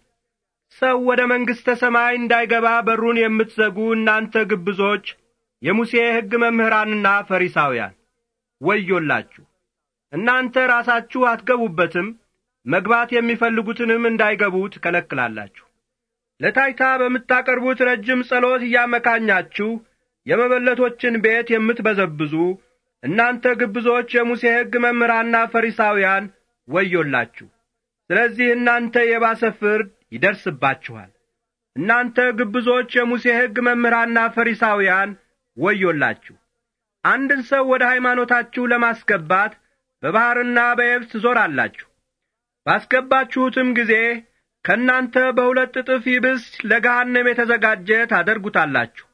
ሰው ወደ መንግሥተ ሰማይ እንዳይገባ በሩን የምትዘጉ እናንተ ግብዞች፣ የሙሴ ሕግ መምህራንና ፈሪሳውያን ወዮላችሁ! እናንተ ራሳችሁ አትገቡበትም፣ መግባት የሚፈልጉትንም እንዳይገቡ ትከለክላላችሁ። ለታይታ በምታቀርቡት ረጅም ጸሎት እያመካኛችሁ የመበለቶችን ቤት የምትበዘብዙ እናንተ ግብዞች፣ የሙሴ ሕግ መምህራንና ፈሪሳውያን ወዮላችሁ! ስለዚህ እናንተ የባሰ ፍርድ ይደርስባችኋል። እናንተ ግብዞች፣ የሙሴ ሕግ መምህራንና ፈሪሳውያን ወዮላችሁ! አንድን ሰው ወደ ሃይማኖታችሁ ለማስገባት በባሕርና በየብስ ትዞራላችሁ። ባስገባችሁትም ጊዜ ከእናንተ በሁለት እጥፍ ይብስ ለገሃነም የተዘጋጀ ታደርጉታላችሁ።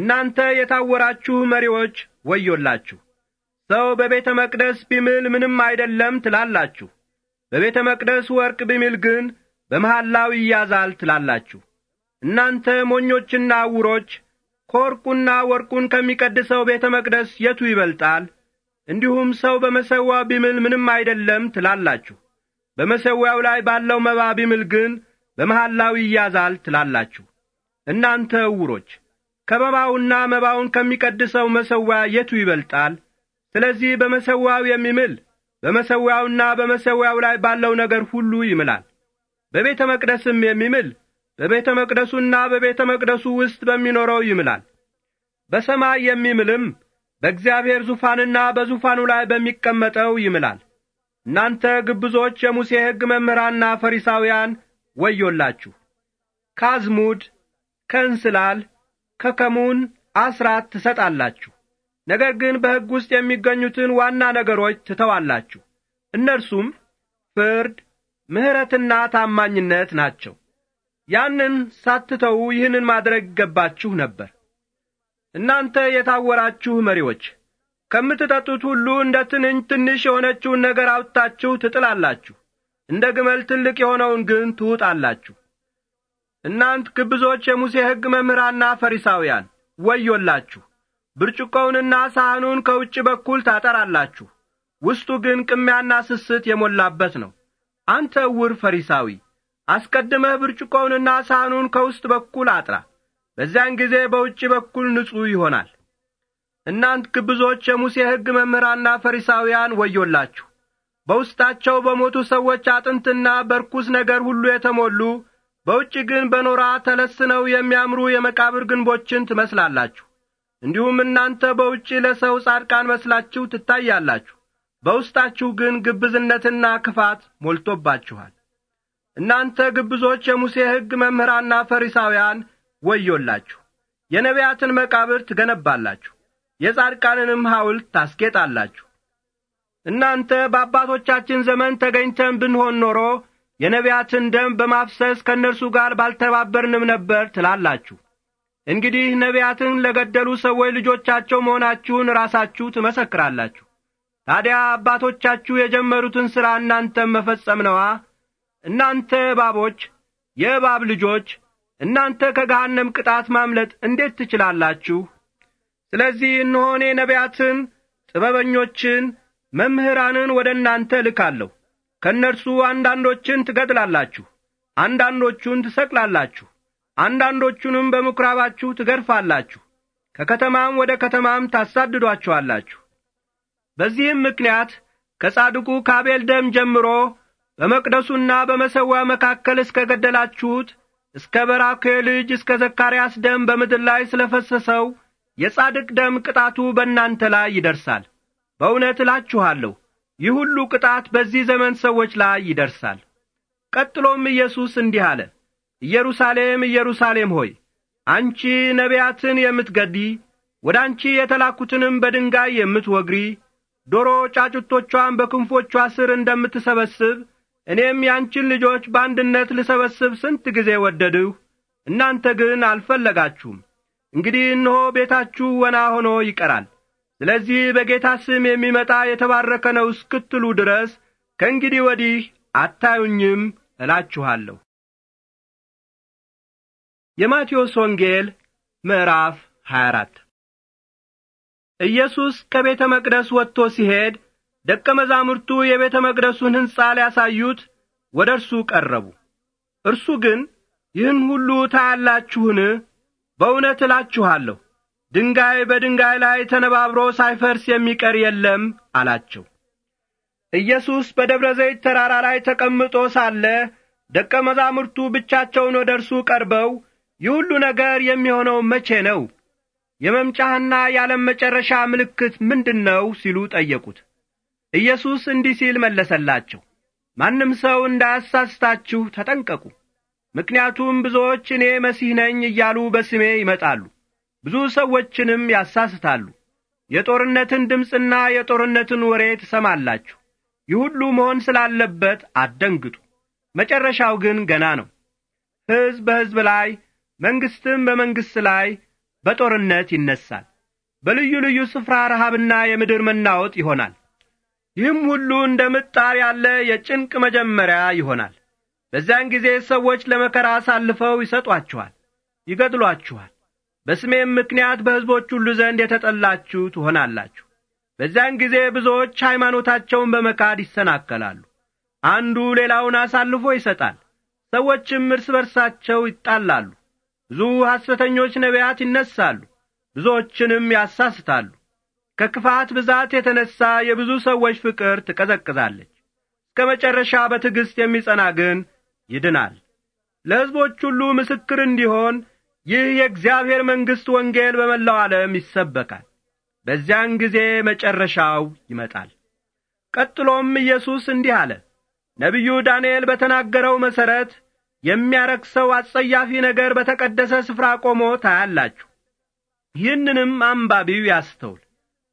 እናንተ የታወራችሁ መሪዎች ወዮላችሁ! ሰው በቤተ መቅደስ ቢምል ምንም አይደለም ትላላችሁ፣ በቤተ መቅደስ ወርቅ ቢምል ግን በመሐላው ይያዛል ትላላችሁ። እናንተ ሞኞችና ዕውሮች ከወርቁና ወርቁን ከሚቀድሰው ቤተ መቅደስ የቱ ይበልጣል? እንዲሁም ሰው በመሠዋ ቢምል ምንም አይደለም ትላላችሁ፣ በመሠዊያው ላይ ባለው መባ ቢምል ግን በመሐላው ይያዛል ትላላችሁ። እናንተ ዕውሮች ከመባውና መባውን ከሚቀድሰው መሠዊያ የቱ ይበልጣል? ስለዚህ በመሠዊያው የሚምል በመሠዊያውና በመሠዊያው ላይ ባለው ነገር ሁሉ ይምላል። በቤተ መቅደስም የሚምል በቤተ መቅደሱና በቤተ መቅደሱ ውስጥ በሚኖረው ይምላል። በሰማይ የሚምልም በእግዚአብሔር ዙፋንና በዙፋኑ ላይ በሚቀመጠው ይምላል። እናንተ ግብዞች የሙሴ ሕግ መምህራንና ፈሪሳውያን ወዮላችሁ! ከአዝሙድ፣ ከእንስላል፣ ከከሙን አስራት ትሰጣላችሁ ነገር ግን በሕግ ውስጥ የሚገኙትን ዋና ነገሮች ትተዋላችሁ። እነርሱም ፍርድ፣ ምሕረትና ታማኝነት ናቸው። ያንን ሳትተው ይህንን ማድረግ ይገባችሁ ነበር። እናንተ የታወራችሁ መሪዎች ከምትጠጡት ሁሉ እንደ ትንኝ ትንሽ የሆነችውን ነገር አውጥታችሁ ትጥላላችሁ፣ እንደ ግመል ትልቅ የሆነውን ግን ትውጣላችሁ። እናንት ግብዞች የሙሴ ሕግ መምህራና ፈሪሳውያን ወዮላችሁ! ብርጭቆውንና ሳህኑን ከውጭ በኩል ታጠራላችሁ፣ ውስጡ ግን ቅሚያና ስስት የሞላበት ነው። አንተ ዕውር ፈሪሳዊ አስቀድመህ ብርጭቆውንና ሳህኑን ከውስጥ በኩል አጥራ፣ በዚያን ጊዜ በውጭ በኩል ንጹሕ ይሆናል። እናንት ግብዞች፣ የሙሴ ሕግ መምህራንና ፈሪሳውያን ወዮላችሁ! በውስጣቸው በሞቱ ሰዎች አጥንትና በርኩስ ነገር ሁሉ የተሞሉ በውጭ ግን በኖራ ተለስነው የሚያምሩ የመቃብር ግንቦችን ትመስላላችሁ። እንዲሁም እናንተ በውጪ ለሰው ጻድቃን መስላችሁ ትታያላችሁ፣ በውስጣችሁ ግን ግብዝነትና ክፋት ሞልቶባችኋል። እናንተ ግብዞች የሙሴ ሕግ መምህራና ፈሪሳውያን ወዮላችሁ! የነቢያትን መቃብር ትገነባላችሁ፣ የጻድቃንንም ሐውልት ታስጌጣላችሁ። እናንተ በአባቶቻችን ዘመን ተገኝተን ብንሆን ኖሮ የነቢያትን ደም በማፍሰስ ከእነርሱ ጋር ባልተባበርንም ነበር ትላላችሁ። እንግዲህ ነቢያትን ለገደሉ ሰዎች ልጆቻቸው መሆናችሁን ራሳችሁ ትመሰክራላችሁ። ታዲያ አባቶቻችሁ የጀመሩትን ሥራ እናንተም መፈጸም ነዋ። እናንተ እባቦች፣ የእባብ ልጆች፣ እናንተ ከገሃነም ቅጣት ማምለጥ እንዴት ትችላላችሁ? ስለዚህ እነሆ እኔ ነቢያትን፣ ጥበበኞችን፣ መምህራንን ወደ እናንተ እልካለሁ። ከእነርሱ አንዳንዶችን ትገድላላችሁ፣ አንዳንዶቹን ትሰቅላላችሁ፣ አንዳንዶቹንም በምኵራባችሁ ትገርፋላችሁ፣ ከከተማም ወደ ከተማም ታሳድዷቸዋላችሁ። በዚህም ምክንያት ከጻድቁ ካቤል ደም ጀምሮ በመቅደሱና በመሠዊያ መካከል እስከ ገደላችሁት እስከ በራኬ ልጅ እስከ ዘካርያስ ደም በምድር ላይ ስለ ፈሰሰው የጻድቅ ደም ቅጣቱ በእናንተ ላይ ይደርሳል። በእውነት እላችኋለሁ ይህ ሁሉ ቅጣት በዚህ ዘመን ሰዎች ላይ ይደርሳል። ቀጥሎም ኢየሱስ እንዲህ አለ። ኢየሩሳሌም ኢየሩሳሌም ሆይ አንቺ ነቢያትን የምትገዲ ወደ አንቺ የተላኩትንም በድንጋይ የምትወግሪ ዶሮ ጫጩቶቿን በክንፎቿ ስር እንደምትሰበስብ እኔም ያንቺን ልጆች በአንድነት ልሰበስብ ስንት ጊዜ ወደድሁ፣ እናንተ ግን አልፈለጋችሁም። እንግዲህ እነሆ ቤታችሁ ወና ሆኖ ይቀራል። ስለዚህ በጌታ ስም የሚመጣ የተባረከ ነው እስክትሉ ድረስ ከእንግዲህ ወዲህ አታዩኝም እላችኋለሁ። የማቴዎስ ወንጌል ምዕራፍ 24 ኢየሱስ ከቤተ መቅደስ ወጥቶ ሲሄድ ደቀ መዛሙርቱ የቤተ መቅደሱን ሕንጻ ሊያሳዩት ወደ እርሱ ቀረቡ። እርሱ ግን ይህን ሁሉ ታያላችሁን? በእውነት እላችኋለሁ ድንጋይ በድንጋይ ላይ ተነባብሮ ሳይፈርስ የሚቀር የለም አላቸው። ኢየሱስ በደብረ ዘይት ተራራ ላይ ተቀምጦ ሳለ ደቀ መዛሙርቱ ብቻቸውን ወደ እርሱ ቀርበው ይህ ሁሉ ነገር የሚሆነው መቼ ነው? የመምጫህና የዓለም መጨረሻ ምልክት ምንድን ነው? ሲሉ ጠየቁት። ኢየሱስ እንዲህ ሲል መለሰላቸው። ማንም ሰው እንዳያሳስታችሁ ተጠንቀቁ። ምክንያቱም ብዙዎች እኔ መሲህ ነኝ እያሉ በስሜ ይመጣሉ፣ ብዙ ሰዎችንም ያሳስታሉ። የጦርነትን ድምፅና የጦርነትን ወሬ ትሰማላችሁ። ይህ ሁሉ መሆን ስላለበት አትደንግጡ። መጨረሻው ግን ገና ነው። ሕዝብ በሕዝብ ላይ መንግሥትም በመንግሥት ላይ በጦርነት ይነሳል። በልዩ ልዩ ስፍራ ረሃብና የምድር መናወጥ ይሆናል። ይህም ሁሉ እንደ ምጣር ያለ የጭንቅ መጀመሪያ ይሆናል። በዚያን ጊዜ ሰዎች ለመከራ አሳልፈው ይሰጧችኋል፣ ይገድሏችኋል። በስሜም ምክንያት በሕዝቦች ሁሉ ዘንድ የተጠላችሁ ትሆናላችሁ። በዚያን ጊዜ ብዙዎች ሃይማኖታቸውን በመካድ ይሰናከላሉ። አንዱ ሌላውን አሳልፎ ይሰጣል። ሰዎችም እርስ በርሳቸው ይጣላሉ። ብዙ ሐሰተኞች ነቢያት ይነሳሉ፣ ብዙዎችንም ያሳስታሉ። ከክፋት ብዛት የተነሣ የብዙ ሰዎች ፍቅር ትቀዘቅዛለች። እስከ መጨረሻ በትዕግሥት የሚጸና ግን ይድናል። ለሕዝቦች ሁሉ ምስክር እንዲሆን ይህ የእግዚአብሔር መንግሥት ወንጌል በመላው ዓለም ይሰበካል። በዚያን ጊዜ መጨረሻው ይመጣል። ቀጥሎም ኢየሱስ እንዲህ አለ። ነቢዩ ዳንኤል በተናገረው መሠረት የሚያረክሰው አጸያፊ ነገር በተቀደሰ ስፍራ ቆሞ ታያላችሁ። ይህንንም አንባቢው ያስተውል።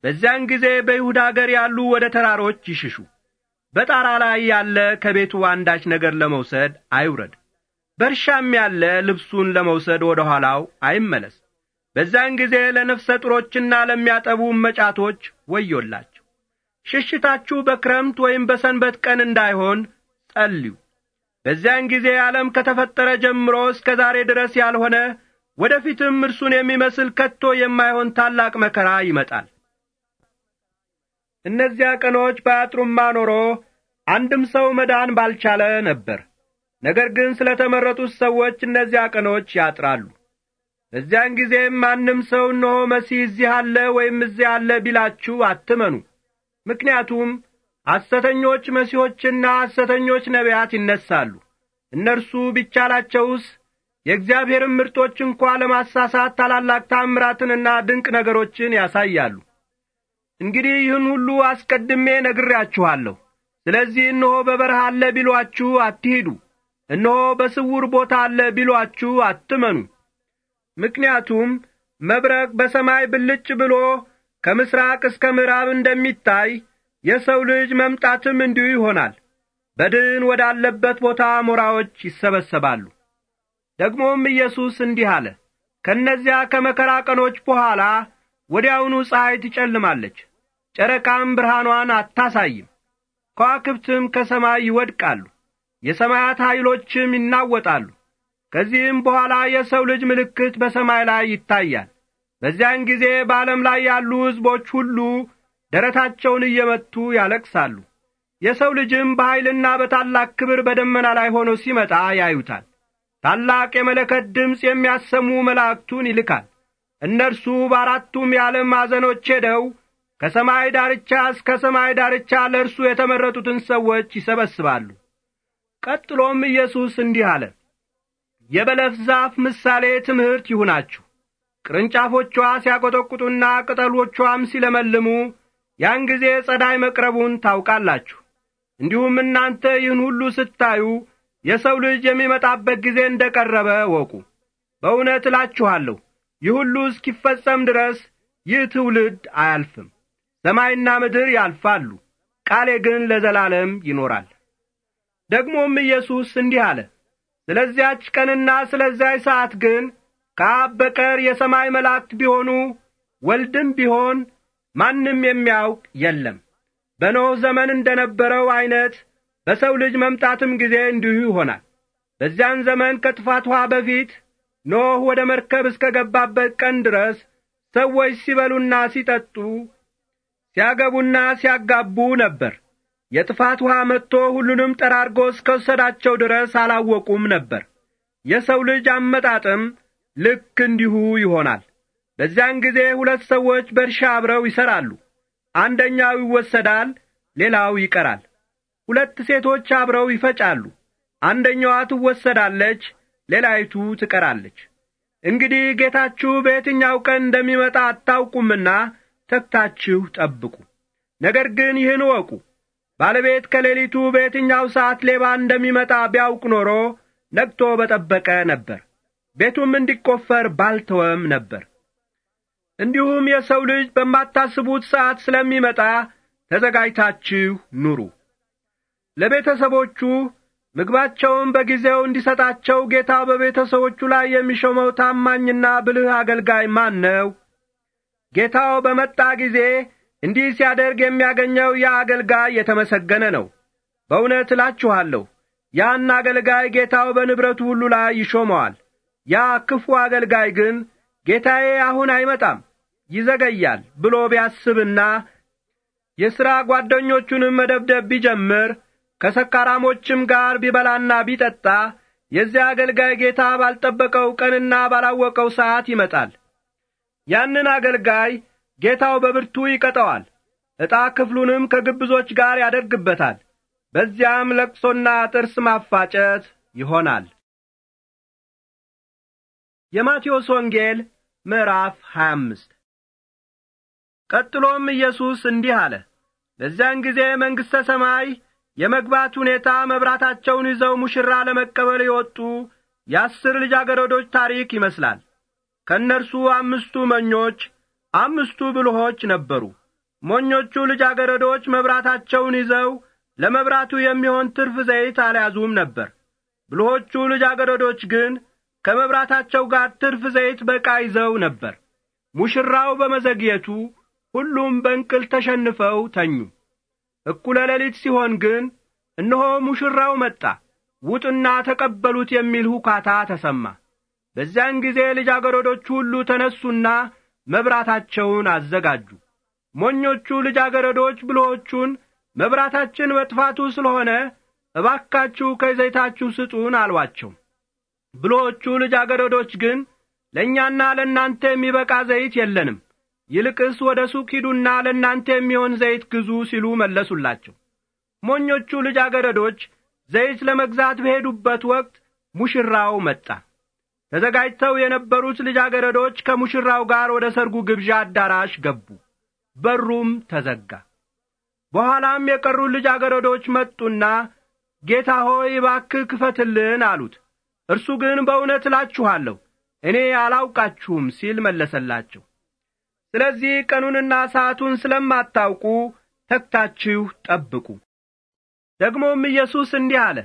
በዚያን ጊዜ በይሁዳ አገር ያሉ ወደ ተራሮች ይሽሹ። በጣራ ላይ ያለ ከቤቱ አንዳች ነገር ለመውሰድ አይውረድ። በእርሻም ያለ ልብሱን ለመውሰድ ወደ ኋላው አይመለስ። በዚያን ጊዜ ለነፍሰ ጡሮችና ለሚያጠቡ መጫቶች ወዮላቸው። ሽሽታችሁ በክረምት ወይም በሰንበት ቀን እንዳይሆን ጸልዩ። በዚያን ጊዜ ዓለም ከተፈጠረ ጀምሮ እስከ ዛሬ ድረስ ያልሆነ ወደ ፊትም እርሱን የሚመስል ከቶ የማይሆን ታላቅ መከራ ይመጣል። እነዚያ ቀኖች በአጥሩማ ኖሮ አንድም ሰው መዳን ባልቻለ ነበር። ነገር ግን ስለ ተመረጡት ሰዎች እነዚያ ቀኖች ያጥራሉ። በዚያን ጊዜም ማንም ሰው እነሆ መሲህ እዚህ አለ ወይም እዚያ አለ ቢላችሁ አትመኑ። ምክንያቱም ሐሰተኞች መሲሖችና ሐሰተኞች ነቢያት ይነሣሉ። እነርሱ ቢቻላቸውስ የእግዚአብሔርን ምርጦች እንኳ ለማሳሳት ታላላቅ ታምራትንና ድንቅ ነገሮችን ያሳያሉ። እንግዲህ ይህን ሁሉ አስቀድሜ ነግሬያችኋለሁ። ስለዚህ እነሆ በበረሃ አለ ቢሏችሁ አትሂዱ፣ እነሆ በስውር ቦታ አለ ቢሏችሁ አትመኑ። ምክንያቱም መብረቅ በሰማይ ብልጭ ብሎ ከምሥራቅ እስከ ምዕራብ እንደሚታይ የሰው ልጅ መምጣትም እንዲሁ ይሆናል። በድን ወዳለበት ቦታ ሞራዎች ይሰበሰባሉ። ደግሞም ኢየሱስ እንዲህ አለ፣ ከእነዚያ ከመከራ ቀኖች በኋላ ወዲያውኑ ፀሐይ ትጨልማለች፣ ጨረቃም ብርሃኗን አታሳይም፣ ከዋክብትም ከሰማይ ይወድቃሉ፣ የሰማያት ኃይሎችም ይናወጣሉ። ከዚህም በኋላ የሰው ልጅ ምልክት በሰማይ ላይ ይታያል። በዚያን ጊዜ በዓለም ላይ ያሉ ሕዝቦች ሁሉ ደረታቸውን እየመቱ ያለቅሳሉ። የሰው ልጅም በኃይልና በታላቅ ክብር በደመና ላይ ሆኖ ሲመጣ ያዩታል። ታላቅ የመለከት ድምፅ የሚያሰሙ መላእክቱን ይልካል። እነርሱ በአራቱም የዓለም ማዕዘኖች ሄደው ከሰማይ ዳርቻ እስከ ሰማይ ዳርቻ ለእርሱ የተመረጡትን ሰዎች ይሰበስባሉ። ቀጥሎም ኢየሱስ እንዲህ አለ። የበለስ ዛፍ ምሳሌ ትምህርት ይሁናችሁ። ቅርንጫፎቿ ሲያቈጠቁጡና ቅጠሎቿም ሲለመልሙ ያን ጊዜ ጸዳይ መቅረቡን ታውቃላችሁ። እንዲሁም እናንተ ይህን ሁሉ ስታዩ የሰው ልጅ የሚመጣበት ጊዜ እንደ ቀረበ ወቁ። በእውነት እላችኋለሁ ይህ ሁሉ እስኪፈጸም ድረስ ይህ ትውልድ አያልፍም። ሰማይና ምድር ያልፋሉ፣ ቃሌ ግን ለዘላለም ይኖራል። ደግሞም ኢየሱስ እንዲህ አለ፣ ስለዚያች ቀንና ስለዚያች ሰዓት ግን ከአብ በቀር የሰማይ መላእክት ቢሆኑ ወልድም ቢሆን ማንም የሚያውቅ የለም። በኖህ ዘመን እንደ ነበረው ዐይነት በሰው ልጅ መምጣትም ጊዜ እንዲሁ ይሆናል። በዚያን ዘመን ከጥፋት ውኃ በፊት ኖህ ወደ መርከብ እስከ ገባበት ቀን ድረስ ሰዎች ሲበሉና ሲጠጡ ሲያገቡና ሲያጋቡ ነበር። የጥፋት ውኃ መጥቶ ሁሉንም ጠራርጎ እስከወሰዳቸው ድረስ አላወቁም ነበር። የሰው ልጅ አመጣጥም ልክ እንዲሁ ይሆናል። በዚያን ጊዜ ሁለት ሰዎች በእርሻ አብረው ይሰራሉ። አንደኛው ይወሰዳል፣ ሌላው ይቀራል። ሁለት ሴቶች አብረው ይፈጫሉ። አንደኛዋ ትወሰዳለች፣ ሌላይቱ ትቀራለች። እንግዲህ ጌታችሁ በየትኛው ቀን እንደሚመጣ አታውቁምና ተግታችሁ ጠብቁ። ነገር ግን ይህን እወቁ፣ ባለቤት ከሌሊቱ በየትኛው ሰዓት ሌባ እንደሚመጣ ቢያውቅ ኖሮ ነግቶ በጠበቀ ነበር፣ ቤቱም እንዲቆፈር ባልተወም ነበር። እንዲሁም የሰው ልጅ በማታስቡት ሰዓት ስለሚመጣ ተዘጋጅታችሁ ኑሩ። ለቤተሰቦቹ ምግባቸውን በጊዜው እንዲሰጣቸው ጌታ በቤተሰቦቹ ላይ የሚሾመው ታማኝና ብልህ አገልጋይ ማን ነው? ጌታው በመጣ ጊዜ እንዲህ ሲያደርግ የሚያገኘው ያ አገልጋይ የተመሰገነ ነው። በእውነት እላችኋለሁ ያን አገልጋይ ጌታው በንብረቱ ሁሉ ላይ ይሾመዋል። ያ ክፉ አገልጋይ ግን ጌታዬ አሁን አይመጣም ይዘገያል ብሎ ቢያስብና የሥራ ጓደኞቹንም መደብደብ ቢጀምር ከሰካራሞችም ጋር ቢበላና ቢጠጣ የዚያ አገልጋይ ጌታ ባልጠበቀው ቀንና ባላወቀው ሰዓት ይመጣል። ያንን አገልጋይ ጌታው በብርቱ ይቀጠዋል፣ ዕጣ ክፍሉንም ከግብዞች ጋር ያደርግበታል። በዚያም ለቅሶና ጥርስ ማፋጨት ይሆናል። የማቴዎስ ወንጌል ምዕራፍ 25 ቀጥሎም ኢየሱስ እንዲህ አለ በዚያን ጊዜ መንግሥተ ሰማይ የመግባት ሁኔታ መብራታቸውን ይዘው ሙሽራ ለመቀበል የወጡ የአስር ልጃገረዶች ታሪክ ይመስላል ከእነርሱ አምስቱ መኞች አምስቱ ብልሆች ነበሩ ሞኞቹ ልጃገረዶች መብራታቸውን ይዘው ለመብራቱ የሚሆን ትርፍ ዘይት አልያዙም ነበር ብልሆቹ ልጃገረዶች ግን ከመብራታቸው ጋር ትርፍ ዘይት በቃ ይዘው ነበር ሙሽራው በመዘግየቱ ሁሉም በእንቅል ተሸንፈው ተኙ። እኩለ ሌሊት ሲሆን ግን እነሆ ሙሽራው መጣ፣ ውጡና ተቀበሉት የሚል ሁካታ ተሰማ። በዚያን ጊዜ ልጃገረዶቹ ሁሉ ተነሱና መብራታቸውን አዘጋጁ። ሞኞቹ ልጃገረዶች ብልሆቹን መብራታችን መጥፋቱ ስለሆነ እባካችሁ ከዘይታችሁ ስጡን አሏቸው። ብልሆቹ ልጃገረዶች ግን ለእኛና ለእናንተ የሚበቃ ዘይት የለንም ይልቅስ ወደ ሱቅ ሂዱና ለእናንተ የሚሆን ዘይት ግዙ ሲሉ መለሱላቸው። ሞኞቹ ልጃገረዶች ዘይት ለመግዛት በሄዱበት ወቅት ሙሽራው መጣ። ተዘጋጅተው የነበሩት ልጃገረዶች ከሙሽራው ጋር ወደ ሰርጉ ግብዣ አዳራሽ ገቡ። በሩም ተዘጋ። በኋላም የቀሩ ልጃገረዶች መጡና ጌታ ሆይ እባክህ ክፈትልን አሉት። እርሱ ግን በእውነት እላችኋለሁ እኔ አላውቃችሁም ሲል መለሰላቸው። ስለዚህ ቀኑንና ሰዓቱን ስለማታውቁ ተግታችሁ ጠብቁ። ደግሞም ኢየሱስ እንዲህ አለ፣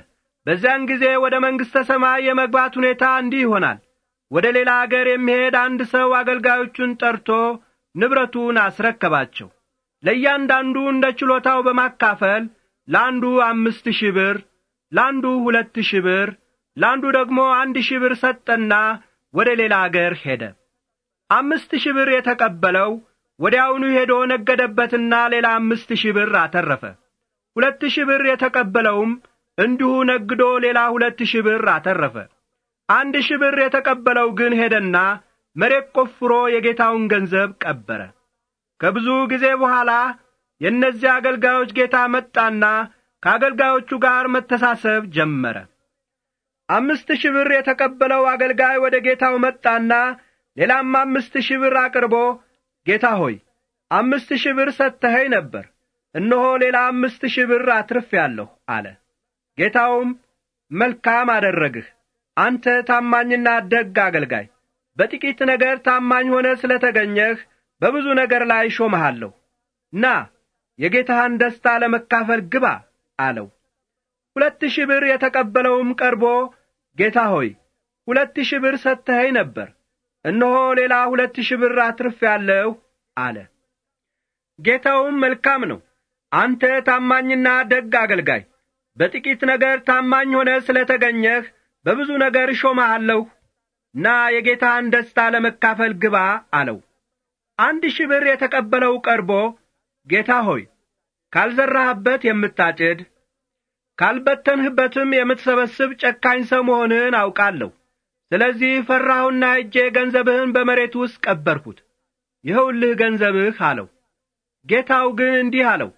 በዚያን ጊዜ ወደ መንግሥተ ሰማይ የመግባት ሁኔታ እንዲህ ይሆናል። ወደ ሌላ አገር የሚሄድ አንድ ሰው አገልጋዮቹን ጠርቶ ንብረቱን አስረከባቸው። ለእያንዳንዱ እንደ ችሎታው በማካፈል ለአንዱ አምስት ሺህ ብር፣ ለአንዱ ሁለት ሺህ ብር፣ ለአንዱ ደግሞ አንድ ሺህ ብር ሰጠና ወደ ሌላ አገር ሄደ። አምስት ሺህ ብር የተቀበለው ወዲያውኑ ሄዶ ነገደበትና ሌላ አምስት ሺህ ብር አተረፈ። ሁለት ሺህ ብር የተቀበለውም እንዲሁ ነግዶ ሌላ ሁለት ሺህ ብር አተረፈ። አንድ ሺህ ብር የተቀበለው ግን ሄደና መሬት ቆፍሮ የጌታውን ገንዘብ ቀበረ። ከብዙ ጊዜ በኋላ የእነዚህ አገልጋዮች ጌታ መጣና ከአገልጋዮቹ ጋር መተሳሰብ ጀመረ። አምስት ሺህ ብር የተቀበለው አገልጋይ ወደ ጌታው መጣና ሌላም አምስት ሺህ ብር አቅርቦ ጌታ ሆይ አምስት ሺህ ብር ሰጥተኸኝ ነበር፣ እነሆ ሌላ አምስት ሺህ ብር አትርፌአለሁ አለ። ጌታውም መልካም አደረግህ፣ አንተ ታማኝና ደግ አገልጋይ፣ በጥቂት ነገር ታማኝ ሆነ ስለ ተገኘህ በብዙ ነገር ላይ ሾመሃለሁ፣ ና የጌታህን ደስታ ለመካፈል ግባ አለው። ሁለት ሺህ ብር የተቀበለውም ቀርቦ ጌታ ሆይ ሁለት ሺህ ብር ሰጥተኸኝ ነበር እነሆ ሌላ ሁለት ሺህ ብር አትርፍ ያለሁ አለ ጌታውም መልካም ነው አንተ ታማኝና ደግ አገልጋይ በጥቂት ነገር ታማኝ ሆነ ስለ ተገኘህ በብዙ ነገር እሾመሃለሁ ና የጌታን ደስታ ለመካፈል ግባ አለው አንድ ሺህ ብር የተቀበለው ቀርቦ ጌታ ሆይ ካልዘራህበት የምታጭድ ካልበተንህበትም የምትሰበስብ ጨካኝ ሰው መሆንን አውቃለሁ ስለዚህ ፈራሁና እጄ ገንዘብህን በመሬት ውስጥ ቀበርኩት። ይኸውልህ ገንዘብህ አለው። ጌታው ግን እንዲህ አለው፣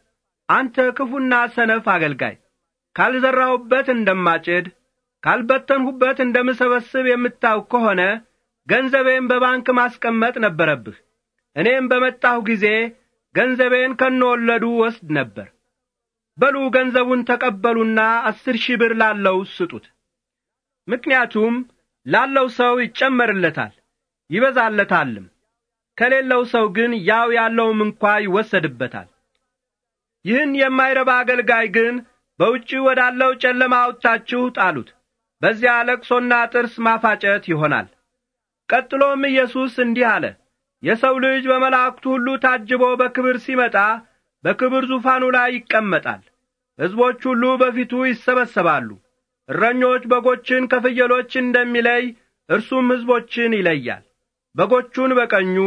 አንተ ክፉና ሰነፍ አገልጋይ፣ ካልዘራሁበት እንደማጭድ ካልበተንሁበት እንደምሰበስብ የምታውቅ ከሆነ ገንዘቤን በባንክ ማስቀመጥ ነበረብህ። እኔም በመጣሁ ጊዜ ገንዘቤን ከነወለዱ ወስድ ነበር። በሉ ገንዘቡን ተቀበሉና አስር ሺህ ብር ላለው ስጡት። ምክንያቱም ላለው ሰው ይጨመርለታል ይበዛለታልም። ከሌለው ሰው ግን ያው ያለውም እንኳ ይወሰድበታል። ይህን የማይረባ አገልጋይ ግን በውጪ ወዳለው ጨለማ አውጥታችሁ ጣሉት። በዚያ ለቅሶና ጥርስ ማፋጨት ይሆናል። ቀጥሎም ኢየሱስ እንዲህ አለ። የሰው ልጅ በመላእክቱ ሁሉ ታጅቦ በክብር ሲመጣ በክብር ዙፋኑ ላይ ይቀመጣል። ሕዝቦች ሁሉ በፊቱ ይሰበሰባሉ። እረኞች በጎችን ከፍየሎች እንደሚለይ እርሱም ሕዝቦችን ይለያል። በጎቹን በቀኙ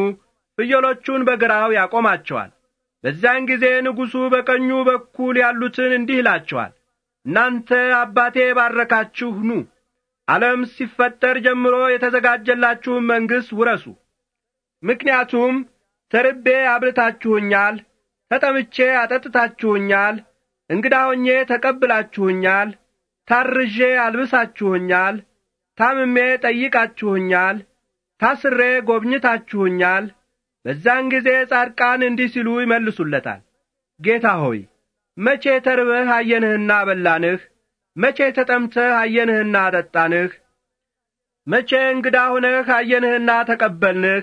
ፍየሎቹን በግራው ያቆማቸዋል። በዚያን ጊዜ ንጉሡ በቀኙ በኩል ያሉትን እንዲህ ይላቸዋል፣ እናንተ አባቴ ባረካችሁ ኑ፣ ዓለም ሲፈጠር ጀምሮ የተዘጋጀላችሁን መንግሥት ውረሱ። ምክንያቱም ተርቤ አብልታችሁኛል፣ ተጠምቼ አጠጥታችሁኛል፣ እንግዳ ሆኜ ተቀብላችሁኛል፣ ታርዤ አልብሳችሁኛል፣ ታምሜ ጠይቃችሁኛል፣ ታስሬ ጐብኝታችሁኛል። በዛን ጊዜ ጻድቃን እንዲህ ሲሉ ይመልሱለታል፣ ጌታ ሆይ መቼ ተርበህ አየንህና በላንህ? መቼ ተጠምተህ አየንህና አጠጣንህ? መቼ እንግዳ ሆነህ አየንህና ተቀበልንህ?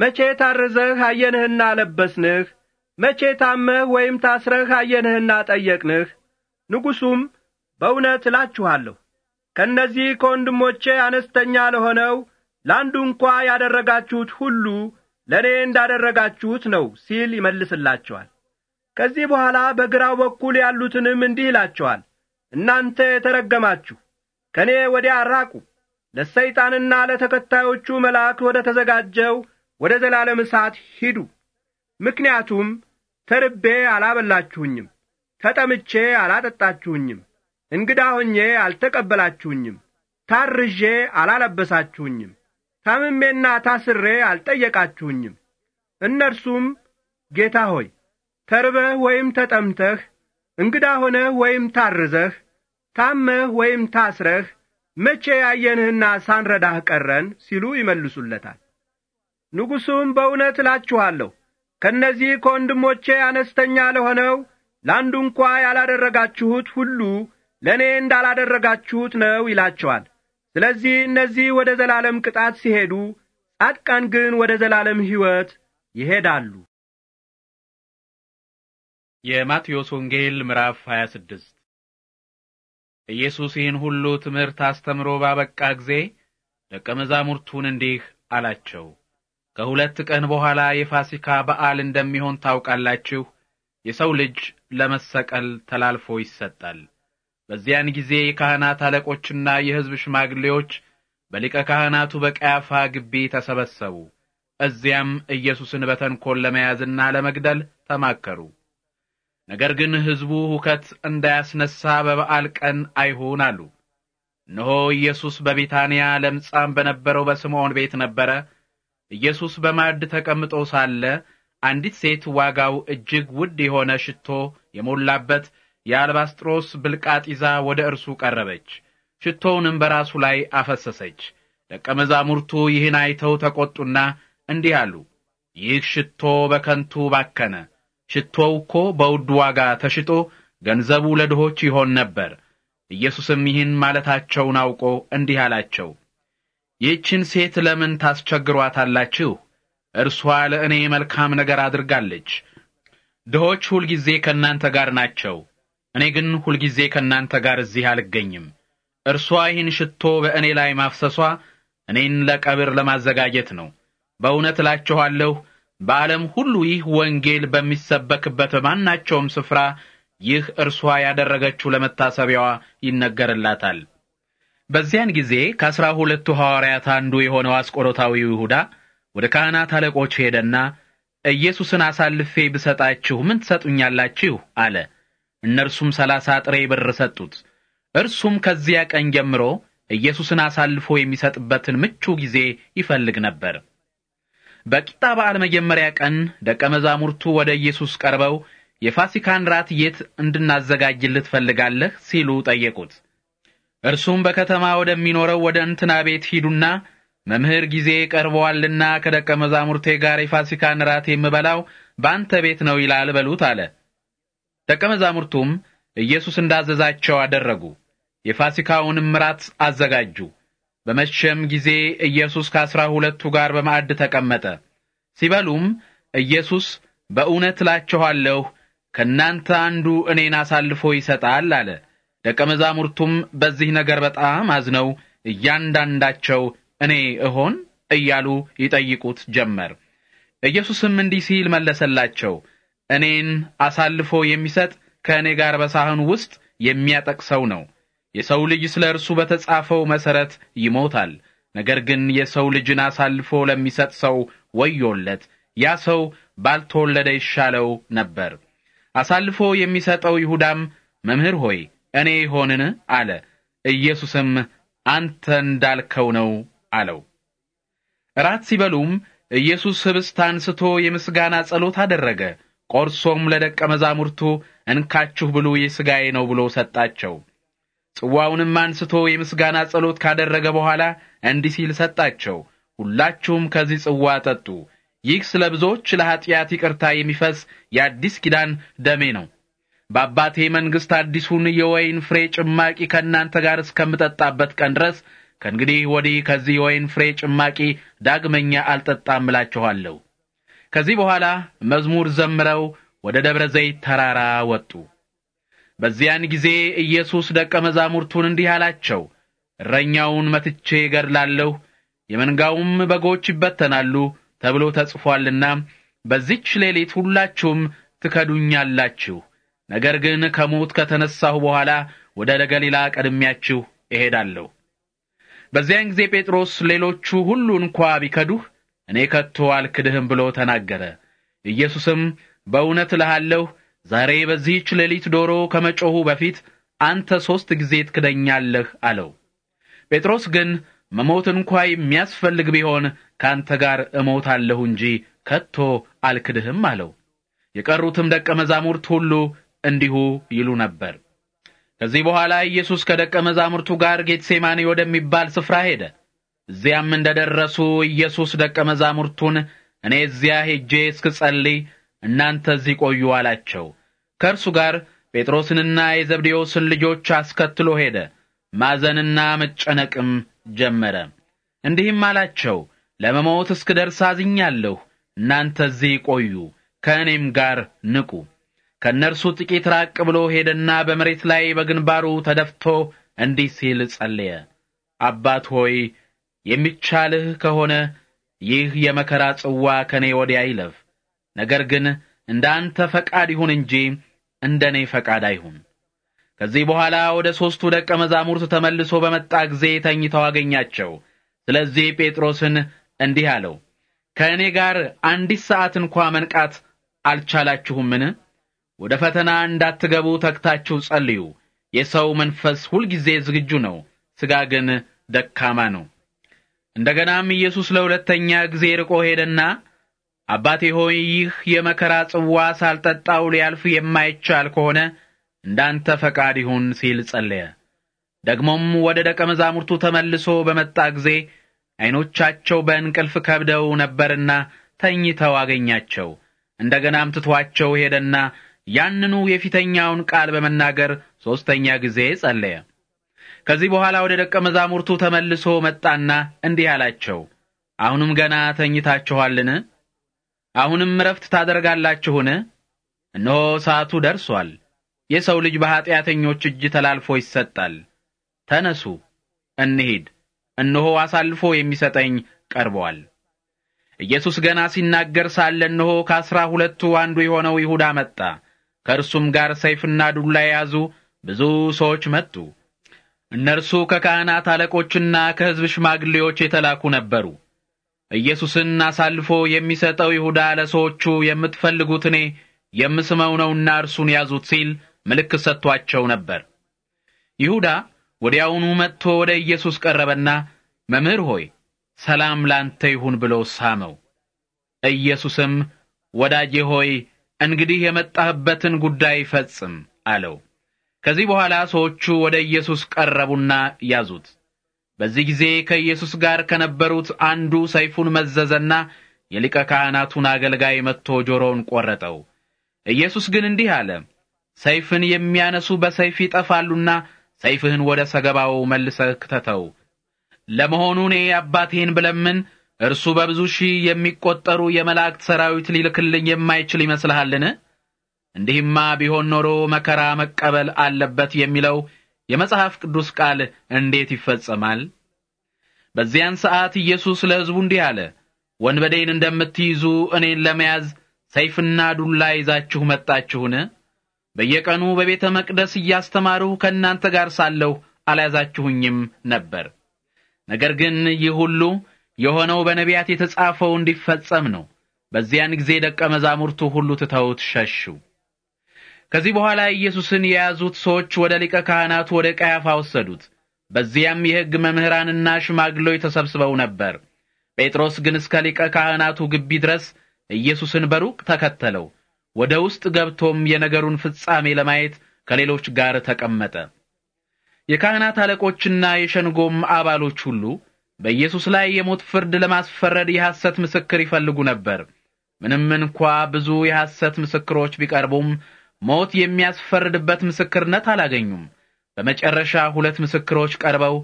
መቼ ታርዘህ አየንህና ለበስንህ? መቼ ታመህ ወይም ታስረህ አየንህና ጠየቅንህ? ንጉሡም በእውነት እላችኋለሁ ከእነዚህ ከወንድሞቼ አነስተኛ ለሆነው ለአንዱ እንኳ ያደረጋችሁት ሁሉ ለእኔ እንዳደረጋችሁት ነው ሲል ይመልስላቸዋል። ከዚህ በኋላ በግራው በኩል ያሉትንም እንዲህ ይላቸዋል። እናንተ የተረገማችሁ ከእኔ ወዲያ አራቁ ለሰይጣንና ለተከታዮቹ መልአክ ወደ ተዘጋጀው ወደ ዘላለም እሳት ሂዱ። ምክንያቱም ተርቤ አላበላችሁኝም፣ ተጠምቼ አላጠጣችሁኝም እንግዳ ሆኜ አልተቀበላችሁኝም፣ ታርዤ አላለበሳችሁኝም፣ ታምሜና ታስሬ አልጠየቃችሁኝም። እነርሱም ጌታ ሆይ ተርበህ ወይም ተጠምተህ እንግዳ ሆነህ ወይም ታርዘህ ታመህ ወይም ታስረህ መቼ ያየንህና ሳንረዳህ ቀረን ሲሉ ይመልሱለታል። ንጉሡም በእውነት እላችኋለሁ ከእነዚህ ከወንድሞቼ አነስተኛ ለሆነው ለአንዱ እንኳ ያላደረጋችሁት ሁሉ ለእኔ እንዳላደረጋችሁት ነው ይላቸዋል። ስለዚህ እነዚህ ወደ ዘላለም ቅጣት ሲሄዱ፣ ጻድቃን ግን ወደ ዘላለም ሕይወት ይሄዳሉ። የማቴዎስ ወንጌል ምዕራፍ 26 ኢየሱስ ይህን ሁሉ ትምህርት አስተምሮ ባበቃ ጊዜ ደቀ መዛሙርቱን እንዲህ አላቸው። ከሁለት ቀን በኋላ የፋሲካ በዓል እንደሚሆን ታውቃላችሁ። የሰው ልጅ ለመሰቀል ተላልፎ ይሰጣል፣ በዚያን ጊዜ የካህናት አለቆችና የሕዝብ ሽማግሌዎች በሊቀ ካህናቱ በቀያፋ ግቢ ተሰበሰቡ። እዚያም ኢየሱስን በተንኰል ለመያዝና ለመግደል ተማከሩ። ነገር ግን ሕዝቡ ሁከት እንዳያስነሣ በበዓል ቀን አይሁን አሉ። እነሆ ኢየሱስ በቢታንያ ለምጻም በነበረው በስምዖን ቤት ነበረ። ኢየሱስ በማዕድ ተቀምጦ ሳለ አንዲት ሴት ዋጋው እጅግ ውድ የሆነ ሽቶ የሞላበት የአልባስጥሮስ ብልቃጥ ይዛ ወደ እርሱ ቀረበች፣ ሽቶውንም በራሱ ላይ አፈሰሰች። ደቀ መዛሙርቱ ይህን አይተው ተቈጡና እንዲህ አሉ፣ ይህ ሽቶ በከንቱ ባከነ። ሽቶው እኮ በውድ ዋጋ ተሽጦ ገንዘቡ ለድሆች ይሆን ነበር። ኢየሱስም ይህን ማለታቸውን አውቆ እንዲህ አላቸው፣ ይህችን ሴት ለምን ታስቸግሯታላችሁ? እርሷ ለእኔ መልካም ነገር አድርጋለች። ድሆች ሁልጊዜ ከእናንተ ጋር ናቸው እኔ ግን ሁልጊዜ ከእናንተ ጋር እዚህ አልገኝም። እርሷ ይህን ሽቶ በእኔ ላይ ማፍሰሷ እኔን ለቀብር ለማዘጋጀት ነው። በእውነት እላችኋለሁ በዓለም ሁሉ ይህ ወንጌል በሚሰበክበት በማናቸውም ስፍራ ይህ እርሷ ያደረገችው ለመታሰቢያዋ ይነገርላታል። በዚያን ጊዜ ከአስራ ሁለቱ ሐዋርያት አንዱ የሆነው አስቆሮታዊው ይሁዳ ወደ ካህናት አለቆች ሄደና ኢየሱስን አሳልፌ ብሰጣችሁ ምን ትሰጡኛላችሁ? አለ። እነርሱም ሰላሳ ጥሬ ብር ሰጡት። እርሱም ከዚያ ቀን ጀምሮ ኢየሱስን አሳልፎ የሚሰጥበትን ምቹ ጊዜ ይፈልግ ነበር። በቂጣ በዓል መጀመሪያ ቀን ደቀ መዛሙርቱ ወደ ኢየሱስ ቀርበው የፋሲካን ራት የት እንድናዘጋጅልህ ትፈልጋለህ ሲሉ ጠየቁት። እርሱም በከተማ ወደሚኖረው ወደ እንትና ቤት ሂዱና መምህር ጊዜ ቀርበዋልና ከደቀ መዛሙርቴ ጋር የፋሲካን ራት የምበላው በአንተ ቤት ነው ይላል በሉት አለ። ደቀ መዛሙርቱም ኢየሱስ እንዳዘዛቸው አደረጉ። የፋሲካውንም ምራት አዘጋጁ። በመሸም ጊዜ ኢየሱስ ከአስራ ሁለቱ ጋር በማዕድ ተቀመጠ። ሲበሉም ኢየሱስ በእውነት እላችኋለሁ ከእናንተ አንዱ እኔን አሳልፎ ይሰጣል አለ። ደቀ መዛሙርቱም በዚህ ነገር በጣም አዝነው እያንዳንዳቸው እኔ እሆን እያሉ ይጠይቁት ጀመር። ኢየሱስም እንዲህ ሲል መለሰላቸው እኔን አሳልፎ የሚሰጥ ከእኔ ጋር በሳህኑ ውስጥ የሚያጠቅሰው ነው። የሰው ልጅ ስለ እርሱ በተጻፈው መሰረት ይሞታል። ነገር ግን የሰው ልጅን አሳልፎ ለሚሰጥ ሰው ወዮለት! ያ ሰው ባልተወለደ ይሻለው ነበር። አሳልፎ የሚሰጠው ይሁዳም መምህር ሆይ እኔ ይሆንን አለ። ኢየሱስም አንተ እንዳልከው ነው አለው። እራት ሲበሉም ኢየሱስ ኅብስት አንስቶ የምስጋና ጸሎት አደረገ። ቆርሶም ለደቀ መዛሙርቱ እንካችሁ ብሉ ይህ ሥጋዬ ነው ብሎ ሰጣቸው። ጽዋውንም አንስቶ የምስጋና ጸሎት ካደረገ በኋላ እንዲህ ሲል ሰጣቸው፣ ሁላችሁም ከዚህ ጽዋ ጠጡ። ይህ ስለ ብዙዎች ለኀጢአት ይቅርታ የሚፈስ የአዲስ ኪዳን ደሜ ነው። በአባቴ መንግሥት አዲሱን የወይን ፍሬ ጭማቂ ከእናንተ ጋር እስከምጠጣበት ቀን ድረስ ከእንግዲህ ወዲህ ከዚህ የወይን ፍሬ ጭማቂ ዳግመኛ አልጠጣም እላችኋለሁ። ከዚህ በኋላ መዝሙር ዘምረው ወደ ደብረ ዘይት ተራራ ወጡ። በዚያን ጊዜ ኢየሱስ ደቀ መዛሙርቱን እንዲህ አላቸው፣ እረኛውን መትቼ እገድላለሁ፣ የመንጋውም በጎች ይበተናሉ ተብሎ ተጽፏልና በዚች ሌሊት ሁላችሁም ትከዱኛላችሁ። ነገር ግን ከሞት ከተነሳሁ በኋላ ወደ ገሊላ ቀድሚያችሁ እሄዳለሁ። በዚያን ጊዜ ጴጥሮስ ሌሎቹ ሁሉ እንኳ ቢከዱህ እኔ ከቶ አልክድህም ብሎ ተናገረ። ኢየሱስም በእውነት እልሃለሁ ዛሬ በዚህች ሌሊት ዶሮ ከመጮኹ በፊት አንተ ሦስት ጊዜ ትክደኛለህ አለው። ጴጥሮስ ግን መሞት እንኳ የሚያስፈልግ ቢሆን ካንተ ጋር እሞታለሁ እንጂ ከቶ አልክድህም አለው። የቀሩትም ደቀ መዛሙርት ሁሉ እንዲሁ ይሉ ነበር። ከዚህ በኋላ ኢየሱስ ከደቀ መዛሙርቱ ጋር ጌትሴማኒ ወደሚባል ስፍራ ሄደ። እዚያም እንደደረሱ ኢየሱስ ደቀ መዛሙርቱን እኔ እዚያ ሄጄ እስክጸልይ እናንተ እዚህ ቆዩ አላቸው። ከእርሱ ጋር ጴጥሮስንና የዘብዴዎስን ልጆች አስከትሎ ሄደ። ማዘንና መጨነቅም ጀመረ። እንዲህም አላቸው፣ ለመሞት እስክደርስ አዝኛለሁ። እናንተ እዚህ ቆዩ፣ ከእኔም ጋር ንቁ። ከእነርሱ ጥቂት ራቅ ብሎ ሄደና በመሬት ላይ በግንባሩ ተደፍቶ እንዲህ ሲል ጸለየ። አባት ሆይ የሚቻልህ ከሆነ ይህ የመከራ ጽዋ ከኔ ወዲያ ይለፍ፣ ነገር ግን እንደ አንተ ፈቃድ ይሁን እንጂ እንደ እኔ ፈቃድ አይሁን። ከዚህ በኋላ ወደ ሦስቱ ደቀ መዛሙርት ተመልሶ በመጣ ጊዜ ተኝተው አገኛቸው። ስለዚህ ጴጥሮስን እንዲህ አለው፣ ከእኔ ጋር አንዲት ሰዓት እንኳ መንቃት አልቻላችሁምን? ወደ ፈተና እንዳትገቡ ተግታችሁ ጸልዩ። የሰው መንፈስ ሁልጊዜ ዝግጁ ነው፣ ሥጋ ግን ደካማ ነው። እንደገናም ኢየሱስ ለሁለተኛ ጊዜ ርቆ ሄደና አባቴ ሆይ ይህ የመከራ ጽዋ ሳልጠጣው ሊያልፍ የማይቻል ከሆነ እንዳንተ ፈቃድ ይሁን ሲል ጸለየ። ደግሞም ወደ ደቀ መዛሙርቱ ተመልሶ በመጣ ጊዜ ዐይኖቻቸው በእንቅልፍ ከብደው ነበርና ተኝተው አገኛቸው። እንደገናም ትቶአቸው ሄደና ያንኑ የፊተኛውን ቃል በመናገር ሦስተኛ ጊዜ ጸለየ። ከዚህ በኋላ ወደ ደቀ መዛሙርቱ ተመልሶ መጣና እንዲህ አላቸው፣ አሁንም ገና ተኝታችኋልን? አሁንም እረፍት ታደርጋላችሁን? እነሆ ሰዓቱ ደርሷል። የሰው ልጅ በኀጢአተኞች እጅ ተላልፎ ይሰጣል። ተነሱ፣ እንሂድ፣ እነሆ አሳልፎ የሚሰጠኝ ቀርበዋል። ኢየሱስ ገና ሲናገር ሳለ እነሆ ከአስራ ሁለቱ አንዱ የሆነው ይሁዳ መጣ። ከእርሱም ጋር ሰይፍና ዱላ የያዙ ብዙ ሰዎች መጡ። እነርሱ ከካህናት አለቆችና ከሕዝብ ሽማግሌዎች የተላኩ ነበሩ። ኢየሱስን አሳልፎ የሚሰጠው ይሁዳ ለሰዎቹ የምትፈልጉት እኔ የምስመው ነውና እርሱን ያዙት ሲል ምልክት ሰጥቷቸው ነበር። ይሁዳ ወዲያውኑ መጥቶ ወደ ኢየሱስ ቀረበና መምህር ሆይ ሰላም ላንተ ይሁን ብሎ ሳመው። ኢየሱስም ወዳጄ ሆይ እንግዲህ የመጣህበትን ጉዳይ ፈጽም አለው። ከዚህ በኋላ ሰዎቹ ወደ ኢየሱስ ቀረቡና ያዙት። በዚህ ጊዜ ከኢየሱስ ጋር ከነበሩት አንዱ ሰይፉን መዘዘና የሊቀ ካህናቱን አገልጋይ መጥቶ ጆሮውን ቆረጠው። ኢየሱስ ግን እንዲህ አለ፣ ሰይፍን የሚያነሱ በሰይፍ ይጠፋሉና ሰይፍህን ወደ ሰገባው መልሰህ ክተተው። ለመሆኑ እኔ አባቴን ብለምን እርሱ በብዙ ሺህ የሚቆጠሩ የመላእክት ሰራዊት ሊልክልኝ የማይችል ይመስልሃልን? እንዲህማ ቢሆን ኖሮ መከራ መቀበል አለበት የሚለው የመጽሐፍ ቅዱስ ቃል እንዴት ይፈጸማል? በዚያን ሰዓት ኢየሱስ ለሕዝቡ እንዲህ አለ፣ ወንበዴን እንደምትይዙ እኔን ለመያዝ ሰይፍና ዱላ ይዛችሁ መጣችሁን? በየቀኑ በቤተ መቅደስ እያስተማሩ ከእናንተ ጋር ሳለሁ አልያዛችሁኝም ነበር። ነገር ግን ይህ ሁሉ የሆነው በነቢያት የተጻፈው እንዲፈጸም ነው። በዚያን ጊዜ ደቀ መዛሙርቱ ሁሉ ትተውት ሸሹ። ከዚህ በኋላ ኢየሱስን የያዙት ሰዎች ወደ ሊቀ ካህናቱ ወደ ቀያፋ ወሰዱት። በዚያም የሕግ መምህራንና ሽማግሌዎች ተሰብስበው ነበር። ጴጥሮስ ግን እስከ ሊቀ ካህናቱ ግቢ ድረስ ኢየሱስን በሩቅ ተከተለው። ወደ ውስጥ ገብቶም የነገሩን ፍጻሜ ለማየት ከሌሎች ጋር ተቀመጠ። የካህናት አለቆችና የሸንጎም አባሎች ሁሉ በኢየሱስ ላይ የሞት ፍርድ ለማስፈረድ የሐሰት ምስክር ይፈልጉ ነበር። ምንም እንኳ ብዙ የሐሰት ምስክሮች ቢቀርቡም ሞት የሚያስፈርድበት ምስክርነት አላገኙም። በመጨረሻ ሁለት ምስክሮች ቀርበው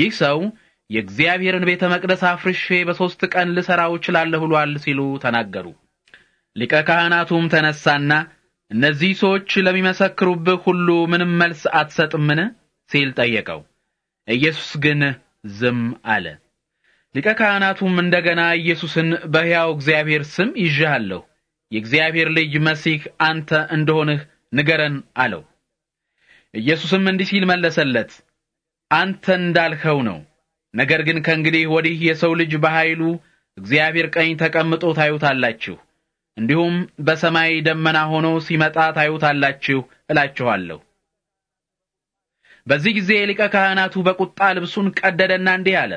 ይህ ሰው የእግዚአብሔርን ቤተ መቅደስ አፍርሼ በሦስት ቀን ልሠራው እችላለሁ ብሏል ሲሉ ተናገሩ። ሊቀ ካህናቱም ተነሳና እነዚህ ሰዎች ለሚመሰክሩብህ ሁሉ ምንም መልስ አትሰጥምን ሲል ጠየቀው። ኢየሱስ ግን ዝም አለ። ሊቀ ካህናቱም እንደገና ኢየሱስን በሕያው እግዚአብሔር ስም ይዤሃለሁ የእግዚአብሔር ልጅ መሲህ አንተ እንደሆንህ ንገረን አለው። ኢየሱስም እንዲህ ሲል መለሰለት፣ አንተ እንዳልኸው ነው። ነገር ግን ከእንግዲህ ወዲህ የሰው ልጅ በኃይሉ እግዚአብሔር ቀኝ ተቀምጦ ታዩታላችሁ፣ እንዲሁም በሰማይ ደመና ሆኖ ሲመጣ ታዩታላችሁ እላችኋለሁ። በዚህ ጊዜ ሊቀ ካህናቱ በቁጣ ልብሱን ቀደደና እንዲህ አለ፣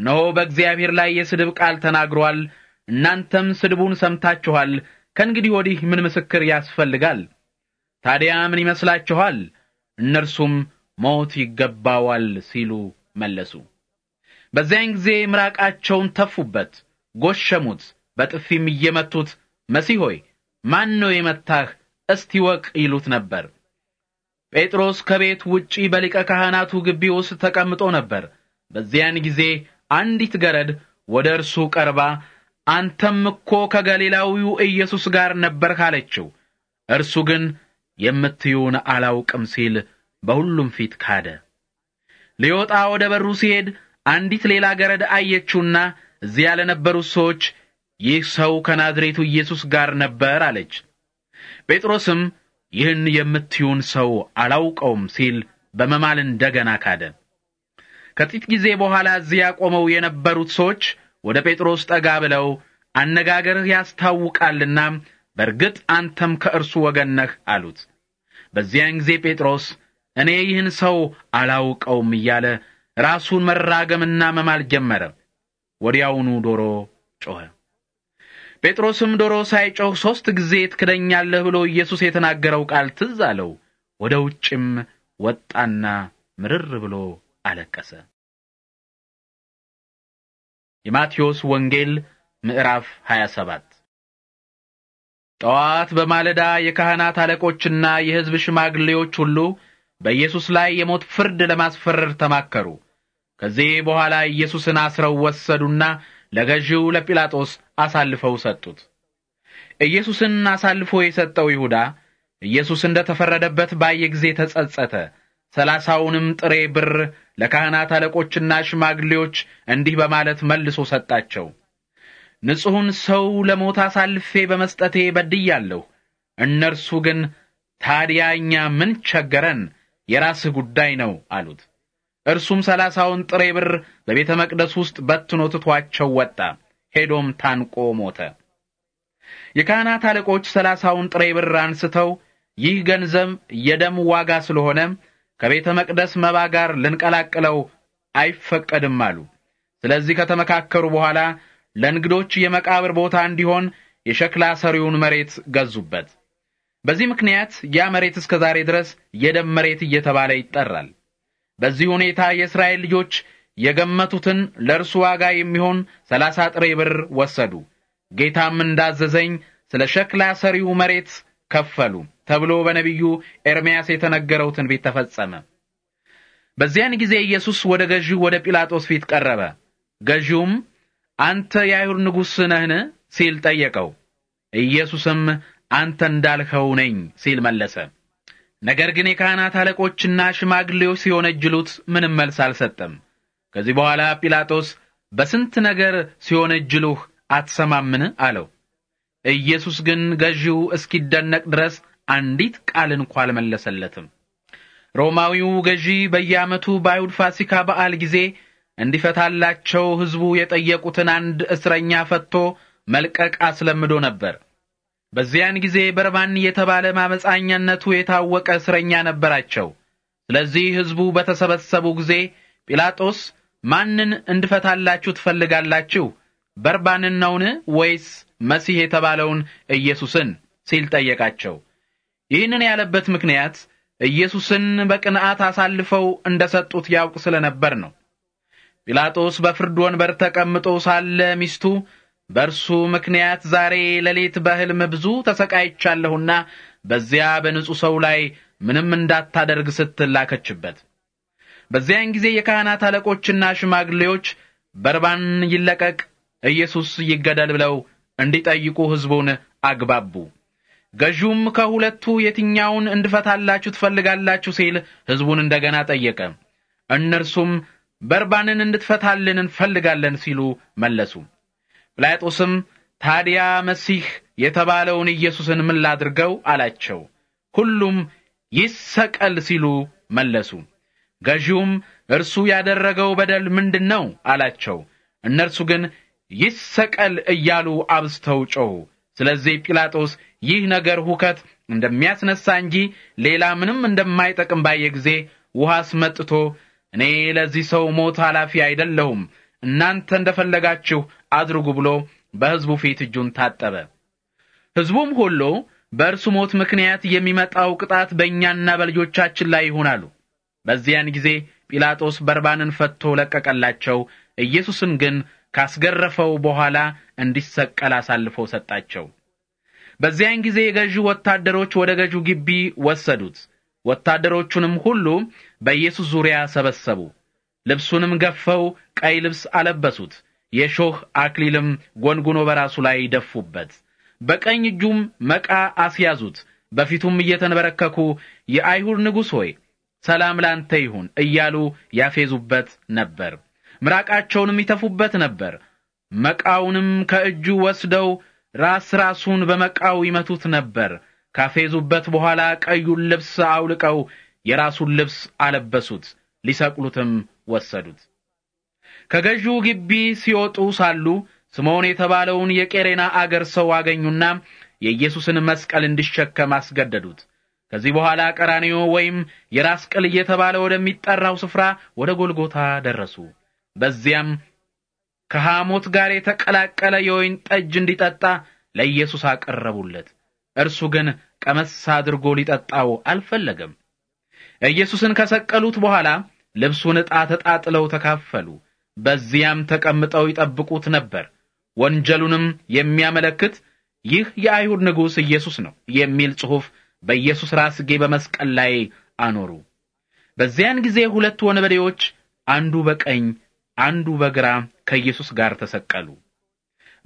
እነሆ በእግዚአብሔር ላይ የስድብ ቃል ተናግሯል እናንተም ስድቡን ሰምታችኋል። ከእንግዲህ ወዲህ ምን ምስክር ያስፈልጋል? ታዲያ ምን ይመስላችኋል? እነርሱም ሞት ይገባዋል ሲሉ መለሱ። በዚያን ጊዜ ምራቃቸውን ተፉበት፣ ጎሸሙት፣ በጥፊም እየመቱት መሲህ ሆይ ማን ነው የመታህ? እስቲ ወቅ ይሉት ነበር። ጴጥሮስ ከቤት ውጪ በሊቀ ካህናቱ ግቢ ውስጥ ተቀምጦ ነበር። በዚያን ጊዜ አንዲት ገረድ ወደ እርሱ ቀርባ አንተም እኮ ከገሊላዊው ኢየሱስ ጋር ነበርህ አለችው። እርሱ ግን የምትዩውን አላውቅም ሲል በሁሉም ፊት ካደ። ሊወጣ ወደ በሩ ሲሄድ አንዲት ሌላ ገረድ አየችውና እዚያ ለነበሩት ሰዎች ይህ ሰው ከናዝሬቱ ኢየሱስ ጋር ነበር አለች። ጴጥሮስም ይህን የምትዩን ሰው አላውቀውም ሲል በመማል እንደገና ካደ። ከጥቂት ጊዜ በኋላ እዚያ ቆመው የነበሩት ሰዎች ወደ ጴጥሮስ ጠጋ ብለው አነጋገርህ ያስታውቃልና በእርግጥ አንተም ከእርሱ ወገን ነህ አሉት። በዚያን ጊዜ ጴጥሮስ እኔ ይህን ሰው አላውቀውም እያለ ራሱን መራገምና መማል ጀመረ። ወዲያውኑ ዶሮ ጮኸ። ጴጥሮስም ዶሮ ሳይጮህ ሦስት ጊዜ ትክደኛለህ ብሎ ኢየሱስ የተናገረው ቃል ትዝ አለው። ወደ ውጭም ወጣና ምርር ብሎ አለቀሰ። የማቴዎስ ወንጌል ምዕራፍ 27 ጠዋት በማለዳ የካህናት አለቆችና የሕዝብ ሽማግሌዎች ሁሉ በኢየሱስ ላይ የሞት ፍርድ ለማስፈረር ተማከሩ። ከዚህ በኋላ ኢየሱስን አስረው ወሰዱና ለገዢው ለጲላጦስ አሳልፈው ሰጡት። ኢየሱስን አሳልፎ የሰጠው ይሁዳ ኢየሱስ እንደ ተፈረደበት ባየ ጊዜ ተጸጸተ። ሰላሳውንም ጥሬ ብር ለካህናት አለቆችና ሽማግሌዎች እንዲህ በማለት መልሶ ሰጣቸው። ንጹሑን ሰው ለሞት አሳልፌ በመስጠቴ በድያለሁ። እነርሱ ግን ታዲያ እኛ ምን ቸገረን? የራስህ ጉዳይ ነው አሉት። እርሱም ሰላሳውን ጥሬ ብር በቤተ መቅደስ ውስጥ በትኖ ትቷቸው ወጣ። ሄዶም ታንቆ ሞተ። የካህናት አለቆች ሰላሳውን ጥሬ ብር አንስተው ይህ ገንዘብ የደም ዋጋ ስለሆነ ከቤተ መቅደስ መባ ጋር ልንቀላቅለው አይፈቀድም አሉ። ስለዚህ ከተመካከሩ በኋላ ለእንግዶች የመቃብር ቦታ እንዲሆን የሸክላ ሰሪውን መሬት ገዙበት። በዚህ ምክንያት ያ መሬት እስከ ዛሬ ድረስ የደም መሬት እየተባለ ይጠራል። በዚህ ሁኔታ የእስራኤል ልጆች የገመቱትን ለእርሱ ዋጋ የሚሆን ሰላሳ ጥሬ ብር ወሰዱ። ጌታም እንዳዘዘኝ ስለ ሸክላ ሰሪው መሬት ከፈሉ ተብሎ በነቢዩ ኤርምያስ የተነገረው ትንቢት ተፈጸመ። በዚያን ጊዜ ኢየሱስ ወደ ገዢው ወደ ጲላጦስ ፊት ቀረበ። ገዢውም አንተ የአይሁድ ንጉሥ ነህን ሲል ጠየቀው። ኢየሱስም አንተ እንዳልኸው ነኝ ሲል መለሰ። ነገር ግን የካህናት አለቆችና ሽማግሌዎች እጅሉት ምንም መልስ አልሰጠም። ከዚህ በኋላ ጲላጦስ በስንት ነገር ሲሆነጅሉህ አትሰማምን አለው። ኢየሱስ ግን ገዢው እስኪደነቅ ድረስ አንዲት ቃል እንኳ አልመለሰለትም። ሮማዊው ገዢ በየዓመቱ በአይሁድ ፋሲካ በዓል ጊዜ እንዲፈታላቸው ሕዝቡ የጠየቁትን አንድ እስረኛ ፈቶ መልቀቅ አስለምዶ ነበር። በዚያን ጊዜ በርባን የተባለ ማመፃኛነቱ የታወቀ እስረኛ ነበራቸው። ስለዚህ ሕዝቡ በተሰበሰቡ ጊዜ ጲላጦስ ማንን እንድፈታላችሁ ትፈልጋላችሁ በርባንን ነውን ወይስ መሲህ የተባለውን ኢየሱስን ሲል ጠየቃቸው። ይህንን ያለበት ምክንያት ኢየሱስን በቅንዓት አሳልፈው እንደሰጡት ያውቅ ስለነበር ነው። ጲላጦስ በፍርድ ወንበር ተቀምጦ ሳለ ሚስቱ በእርሱ ምክንያት ዛሬ ሌሊት በሕልም ብዙ ተሰቃይቻለሁና በዚያ በንጹሕ ሰው ላይ ምንም እንዳታደርግ ስትል ላከችበት። በዚያን ጊዜ የካህናት አለቆችና ሽማግሌዎች በርባን ይለቀቅ ኢየሱስ ይገደል ብለው እንዲጠይቁ ሕዝቡን አግባቡ። ገዡም ከሁለቱ የትኛውን እንድፈታላችሁ ትፈልጋላችሁ ሲል ሕዝቡን እንደገና ጠየቀ። እነርሱም በርባንን እንድትፈታልን እንፈልጋለን ሲሉ መለሱ። ጲላጦስም ታዲያ መሲህ የተባለውን ኢየሱስን ምን ላድርገው አላቸው። ሁሉም ይሰቀል ሲሉ መለሱ። ገዢውም እርሱ ያደረገው በደል ምንድን ነው አላቸው። እነርሱ ግን ይሰቀል እያሉ አብዝተው ጮኹ። ስለዚህ ጲላጦስ ይህ ነገር ሁከት እንደሚያስነሳ እንጂ ሌላ ምንም እንደማይጠቅም ባየ ጊዜ ውሃ አስመጥቶ እኔ ለዚህ ሰው ሞት ኃላፊ አይደለሁም፣ እናንተ እንደፈለጋችሁ አድርጉ ብሎ በሕዝቡ ፊት እጁን ታጠበ። ሕዝቡም ሁሉ በእርሱ ሞት ምክንያት የሚመጣው ቅጣት በእኛና በልጆቻችን ላይ ይሁን አሉ። በዚያን ጊዜ ጲላጦስ በርባንን ፈትቶ ለቀቀላቸው። ኢየሱስን ግን ካስገረፈው በኋላ እንዲሰቀል አሳልፎ ሰጣቸው። በዚያን ጊዜ የገዢ ወታደሮች ወደ ገዢው ግቢ ወሰዱት። ወታደሮቹንም ሁሉ በኢየሱስ ዙሪያ ሰበሰቡ። ልብሱንም ገፈው ቀይ ልብስ አለበሱት። የሾህ አክሊልም ጎንጉኖ በራሱ ላይ ደፉበት። በቀኝ እጁም መቃ አስያዙት። በፊቱም እየተንበረከኩ የአይሁድ ንጉሥ ሆይ ሰላም ላንተ ይሁን እያሉ ያፌዙበት ነበር። ምራቃቸውንም ይተፉበት ነበር። መቃውንም ከእጁ ወስደው ራስ ራሱን በመቃው ይመቱት ነበር። ካፌዙበት በኋላ ቀዩን ልብስ አውልቀው የራሱን ልብስ አለበሱት፣ ሊሰቅሉትም ወሰዱት። ከገዢው ግቢ ሲወጡ ሳሉ ስምዖን የተባለውን የቄሬና አገር ሰው አገኙና የኢየሱስን መስቀል እንዲሸከም አስገደዱት። ከዚህ በኋላ ቀራንዮ ወይም የራስ ቅል እየተባለ ወደሚጠራው ስፍራ ወደ ጎልጎታ ደረሱ። በዚያም ከሐሞት ጋር የተቀላቀለ የወይን ጠጅ እንዲጠጣ ለኢየሱስ አቀረቡለት። እርሱ ግን ቀመስ አድርጎ ሊጠጣው አልፈለገም። ኢየሱስን ከሰቀሉት በኋላ ልብሱን ዕጣ ተጣጥለው ተካፈሉ። በዚያም ተቀምጠው ይጠብቁት ነበር። ወንጀሉንም የሚያመለክት ይህ የአይሁድ ንጉሥ ኢየሱስ ነው የሚል ጽሑፍ በኢየሱስ ራስጌ በመስቀል ላይ አኖሩ። በዚያን ጊዜ ሁለት ወንበዴዎች አንዱ በቀኝ አንዱ በግራ ከኢየሱስ ጋር ተሰቀሉ።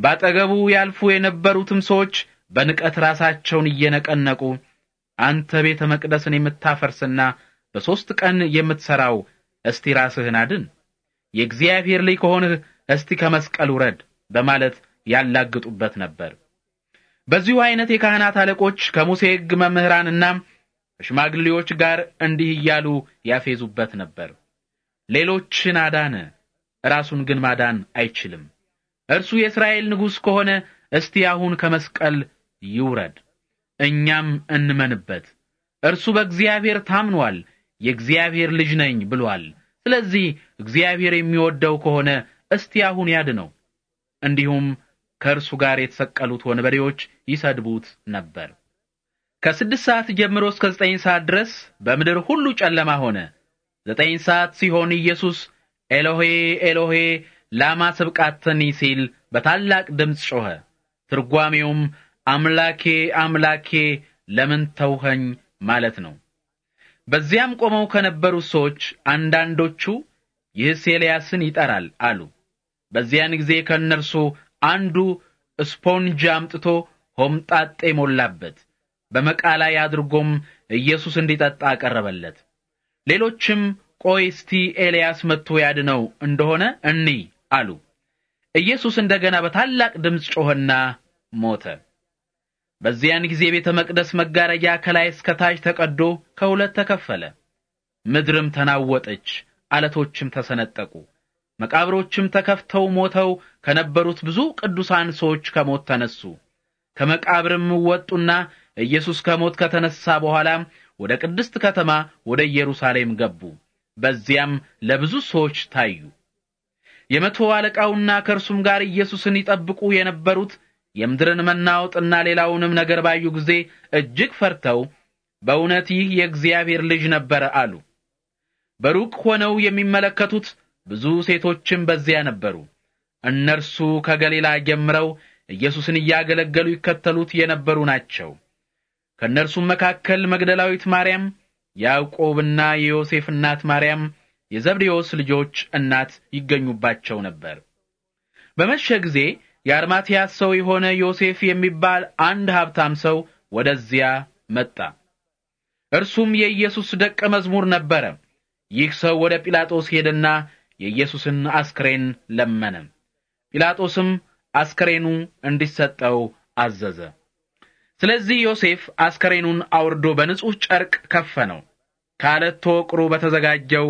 ባጠገቡ ያልፉ የነበሩትም ሰዎች በንቀት ራሳቸውን እየነቀነቁ አንተ ቤተ መቅደስን የምታፈርስና በሦስት ቀን የምትሰራው እስቲ ራስህን አድን፣ የእግዚአብሔር ልጅ ከሆንህ እስቲ ከመስቀል ውረድ በማለት ያላግጡበት ነበር። በዚሁ አይነት የካህናት አለቆች ከሙሴ ሕግ መምህራንና ከሽማግሌዎች ጋር እንዲህ እያሉ ያፌዙበት ነበር። ሌሎችን አዳነ ራሱን ግን ማዳን አይችልም። እርሱ የእስራኤል ንጉሥ ከሆነ እስቲ አሁን ከመስቀል ይውረድ፣ እኛም እንመንበት። እርሱ በእግዚአብሔር ታምኗል፣ የእግዚአብሔር ልጅ ነኝ ብሏል። ስለዚህ እግዚአብሔር የሚወደው ከሆነ እስቲ አሁን ያድነው። እንዲሁም ከእርሱ ጋር የተሰቀሉት ወንበዴዎች ይሰድቡት ነበር። ከስድስት ሰዓት ጀምሮ እስከ ዘጠኝ ሰዓት ድረስ በምድር ሁሉ ጨለማ ሆነ። ዘጠኝ ሰዓት ሲሆን ኢየሱስ ኤሎሄ ኤሎሄ ላማ ስብቃትኒ ሲል በታላቅ ድምፅ ጮኸ። ትርጓሜውም አምላኬ አምላኬ ለምን ተውኸኝ ማለት ነው። በዚያም ቆመው ከነበሩ ሰዎች አንዳንዶቹ ይህስ ኤልያስን ይጠራል አሉ። በዚያን ጊዜ ከእነርሱ አንዱ ስፖንጅ አምጥቶ ሆምጣጤ ሞላበት፣ በመቃ ላይ አድርጎም ኢየሱስ እንዲጠጣ አቀረበለት። ሌሎችም ቆይ እስቲ ኤልያስ መጥቶ ያድነው እንደሆነ እኒ አሉ። ኢየሱስ እንደገና በታላቅ ድምፅ ጮኸና ሞተ። በዚያን ጊዜ ቤተ መቅደስ መጋረጃ ከላይ እስከ ታች ተቀዶ ከሁለት ተከፈለ። ምድርም ተናወጠች፣ አለቶችም ተሰነጠቁ። መቃብሮችም ተከፍተው ሞተው ከነበሩት ብዙ ቅዱሳን ሰዎች ከሞት ተነሱ። ከመቃብርም ወጡና ኢየሱስ ከሞት ከተነሳ በኋላ ወደ ቅድስት ከተማ ወደ ኢየሩሳሌም ገቡ። በዚያም ለብዙ ሰዎች ታዩ። የመቶ አለቃውና ከእርሱም ጋር ኢየሱስን ይጠብቁ የነበሩት የምድርን መናወጥና ሌላውንም ነገር ባዩ ጊዜ እጅግ ፈርተው በእውነት ይህ የእግዚአብሔር ልጅ ነበር አሉ። በሩቅ ሆነው የሚመለከቱት ብዙ ሴቶችም በዚያ ነበሩ። እነርሱ ከገሊላ ጀምረው ኢየሱስን እያገለገሉ ይከተሉት የነበሩ ናቸው። ከእነርሱም መካከል መግደላዊት ማርያም፣ ያዕቆብና የዮሴፍ እናት ማርያም፣ የዘብዴዎስ ልጆች እናት ይገኙባቸው ነበር። በመሸ ጊዜ የአርማትያስ ሰው የሆነ ዮሴፍ የሚባል አንድ ሀብታም ሰው ወደዚያ መጣ። እርሱም የኢየሱስ ደቀ መዝሙር ነበረ። ይህ ሰው ወደ ጲላጦስ ሄደና የኢየሱስን አስክሬን ለመነ። ጲላጦስም አስክሬኑ እንዲሰጠው አዘዘ። ስለዚህ ዮሴፍ አስከሬኑን አውርዶ በንጹሕ ጨርቅ ከፈነው፣ ከአለት ተወቅሮ በተዘጋጀው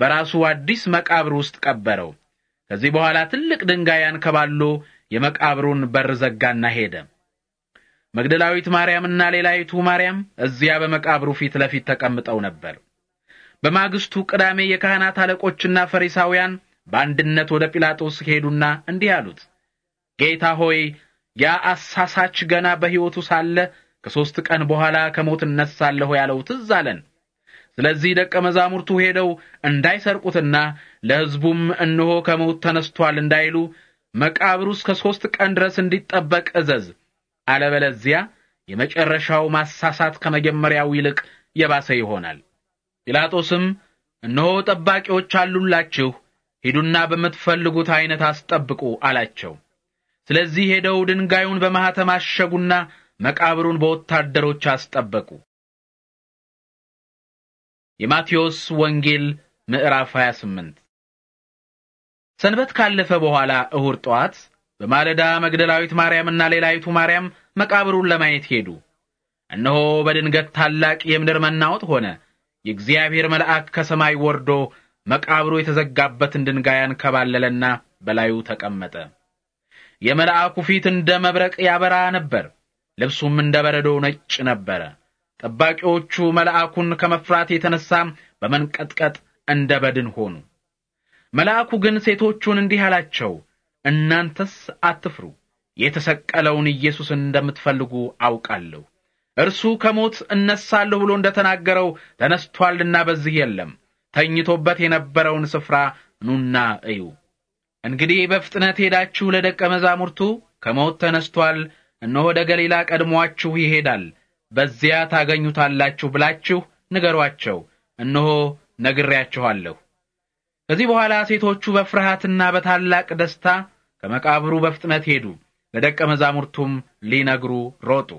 በራሱ አዲስ መቃብር ውስጥ ቀበረው። ከዚህ በኋላ ትልቅ ድንጋይ አንከባሎ የመቃብሩን በር ዘጋና ሄደ። መግደላዊት ማርያምና ሌላይቱ ማርያም እዚያ በመቃብሩ ፊት ለፊት ተቀምጠው ነበር። በማግስቱ ቅዳሜ የካህናት አለቆችና ፈሪሳውያን በአንድነት ወደ ጲላጦስ ሄዱና እንዲህ አሉት፣ ጌታ ሆይ ያ አሳሳች ገና በሕይወቱ ሳለ ከሦስት ቀን በኋላ ከሞት እነሳለሁ ያለው ትዝ አለን። ስለዚህ ደቀ መዛሙርቱ ሄደው እንዳይሰርቁትና ለሕዝቡም እነሆ ከሞት ተነስቷል እንዳይሉ መቃብሩ እስከ ሦስት ቀን ድረስ እንዲጠበቅ እዘዝ፣ አለበለዚያ የመጨረሻው ማሳሳት ከመጀመሪያው ይልቅ የባሰ ይሆናል። ጲላጦስም እነሆ ጠባቂዎች አሉላችሁ፣ ሂዱና በምትፈልጉት ዐይነት አስጠብቁ አላቸው። ስለዚህ ሄደው ድንጋዩን በማኅተም አሸጉና መቃብሩን በወታደሮች አስጠበቁ። የማቴዎስ ወንጌል ምዕራፍ 28 ሰንበት ካለፈ በኋላ እሁድ ጠዋት በማለዳ መግደላዊት ማርያምና ሌላዊቱ ማርያም መቃብሩን ለማየት ሄዱ። እነሆ በድንገት ታላቅ የምድር መናወጥ ሆነ። የእግዚአብሔር መልአክ ከሰማይ ወርዶ መቃብሩ የተዘጋበትን ድንጋይ አንከባለለና በላዩ ተቀመጠ። የመልአኩ ፊት እንደ መብረቅ ያበራ ነበር፣ ልብሱም እንደ በረዶ ነጭ ነበረ። ጠባቂዎቹ መልአኩን ከመፍራት የተነሳ በመንቀጥቀጥ እንደ በድን ሆኑ። መልአኩ ግን ሴቶቹን እንዲህ አላቸው፣ እናንተስ አትፍሩ። የተሰቀለውን ኢየሱስን እንደምትፈልጉ አውቃለሁ። እርሱ ከሞት እነሳለሁ ብሎ እንደተናገረው ተነስቶአልና በዚህ የለም። ተኝቶበት የነበረውን ስፍራ ኑና እዩ። እንግዲህ በፍጥነት ሄዳችሁ ለደቀ መዛሙርቱ ከሞት ተነስቷል፣ እነሆ ወደ ገሊላ ቀድሞአችሁ ይሄዳል፣ በዚያ ታገኙታላችሁ ብላችሁ ንገሯቸው፣ እነሆ ነግሬያችኋለሁ። ከዚህ በኋላ ሴቶቹ በፍርሃትና በታላቅ ደስታ ከመቃብሩ በፍጥነት ሄዱ፣ ለደቀ መዛሙርቱም ሊነግሩ ሮጡ።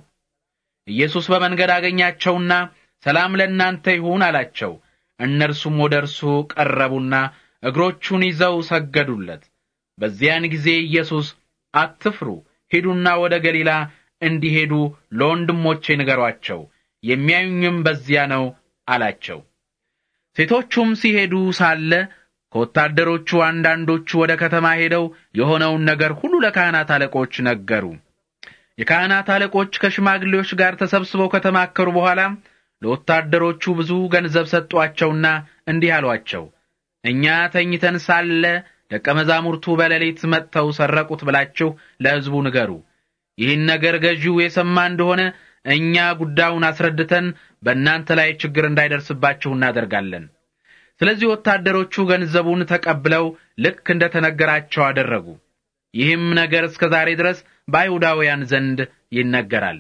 ኢየሱስ በመንገድ አገኛቸውና ሰላም ለእናንተ ይሁን አላቸው። እነርሱም ወደ እርሱ ቀረቡና እግሮቹን ይዘው ሰገዱለት። በዚያን ጊዜ ኢየሱስ አትፍሩ፣ ሂዱና ወደ ገሊላ እንዲሄዱ ለወንድሞቼ ንገሯቸው፣ የሚያዩኝም በዚያ ነው አላቸው። ሴቶቹም ሲሄዱ ሳለ ከወታደሮቹ አንዳንዶቹ ወደ ከተማ ሄደው የሆነውን ነገር ሁሉ ለካህናት አለቆች ነገሩ። የካህናት አለቆች ከሽማግሌዎች ጋር ተሰብስበው ከተማከሩ በኋላ ለወታደሮቹ ብዙ ገንዘብ ሰጧቸውና እንዲህ አሏቸው፣ እኛ ተኝተን ሳለ ደቀ መዛሙርቱ በሌሊት መጥተው ሰረቁት ብላችሁ ለሕዝቡ ንገሩ። ይህን ነገር ገዢው የሰማ እንደሆነ እኛ ጉዳዩን አስረድተን በእናንተ ላይ ችግር እንዳይደርስባችሁ እናደርጋለን። ስለዚህ ወታደሮቹ ገንዘቡን ተቀብለው ልክ እንደ ተነገራቸው አደረጉ። ይህም ነገር እስከ ዛሬ ድረስ በአይሁዳውያን ዘንድ ይነገራል።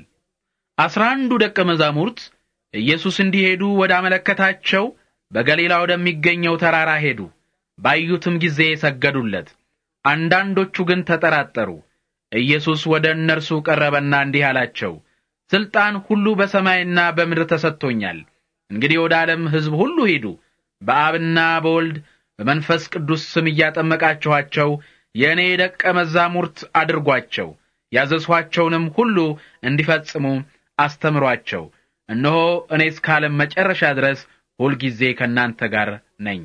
አስራ አንዱ ደቀ መዛሙርት ኢየሱስ እንዲሄዱ ወደ አመለከታቸው በገሊላ ወደሚገኘው ተራራ ሄዱ። ባዩትም ጊዜ ሰገዱለት። አንዳንዶቹ ግን ተጠራጠሩ። ኢየሱስ ወደ እነርሱ ቀረበና እንዲህ አላቸው፣ ሥልጣን ሁሉ በሰማይና በምድር ተሰጥቶኛል። እንግዲህ ወደ ዓለም ሕዝብ ሁሉ ሂዱ፣ በአብና በወልድ በመንፈስ ቅዱስ ስም እያጠመቃችኋቸው የእኔ ደቀ መዛሙርት አድርጓቸው፣ ያዘዝኋቸውንም ሁሉ እንዲፈጽሙ አስተምሯቸው። እነሆ እኔ እስከ ዓለም መጨረሻ ድረስ ሁልጊዜ ከእናንተ ጋር ነኝ።